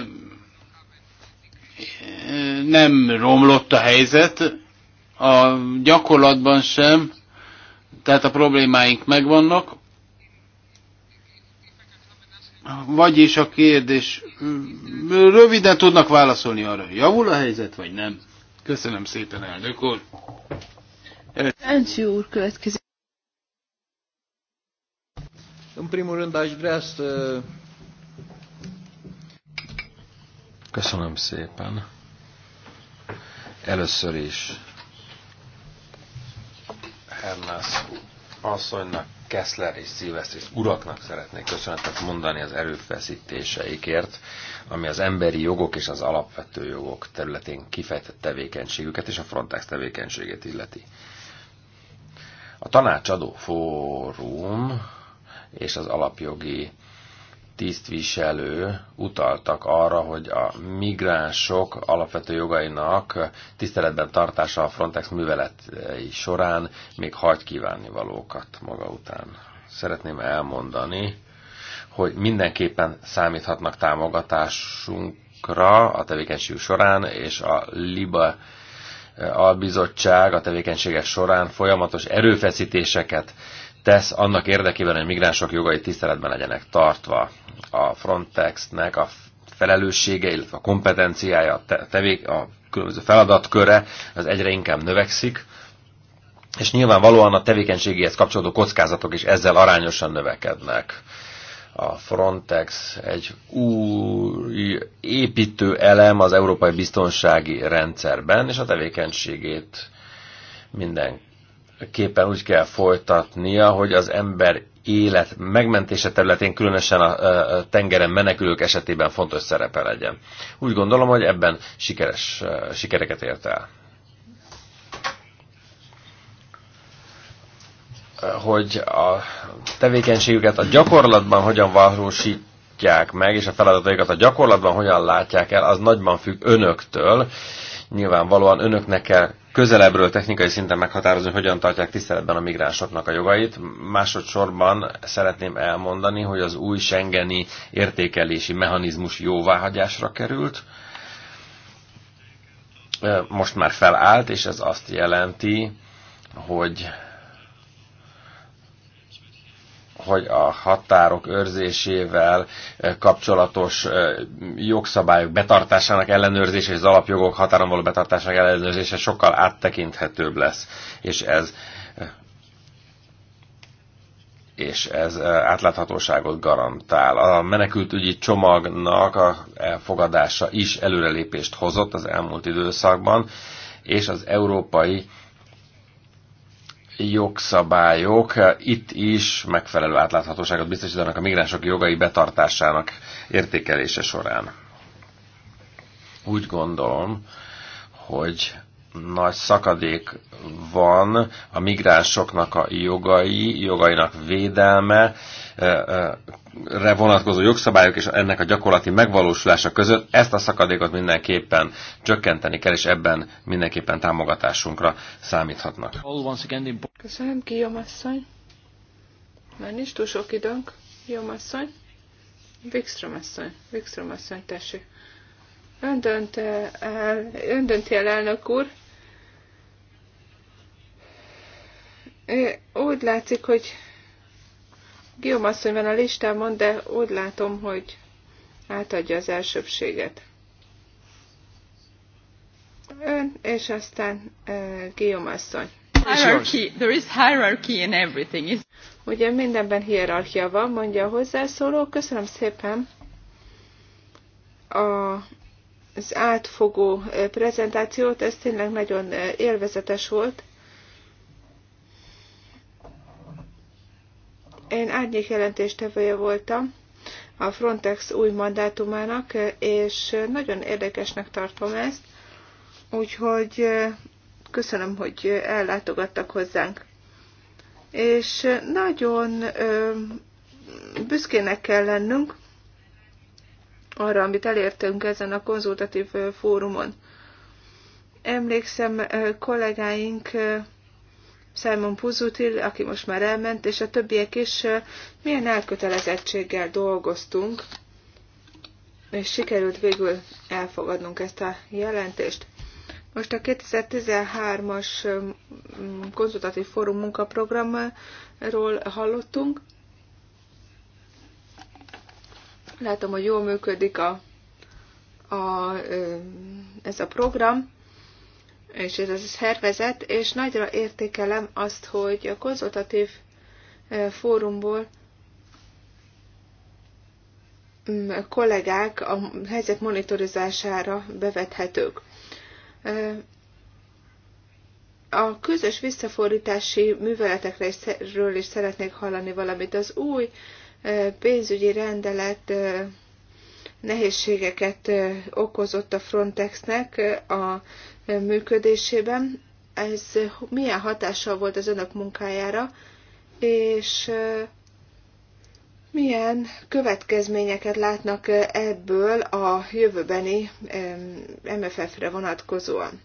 B: e, nem romlott a helyzet, a gyakorlatban sem, tehát a problémáink megvannak, vagyis a kérdés, röviden tudnak válaszolni arra, javul a helyzet, vagy nem? Köszönöm szépen, elnök úr.
C: úr következik. În primul rând aș vrea să...
A: Köszönöm szépen. Először is Hernász asszonynak Kessler és Szilvesztris uraknak szeretnék köszönetet mondani az erőfeszítéseikért, ami az emberi jogok és az alapvető jogok területén kifejtett tevékenységüket és a Frontex tevékenységét illeti. A tanácsadó fórum és az alapjogi tisztviselő utaltak arra, hogy a migránsok alapvető jogainak tiszteletben tartása a Frontex műveletei során még hagy kívánni valókat maga után. Szeretném elmondani, hogy mindenképpen számíthatnak támogatásunkra a tevékenység során, és a LIBA eh, bizottság a tevékenységek során folyamatos erőfeszítéseket tesz annak érdekében, hogy migránsok jogai tiszteletben legyenek tartva. A Frontexnek a felelőssége, illetve a kompetenciája, a, tevék, a különböző feladatköre az egyre inkább növekszik, és nyilvánvalóan a tevékenységéhez kapcsolódó kockázatok is ezzel arányosan növekednek. A Frontex egy új építő elem az európai biztonsági rendszerben, és a tevékenységét minden képen úgy kell folytatnia, hogy az ember élet megmentése területén, különösen a tengeren menekülők esetében fontos szerepe legyen. Úgy gondolom, hogy ebben sikeres, sikereket ért el. Hogy a tevékenységüket a gyakorlatban hogyan valósít, meg, és a feladataikat a gyakorlatban hogyan látják el, az nagyban függ önöktől, Nyilvánvalóan önöknek kell közelebbről technikai szinten meghatározni, hogy hogyan tartják tiszteletben a migránsoknak a jogait. Másodszorban szeretném elmondani, hogy az új Schengeni értékelési mechanizmus jóváhagyásra került. Most már felállt, és ez azt jelenti, hogy hogy a határok őrzésével eh, kapcsolatos eh, jogszabályok betartásának ellenőrzése és az alapjogok határon való betartásának ellenőrzése sokkal áttekinthetőbb lesz, és ez eh, és ez átláthatóságot garantál. A menekültügyi csomagnak a elfogadása is előrelépést hozott az elmúlt időszakban, és az európai jogszabályok itt is megfelelő átláthatóságot biztosítanak a migránsok jogai betartásának értékelése során. Úgy gondolom, hogy nagy szakadék van a migránsoknak a jogai, jogainak védelme re vonatkozó jogszabályok és ennek a gyakorlati megvalósulása között ezt a szakadékot mindenképpen csökkenteni kell, és ebben mindenképpen támogatásunkra számíthatnak.
C: Köszönöm ki, Jomasszony. Már nincs túl sok időnk, Jomasszony. Wikström asszony, Wikström asszony, tessék. Ön, dönt el, ön dönti el, elnök úr. úgy látszik, hogy Guillaume asszony van a listámon, de úgy látom, hogy átadja az elsőbséget. Ön, és aztán uh, Guillaume asszony. Hierarchy. There is hierarchy in everything. Ugye mindenben hierarchia van, mondja a hozzászóló. Köszönöm szépen a, az átfogó eh, prezentációt, ez tényleg nagyon eh, élvezetes volt. Én árnyék jelentéstevője voltam a Frontex új mandátumának, és nagyon érdekesnek tartom ezt, úgyhogy köszönöm, hogy ellátogattak hozzánk. És nagyon büszkének kell lennünk arra, amit elértünk ezen a konzultatív fórumon. Emlékszem, kollégáink Simon Puzutil, aki most már elment, és a többiek is milyen elkötelezettséggel dolgoztunk, és sikerült végül elfogadnunk ezt a jelentést. Most a 2013-as konzultatív fórum munkaprogramról hallottunk. Látom, hogy jól működik a, a, ez a program és ez a szervezet, és nagyra értékelem azt, hogy a konzultatív fórumból mm, kollégák a helyzet monitorozására bevethetők. A közös visszafordítási műveletekről is szeretnék hallani valamit. Az új pénzügyi rendelet nehézségeket okozott a Frontexnek a működésében. Ez milyen hatással volt az önök munkájára, és milyen következményeket látnak ebből a jövőbeni MFF-re vonatkozóan?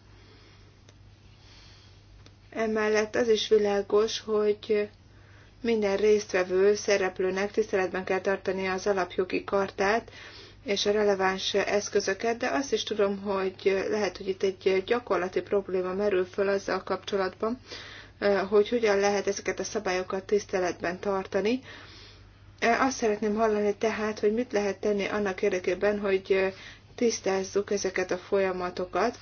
C: Emellett az is világos, hogy minden résztvevő szereplőnek tiszteletben kell tartani az alapjogi kartát, és a releváns eszközöket, de azt is tudom, hogy lehet, hogy itt egy gyakorlati probléma merül föl azzal kapcsolatban, hogy hogyan lehet ezeket a szabályokat tiszteletben tartani. Azt szeretném hallani tehát, hogy mit lehet tenni annak érdekében, hogy tisztázzuk ezeket a folyamatokat,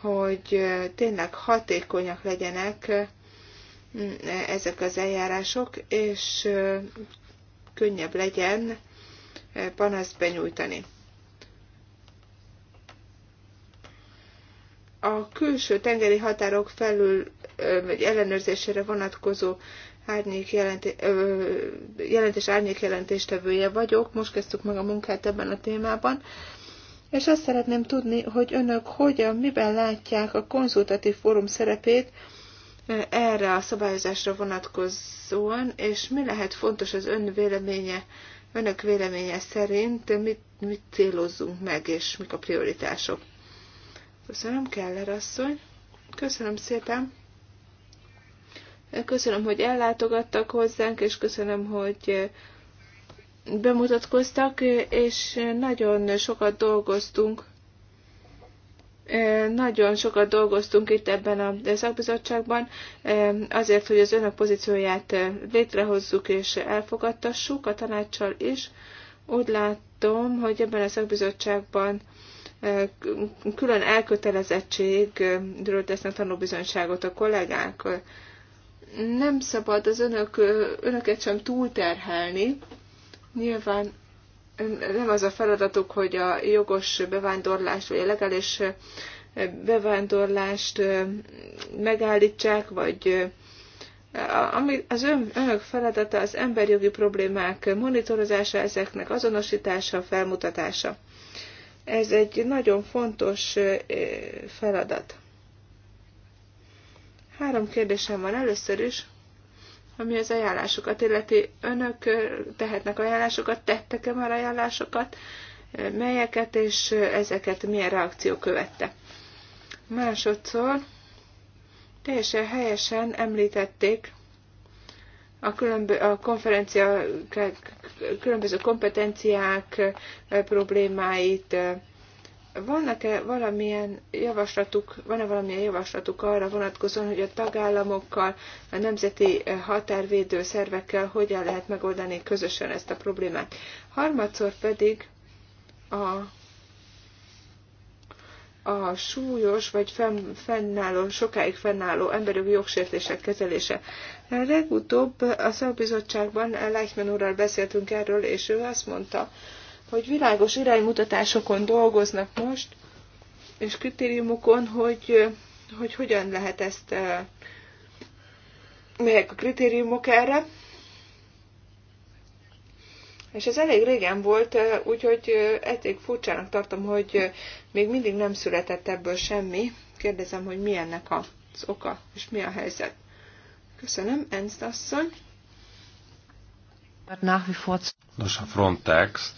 C: hogy tényleg hatékonyak legyenek ezek az eljárások, és könnyebb legyen panaszt benyújtani. A külső tengeri határok felül vagy ellenőrzésére vonatkozó árnyék jelenti, jelentés árnyék jelentéstevője vagyok. Most kezdtük meg a munkát ebben a témában. És azt szeretném tudni, hogy önök hogyan, miben látják a konzultatív fórum szerepét erre a szabályozásra vonatkozóan, és mi lehet fontos az ön véleménye önök véleménye szerint mit, mit célozzunk meg, és mik a prioritások. Köszönöm, Keller asszony. Köszönöm szépen. Köszönöm, hogy ellátogattak hozzánk, és köszönöm, hogy bemutatkoztak, és nagyon sokat dolgoztunk nagyon sokat dolgoztunk itt ebben a szakbizottságban, azért, hogy az önök pozícióját létrehozzuk és elfogadtassuk a tanácssal is. Úgy látom, hogy ebben a szakbizottságban külön elkötelezettségről tesznek tanúbizonyságot a kollégák. Nem szabad az önök, önöket sem túlterhelni. Nyilván nem az a feladatuk, hogy a jogos bevándorlást, vagy a legális bevándorlást megállítsák, vagy ami az ön, önök feladata az emberjogi problémák monitorozása, ezeknek azonosítása, felmutatása. Ez egy nagyon fontos feladat. Három kérdésem van először is ami az ajánlásokat illeti. Önök tehetnek ajánlásokat, tettek-e már ajánlásokat, melyeket, és ezeket milyen reakció követte. Másodszor teljesen helyesen említették a, különbö- a konferencia különböző kompetenciák problémáit, vannak-e valamilyen javaslatuk, van-e valamilyen javaslatuk arra vonatkozóan, hogy a tagállamokkal, a nemzeti eh, határvédő szervekkel hogyan lehet megoldani közösen ezt a problémát? Harmadszor pedig a a súlyos vagy fenn, fennálló, sokáig fennálló emberi jogsértések kezelése. Legutóbb a szakbizottságban Leichmann úrral beszéltünk erről, és ő azt mondta, hogy világos iránymutatásokon dolgoznak most, és kritériumokon, hogy, hogy hogyan lehet ezt, eh, melyek a kritériumok erre. És ez elég régen volt, eh, úgyhogy eddig eh, furcsának tartom, hogy még mindig nem született ebből semmi. Kérdezem, hogy mi ennek az oka, és mi a helyzet. Köszönöm, Ernst asszony.
A: Nos, a Frontext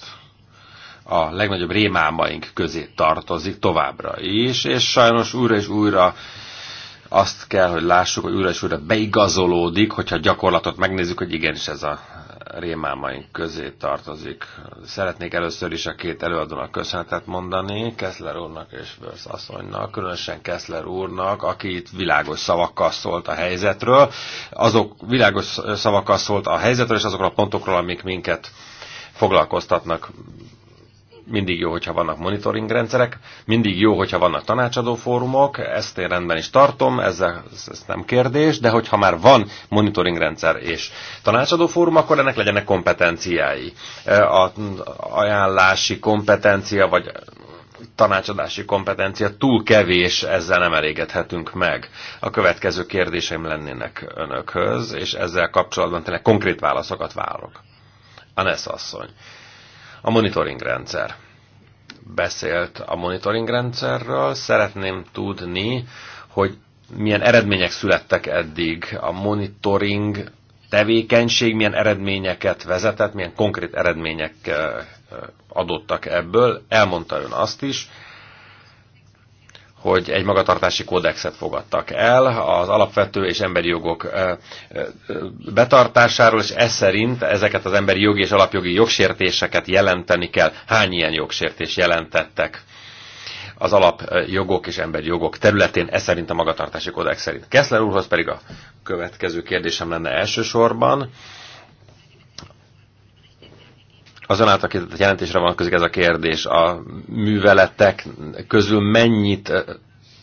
A: a legnagyobb rémámaink közé tartozik továbbra is, és sajnos újra és újra azt kell, hogy lássuk, hogy újra és újra beigazolódik, hogyha gyakorlatot megnézzük, hogy igenis ez a rémámaink közé tartozik. Szeretnék először is a két előadónak köszönetet mondani, Kessler úrnak és Börsz asszonynak, különösen Kessler úrnak, aki itt világos szavakkal szólt a helyzetről, azok világos szavakkal szólt a helyzetről, és azokról a pontokról, amik minket foglalkoztatnak mindig jó, hogyha vannak monitoring rendszerek, mindig jó, hogyha vannak tanácsadó fórumok, ezt én rendben is tartom, ez, ez nem kérdés, de hogyha már van monitoring rendszer és tanácsadó fórum, akkor ennek legyenek kompetenciái. E, a ajánlási kompetencia, vagy tanácsadási kompetencia túl kevés, ezzel nem elégedhetünk meg. A következő kérdéseim lennének önökhöz, és ezzel kapcsolatban tényleg konkrét válaszokat várok. Anesz asszony. A monitoring rendszer. Beszélt a monitoring rendszerről. Szeretném tudni, hogy milyen eredmények születtek eddig. A monitoring tevékenység milyen eredményeket vezetett, milyen konkrét eredmények eh, eh, adottak ebből. Elmondta ön azt is, hogy egy magatartási kódexet fogadtak el az alapvető és emberi jogok betartásáról, és ez szerint ezeket az emberi jogi és alapjogi jogsértéseket jelenteni kell. Hány ilyen jogsértés jelentettek? az alapjogok és emberi jogok területén, ez szerint a magatartási kódex szerint. Keszler úrhoz pedig a következő kérdésem lenne elsősorban, azon által készített jelentésre van közik ez a kérdés. A műveletek közül mennyit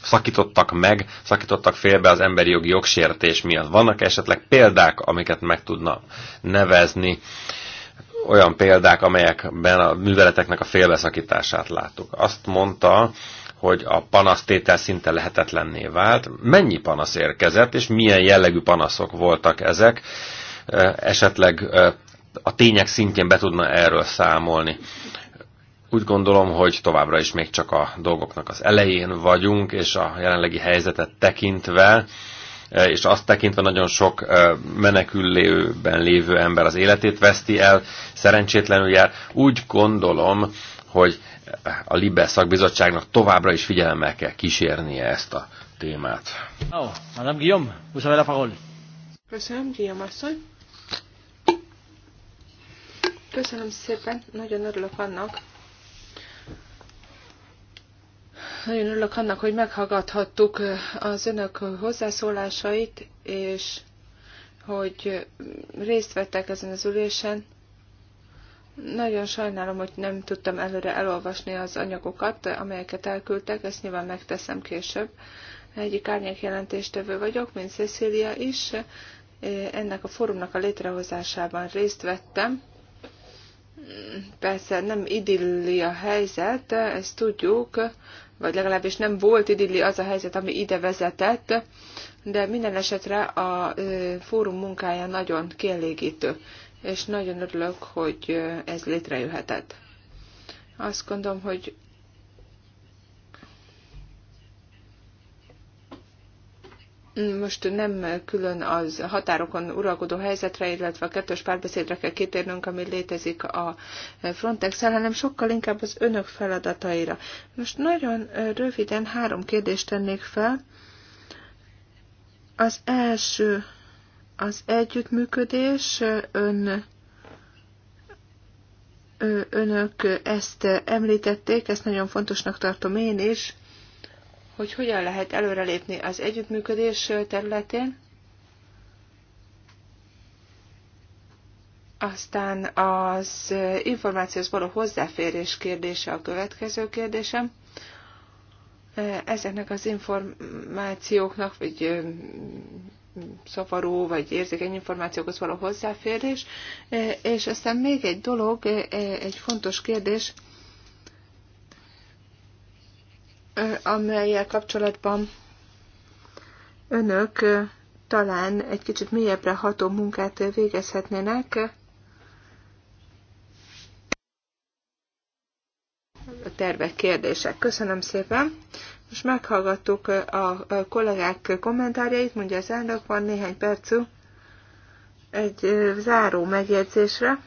A: szakítottak meg, szakítottak félbe az emberi jogi jogsértés miatt. Vannak esetleg példák, amiket meg tudna nevezni, olyan példák, amelyekben a műveleteknek a félbeszakítását láttuk. Azt mondta, hogy a panasztétel szinte lehetetlenné vált. Mennyi panasz érkezett, és milyen jellegű panaszok voltak ezek? Esetleg a tények szintjén be tudna erről számolni. Úgy gondolom, hogy továbbra is még csak a dolgoknak az elején vagyunk, és a jelenlegi helyzetet tekintve, eh, és azt tekintve nagyon sok eh, menekülőben lévő ember az életét veszti el, szerencsétlenül jár. Úgy gondolom, hogy a Libe szakbizottságnak továbbra is figyelemmel kell kísérnie ezt a témát. Oh, Madame Guillaume, vous avez la parole.
C: Köszönöm, Guillaume asszony. Köszönöm szépen, nagyon örülök annak, nagyon örülök annak, hogy meghallgathattuk az önök hozzászólásait, és hogy részt vettek ezen az ülésen. Nagyon sajnálom, hogy nem tudtam előre elolvasni az anyagokat, amelyeket elküldtek, ezt nyilván megteszem később. Egyik árnyék jelentéstevő vagyok, mint Cecilia is. Ennek a fórumnak a létrehozásában részt vettem persze nem idilli a helyzet, ezt tudjuk, vagy legalábbis nem volt idilli az a helyzet, ami ide vezetett, de minden esetre a fórum munkája nagyon kielégítő, és nagyon örülök, hogy ez létrejöhetett. Azt gondolom, hogy Most nem külön az határokon uralkodó helyzetre, illetve a kettős párbeszédre kell kitérnünk, ami létezik a frontex hanem sokkal inkább az önök feladataira. Most nagyon röviden három kérdést tennék fel. Az első az együttműködés, ön önök ezt említették, ezt nagyon fontosnak tartom én is hogy hogyan lehet előrelépni az együttműködés területén, Aztán az információhoz való hozzáférés kérdése a következő kérdésem. Ezeknek az információknak, vagy szavaró, vagy érzékeny információkhoz való hozzáférés. És aztán még egy dolog, egy fontos kérdés, amelyel kapcsolatban önök talán egy kicsit mélyebbre ható munkát végezhetnének. A tervek, kérdések. Köszönöm szépen. Most meghallgattuk a kollégák kommentárjait, mondja az elnök, van néhány percú egy záró megjegyzésre.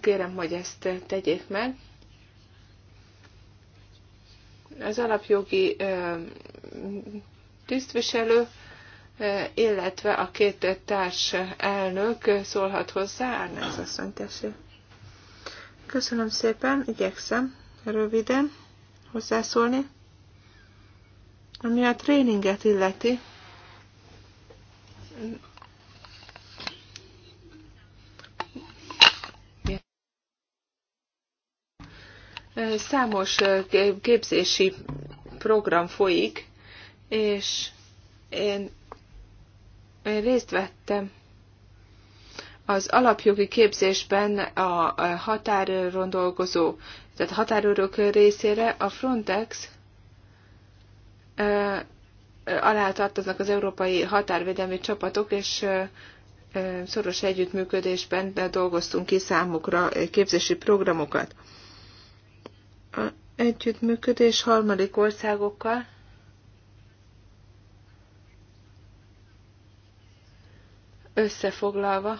C: Kérem, hogy ezt tegyék meg az alapjogi tisztviselő, illetve a két társ elnök szólhat hozzá. ez asszony, tessék. Köszönöm szépen, igyekszem röviden hozzászólni. Ami a tréninget illeti, Számos képzési program folyik, és én, én részt vettem az alapjogi képzésben a határon dolgozó, tehát határőrök részére a Frontex alá tartoznak az európai határvédelmi csapatok, és szoros együttműködésben dolgoztunk ki számukra képzési programokat. Együttműködés harmadik országokkal. Összefoglalva.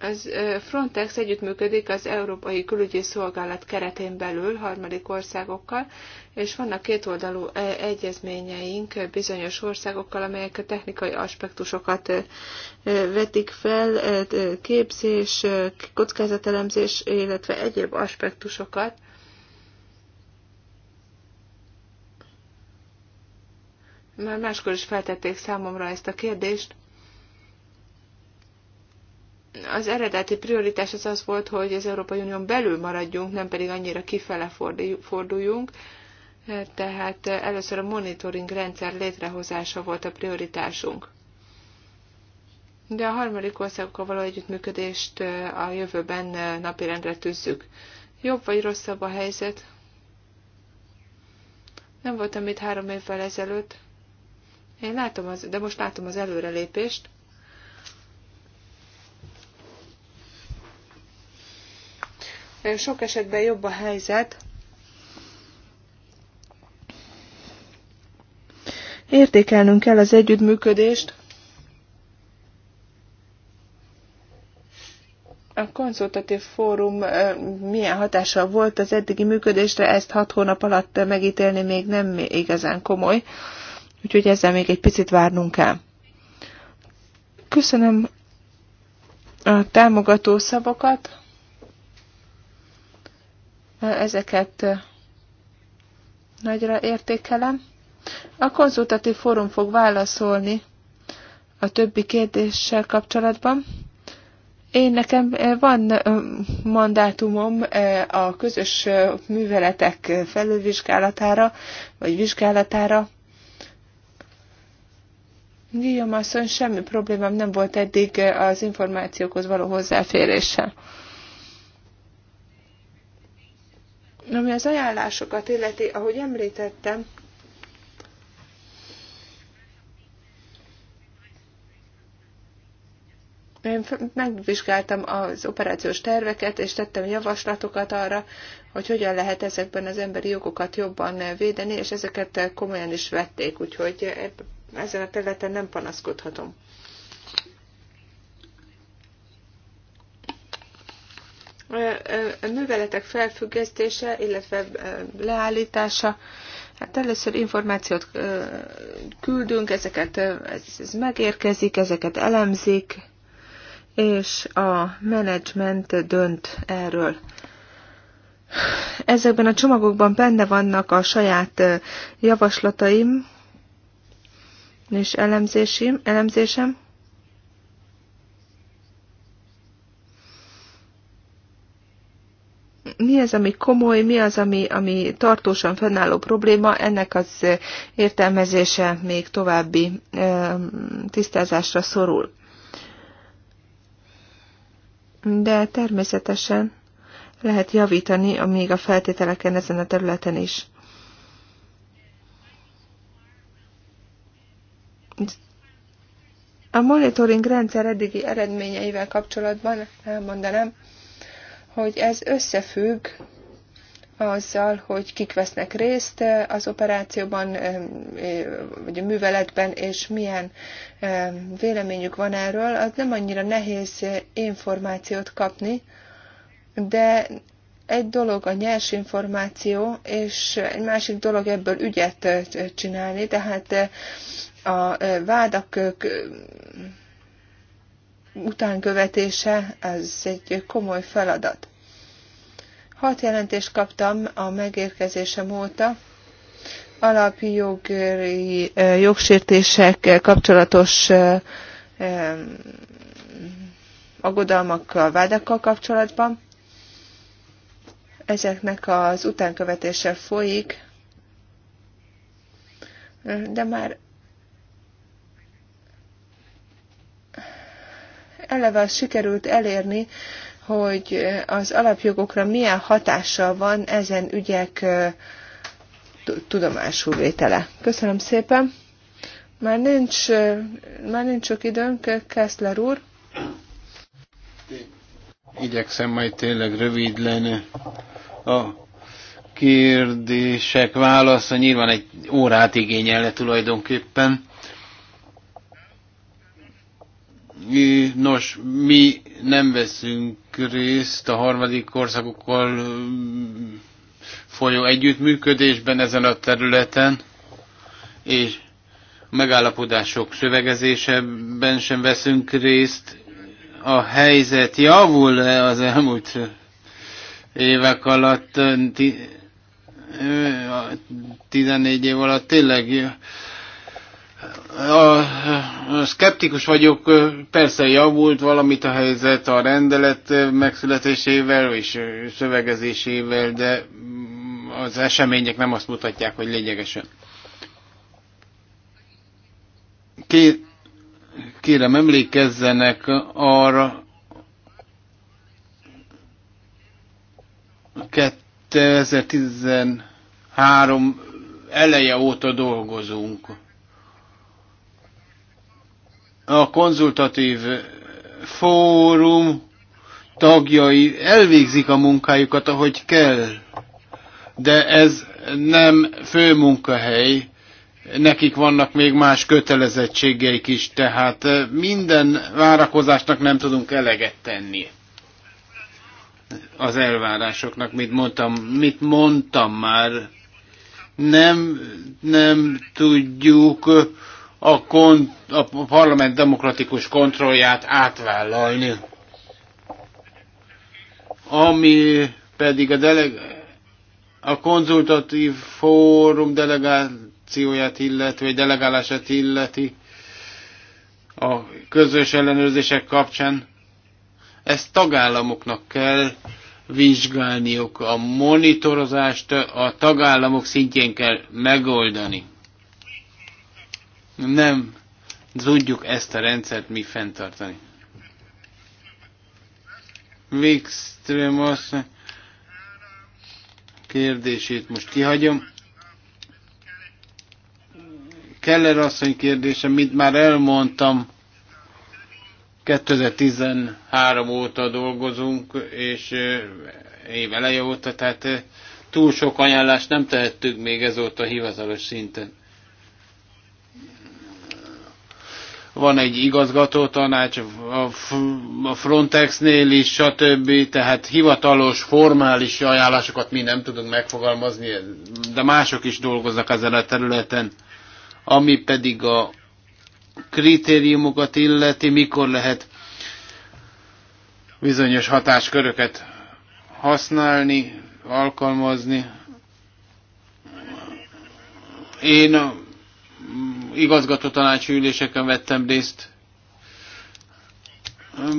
C: Az Frontex együttműködik az Európai Külügyi Szolgálat keretén belül harmadik országokkal, és vannak kétoldalú egyezményeink bizonyos országokkal, amelyek a technikai aspektusokat vetik fel, képzés, kockázatelemzés, illetve egyéb aspektusokat. Már máskor is feltették számomra ezt a kérdést az eredeti prioritás az az volt, hogy az Európai Unión belül maradjunk, nem pedig annyira kifele forduljunk. Tehát először a monitoring rendszer létrehozása volt a prioritásunk. De a harmadik országokkal való együttműködést a jövőben napirendre tűzzük. Jobb vagy rosszabb a helyzet? Nem voltam itt három évvel ezelőtt. Én látom az, de most látom az előrelépést. Sok esetben jobb a helyzet. Értékelnünk kell az együttműködést. A konzultatív fórum milyen hatással volt az eddigi működésre, ezt hat hónap alatt megítélni még nem igazán komoly, úgyhogy ezzel még egy picit várnunk kell. Köszönöm a támogató szavakat. Ezeket nagyra értékelem. A konzultatív fórum fog válaszolni a többi kérdéssel kapcsolatban. Én nekem van mandátumom a közös műveletek felülvizsgálatára, vagy vizsgálatára. Guillaume asszony, semmi problémám nem volt eddig az információkhoz való hozzáféréssel. Ami az ajánlásokat illeti, ahogy említettem, Én megvizsgáltam az operációs terveket, és tettem javaslatokat arra, hogy hogyan lehet ezekben az emberi jogokat jobban védeni, és ezeket komolyan is vették, úgyhogy ezen a területen nem panaszkodhatom. a műveletek felfüggesztése, illetve leállítása. Hát először információt küldünk, ezeket ez, ez megérkezik, ezeket elemzik, és a menedzsment dönt erről. Ezekben a csomagokban benne vannak a saját javaslataim és elemzésim, elemzésem. mi az, ami komoly, mi az, ami, ami tartósan fennálló probléma, ennek az értelmezése még további tisztázásra szorul. De természetesen lehet javítani a még a feltételeken ezen a területen is. A monitoring rendszer eddigi eredményeivel kapcsolatban elmondanám, hogy ez összefügg azzal, hogy kik vesznek részt eh, az operációban, eh, eh, vagy a műveletben, és milyen véleményük van erről, az nem annyira nehéz információt kapni, de egy dolog a nyers információ, és egy másik dolog ebből ügyet csinálni, tehát a vádak utánkövetése, ez egy komoly feladat. Hat jelentést kaptam a megérkezésem óta, jogi jogsértések kapcsolatos aggodalmakkal, vádakkal kapcsolatban. Ezeknek az utánkövetése folyik, de már eleve az sikerült elérni, hogy az alapjogokra milyen hatással van ezen ügyek tudomású vétele. Köszönöm szépen. Már nincs, már nincs sok időnk, Kessler úr.
B: Igyekszem majd tényleg rövid lenne. A kérdések válasza nyilván egy órát igényelne tulajdonképpen. Nos, mi nem veszünk részt a harmadik országokkal mm, folyó együttműködésben ezen a területen, és megállapodások szövegezéseben sem veszünk részt. A helyzet javul -e az elmúlt évek alatt, 14 év alatt tényleg a, szkeptikus vagyok, persze javult valamit a helyzet a rendelet megszületésével és szövegezésével, de mm, az események nem azt mutatják, hogy lényegesen. kérem, emlékezzenek arra, 2013 eleje óta dolgozunk a konzultatív fórum tagjai elvégzik a munkájukat, ahogy kell. De ez nem fő munkahely, nekik vannak még más kötelezettségeik is, tehát eh, minden várakozásnak nem tudunk eleget tenni az elvárásoknak, mit mondtam, mit mondtam már. Nem, nem tudjuk eh, a, kont, a parlament demokratikus kontrollját átvállalni. Ami pedig a, deleg, a konzultatív fórum delegációját illeti, vagy delegálását illeti a közös ellenőrzések kapcsán, ezt tagállamoknak kell vizsgálniuk. A monitorozást a tagállamok szintjén kell megoldani nem tudjuk ezt a rendszert mi fenntartani. Wikström azt kérdését most kihagyom. Keller asszony kérdése, mint már elmondtam, 2013 óta dolgozunk, és éveleje óta, tehát túl sok ajánlást nem tehettük még ezóta hivatalos szinten. van egy igazgató tanács a Frontexnél is, stb. Tehát hivatalos, formális ajánlásokat mi nem tudunk megfogalmazni, de mások is dolgoznak ezen a területen. Ami pedig a kritériumokat illeti, mikor lehet bizonyos hatásköröket használni, alkalmazni. Én igazgató tanácsi üléseken vettem részt.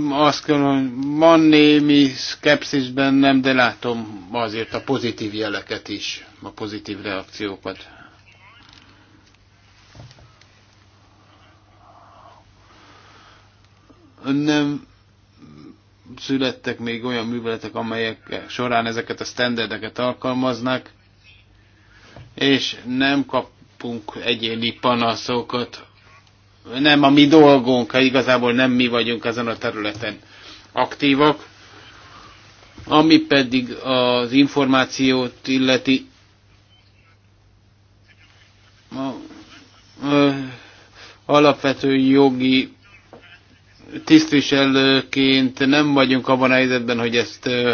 B: Azt kell, hogy van némi szkepszis bennem, de látom azért a pozitív jeleket is, a pozitív reakciókat. Nem születtek még olyan műveletek, amelyek során ezeket a standardeket alkalmaznak, és nem kap kapunk egyéni panaszokat. Nem a mi dolgunk, ha igazából nem mi vagyunk ezen a területen aktívak. Ami pedig az információt illeti, a, a, alapvető jogi tisztviselőként nem vagyunk abban a helyzetben, hogy ezt ö,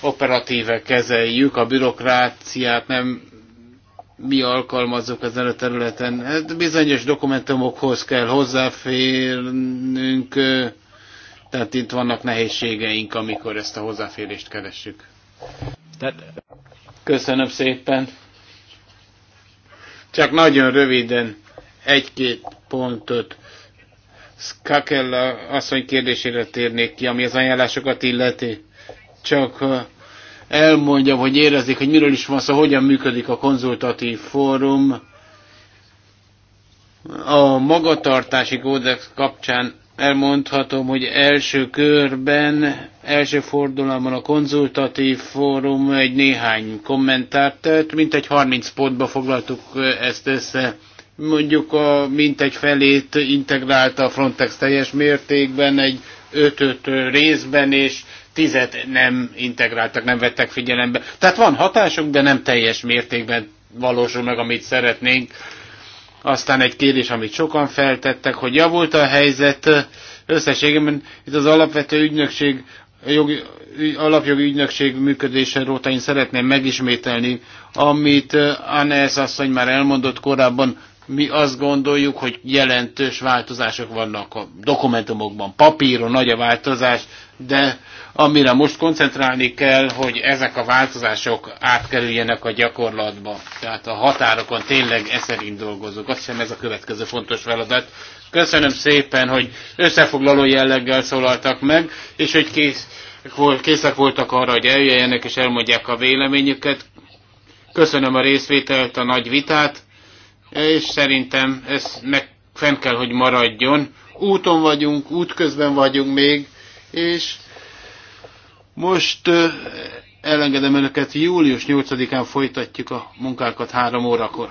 B: operatíve kezeljük, a bürokráciát nem mi alkalmazzuk ezen a területen. Hát bizonyos dokumentumokhoz kell hozzáférnünk, tehát itt vannak nehézségeink, amikor ezt a hozzáférést keressük. Köszönöm szépen. Csak nagyon röviden egy-két pontot. Skakella asszony kérdésére térnék ki, ami az ajánlásokat illeti. Csak elmondja, hogy érezzék, hogy miről is van szó, hogyan működik a konzultatív fórum. A magatartási kódex kapcsán elmondhatom, hogy első körben, első fordulában a konzultatív fórum egy néhány kommentárt tett, mint egy 30 pontba foglaltuk ezt össze. Mondjuk a mintegy felét integrálta a Frontex teljes mértékben, egy ötöt részben, és tizet nem integráltak, nem vettek figyelembe. Tehát van hatásunk, de nem teljes mértékben valósul meg, amit szeretnénk. Aztán egy kérdés, amit sokan feltettek, hogy javult a helyzet összességében. Itt az alapvető ügynökség, jogi, alapjogi ügynökség róta én szeretném megismételni, amit eh, Annes asszony már elmondott korábban, mi azt gondoljuk, hogy jelentős változások vannak a dokumentumokban, papíron nagy a változás, de amire most koncentrálni kell, hogy ezek a változások átkerüljenek a gyakorlatba. Tehát a határokon tényleg eszerint dolgozunk. Azt hiszem ez a következő fontos feladat. Köszönöm szépen, hogy összefoglaló jelleggel szólaltak meg, és hogy kész, készek voltak arra, hogy eljöjjenek és elmondják a véleményüket. Köszönöm a részvételt, a nagy vitát, és szerintem ez meg fenn kell, hogy maradjon. Úton vagyunk, útközben vagyunk még, és most elengedem önöket, július 8-án folytatjuk a munkákat három órakor.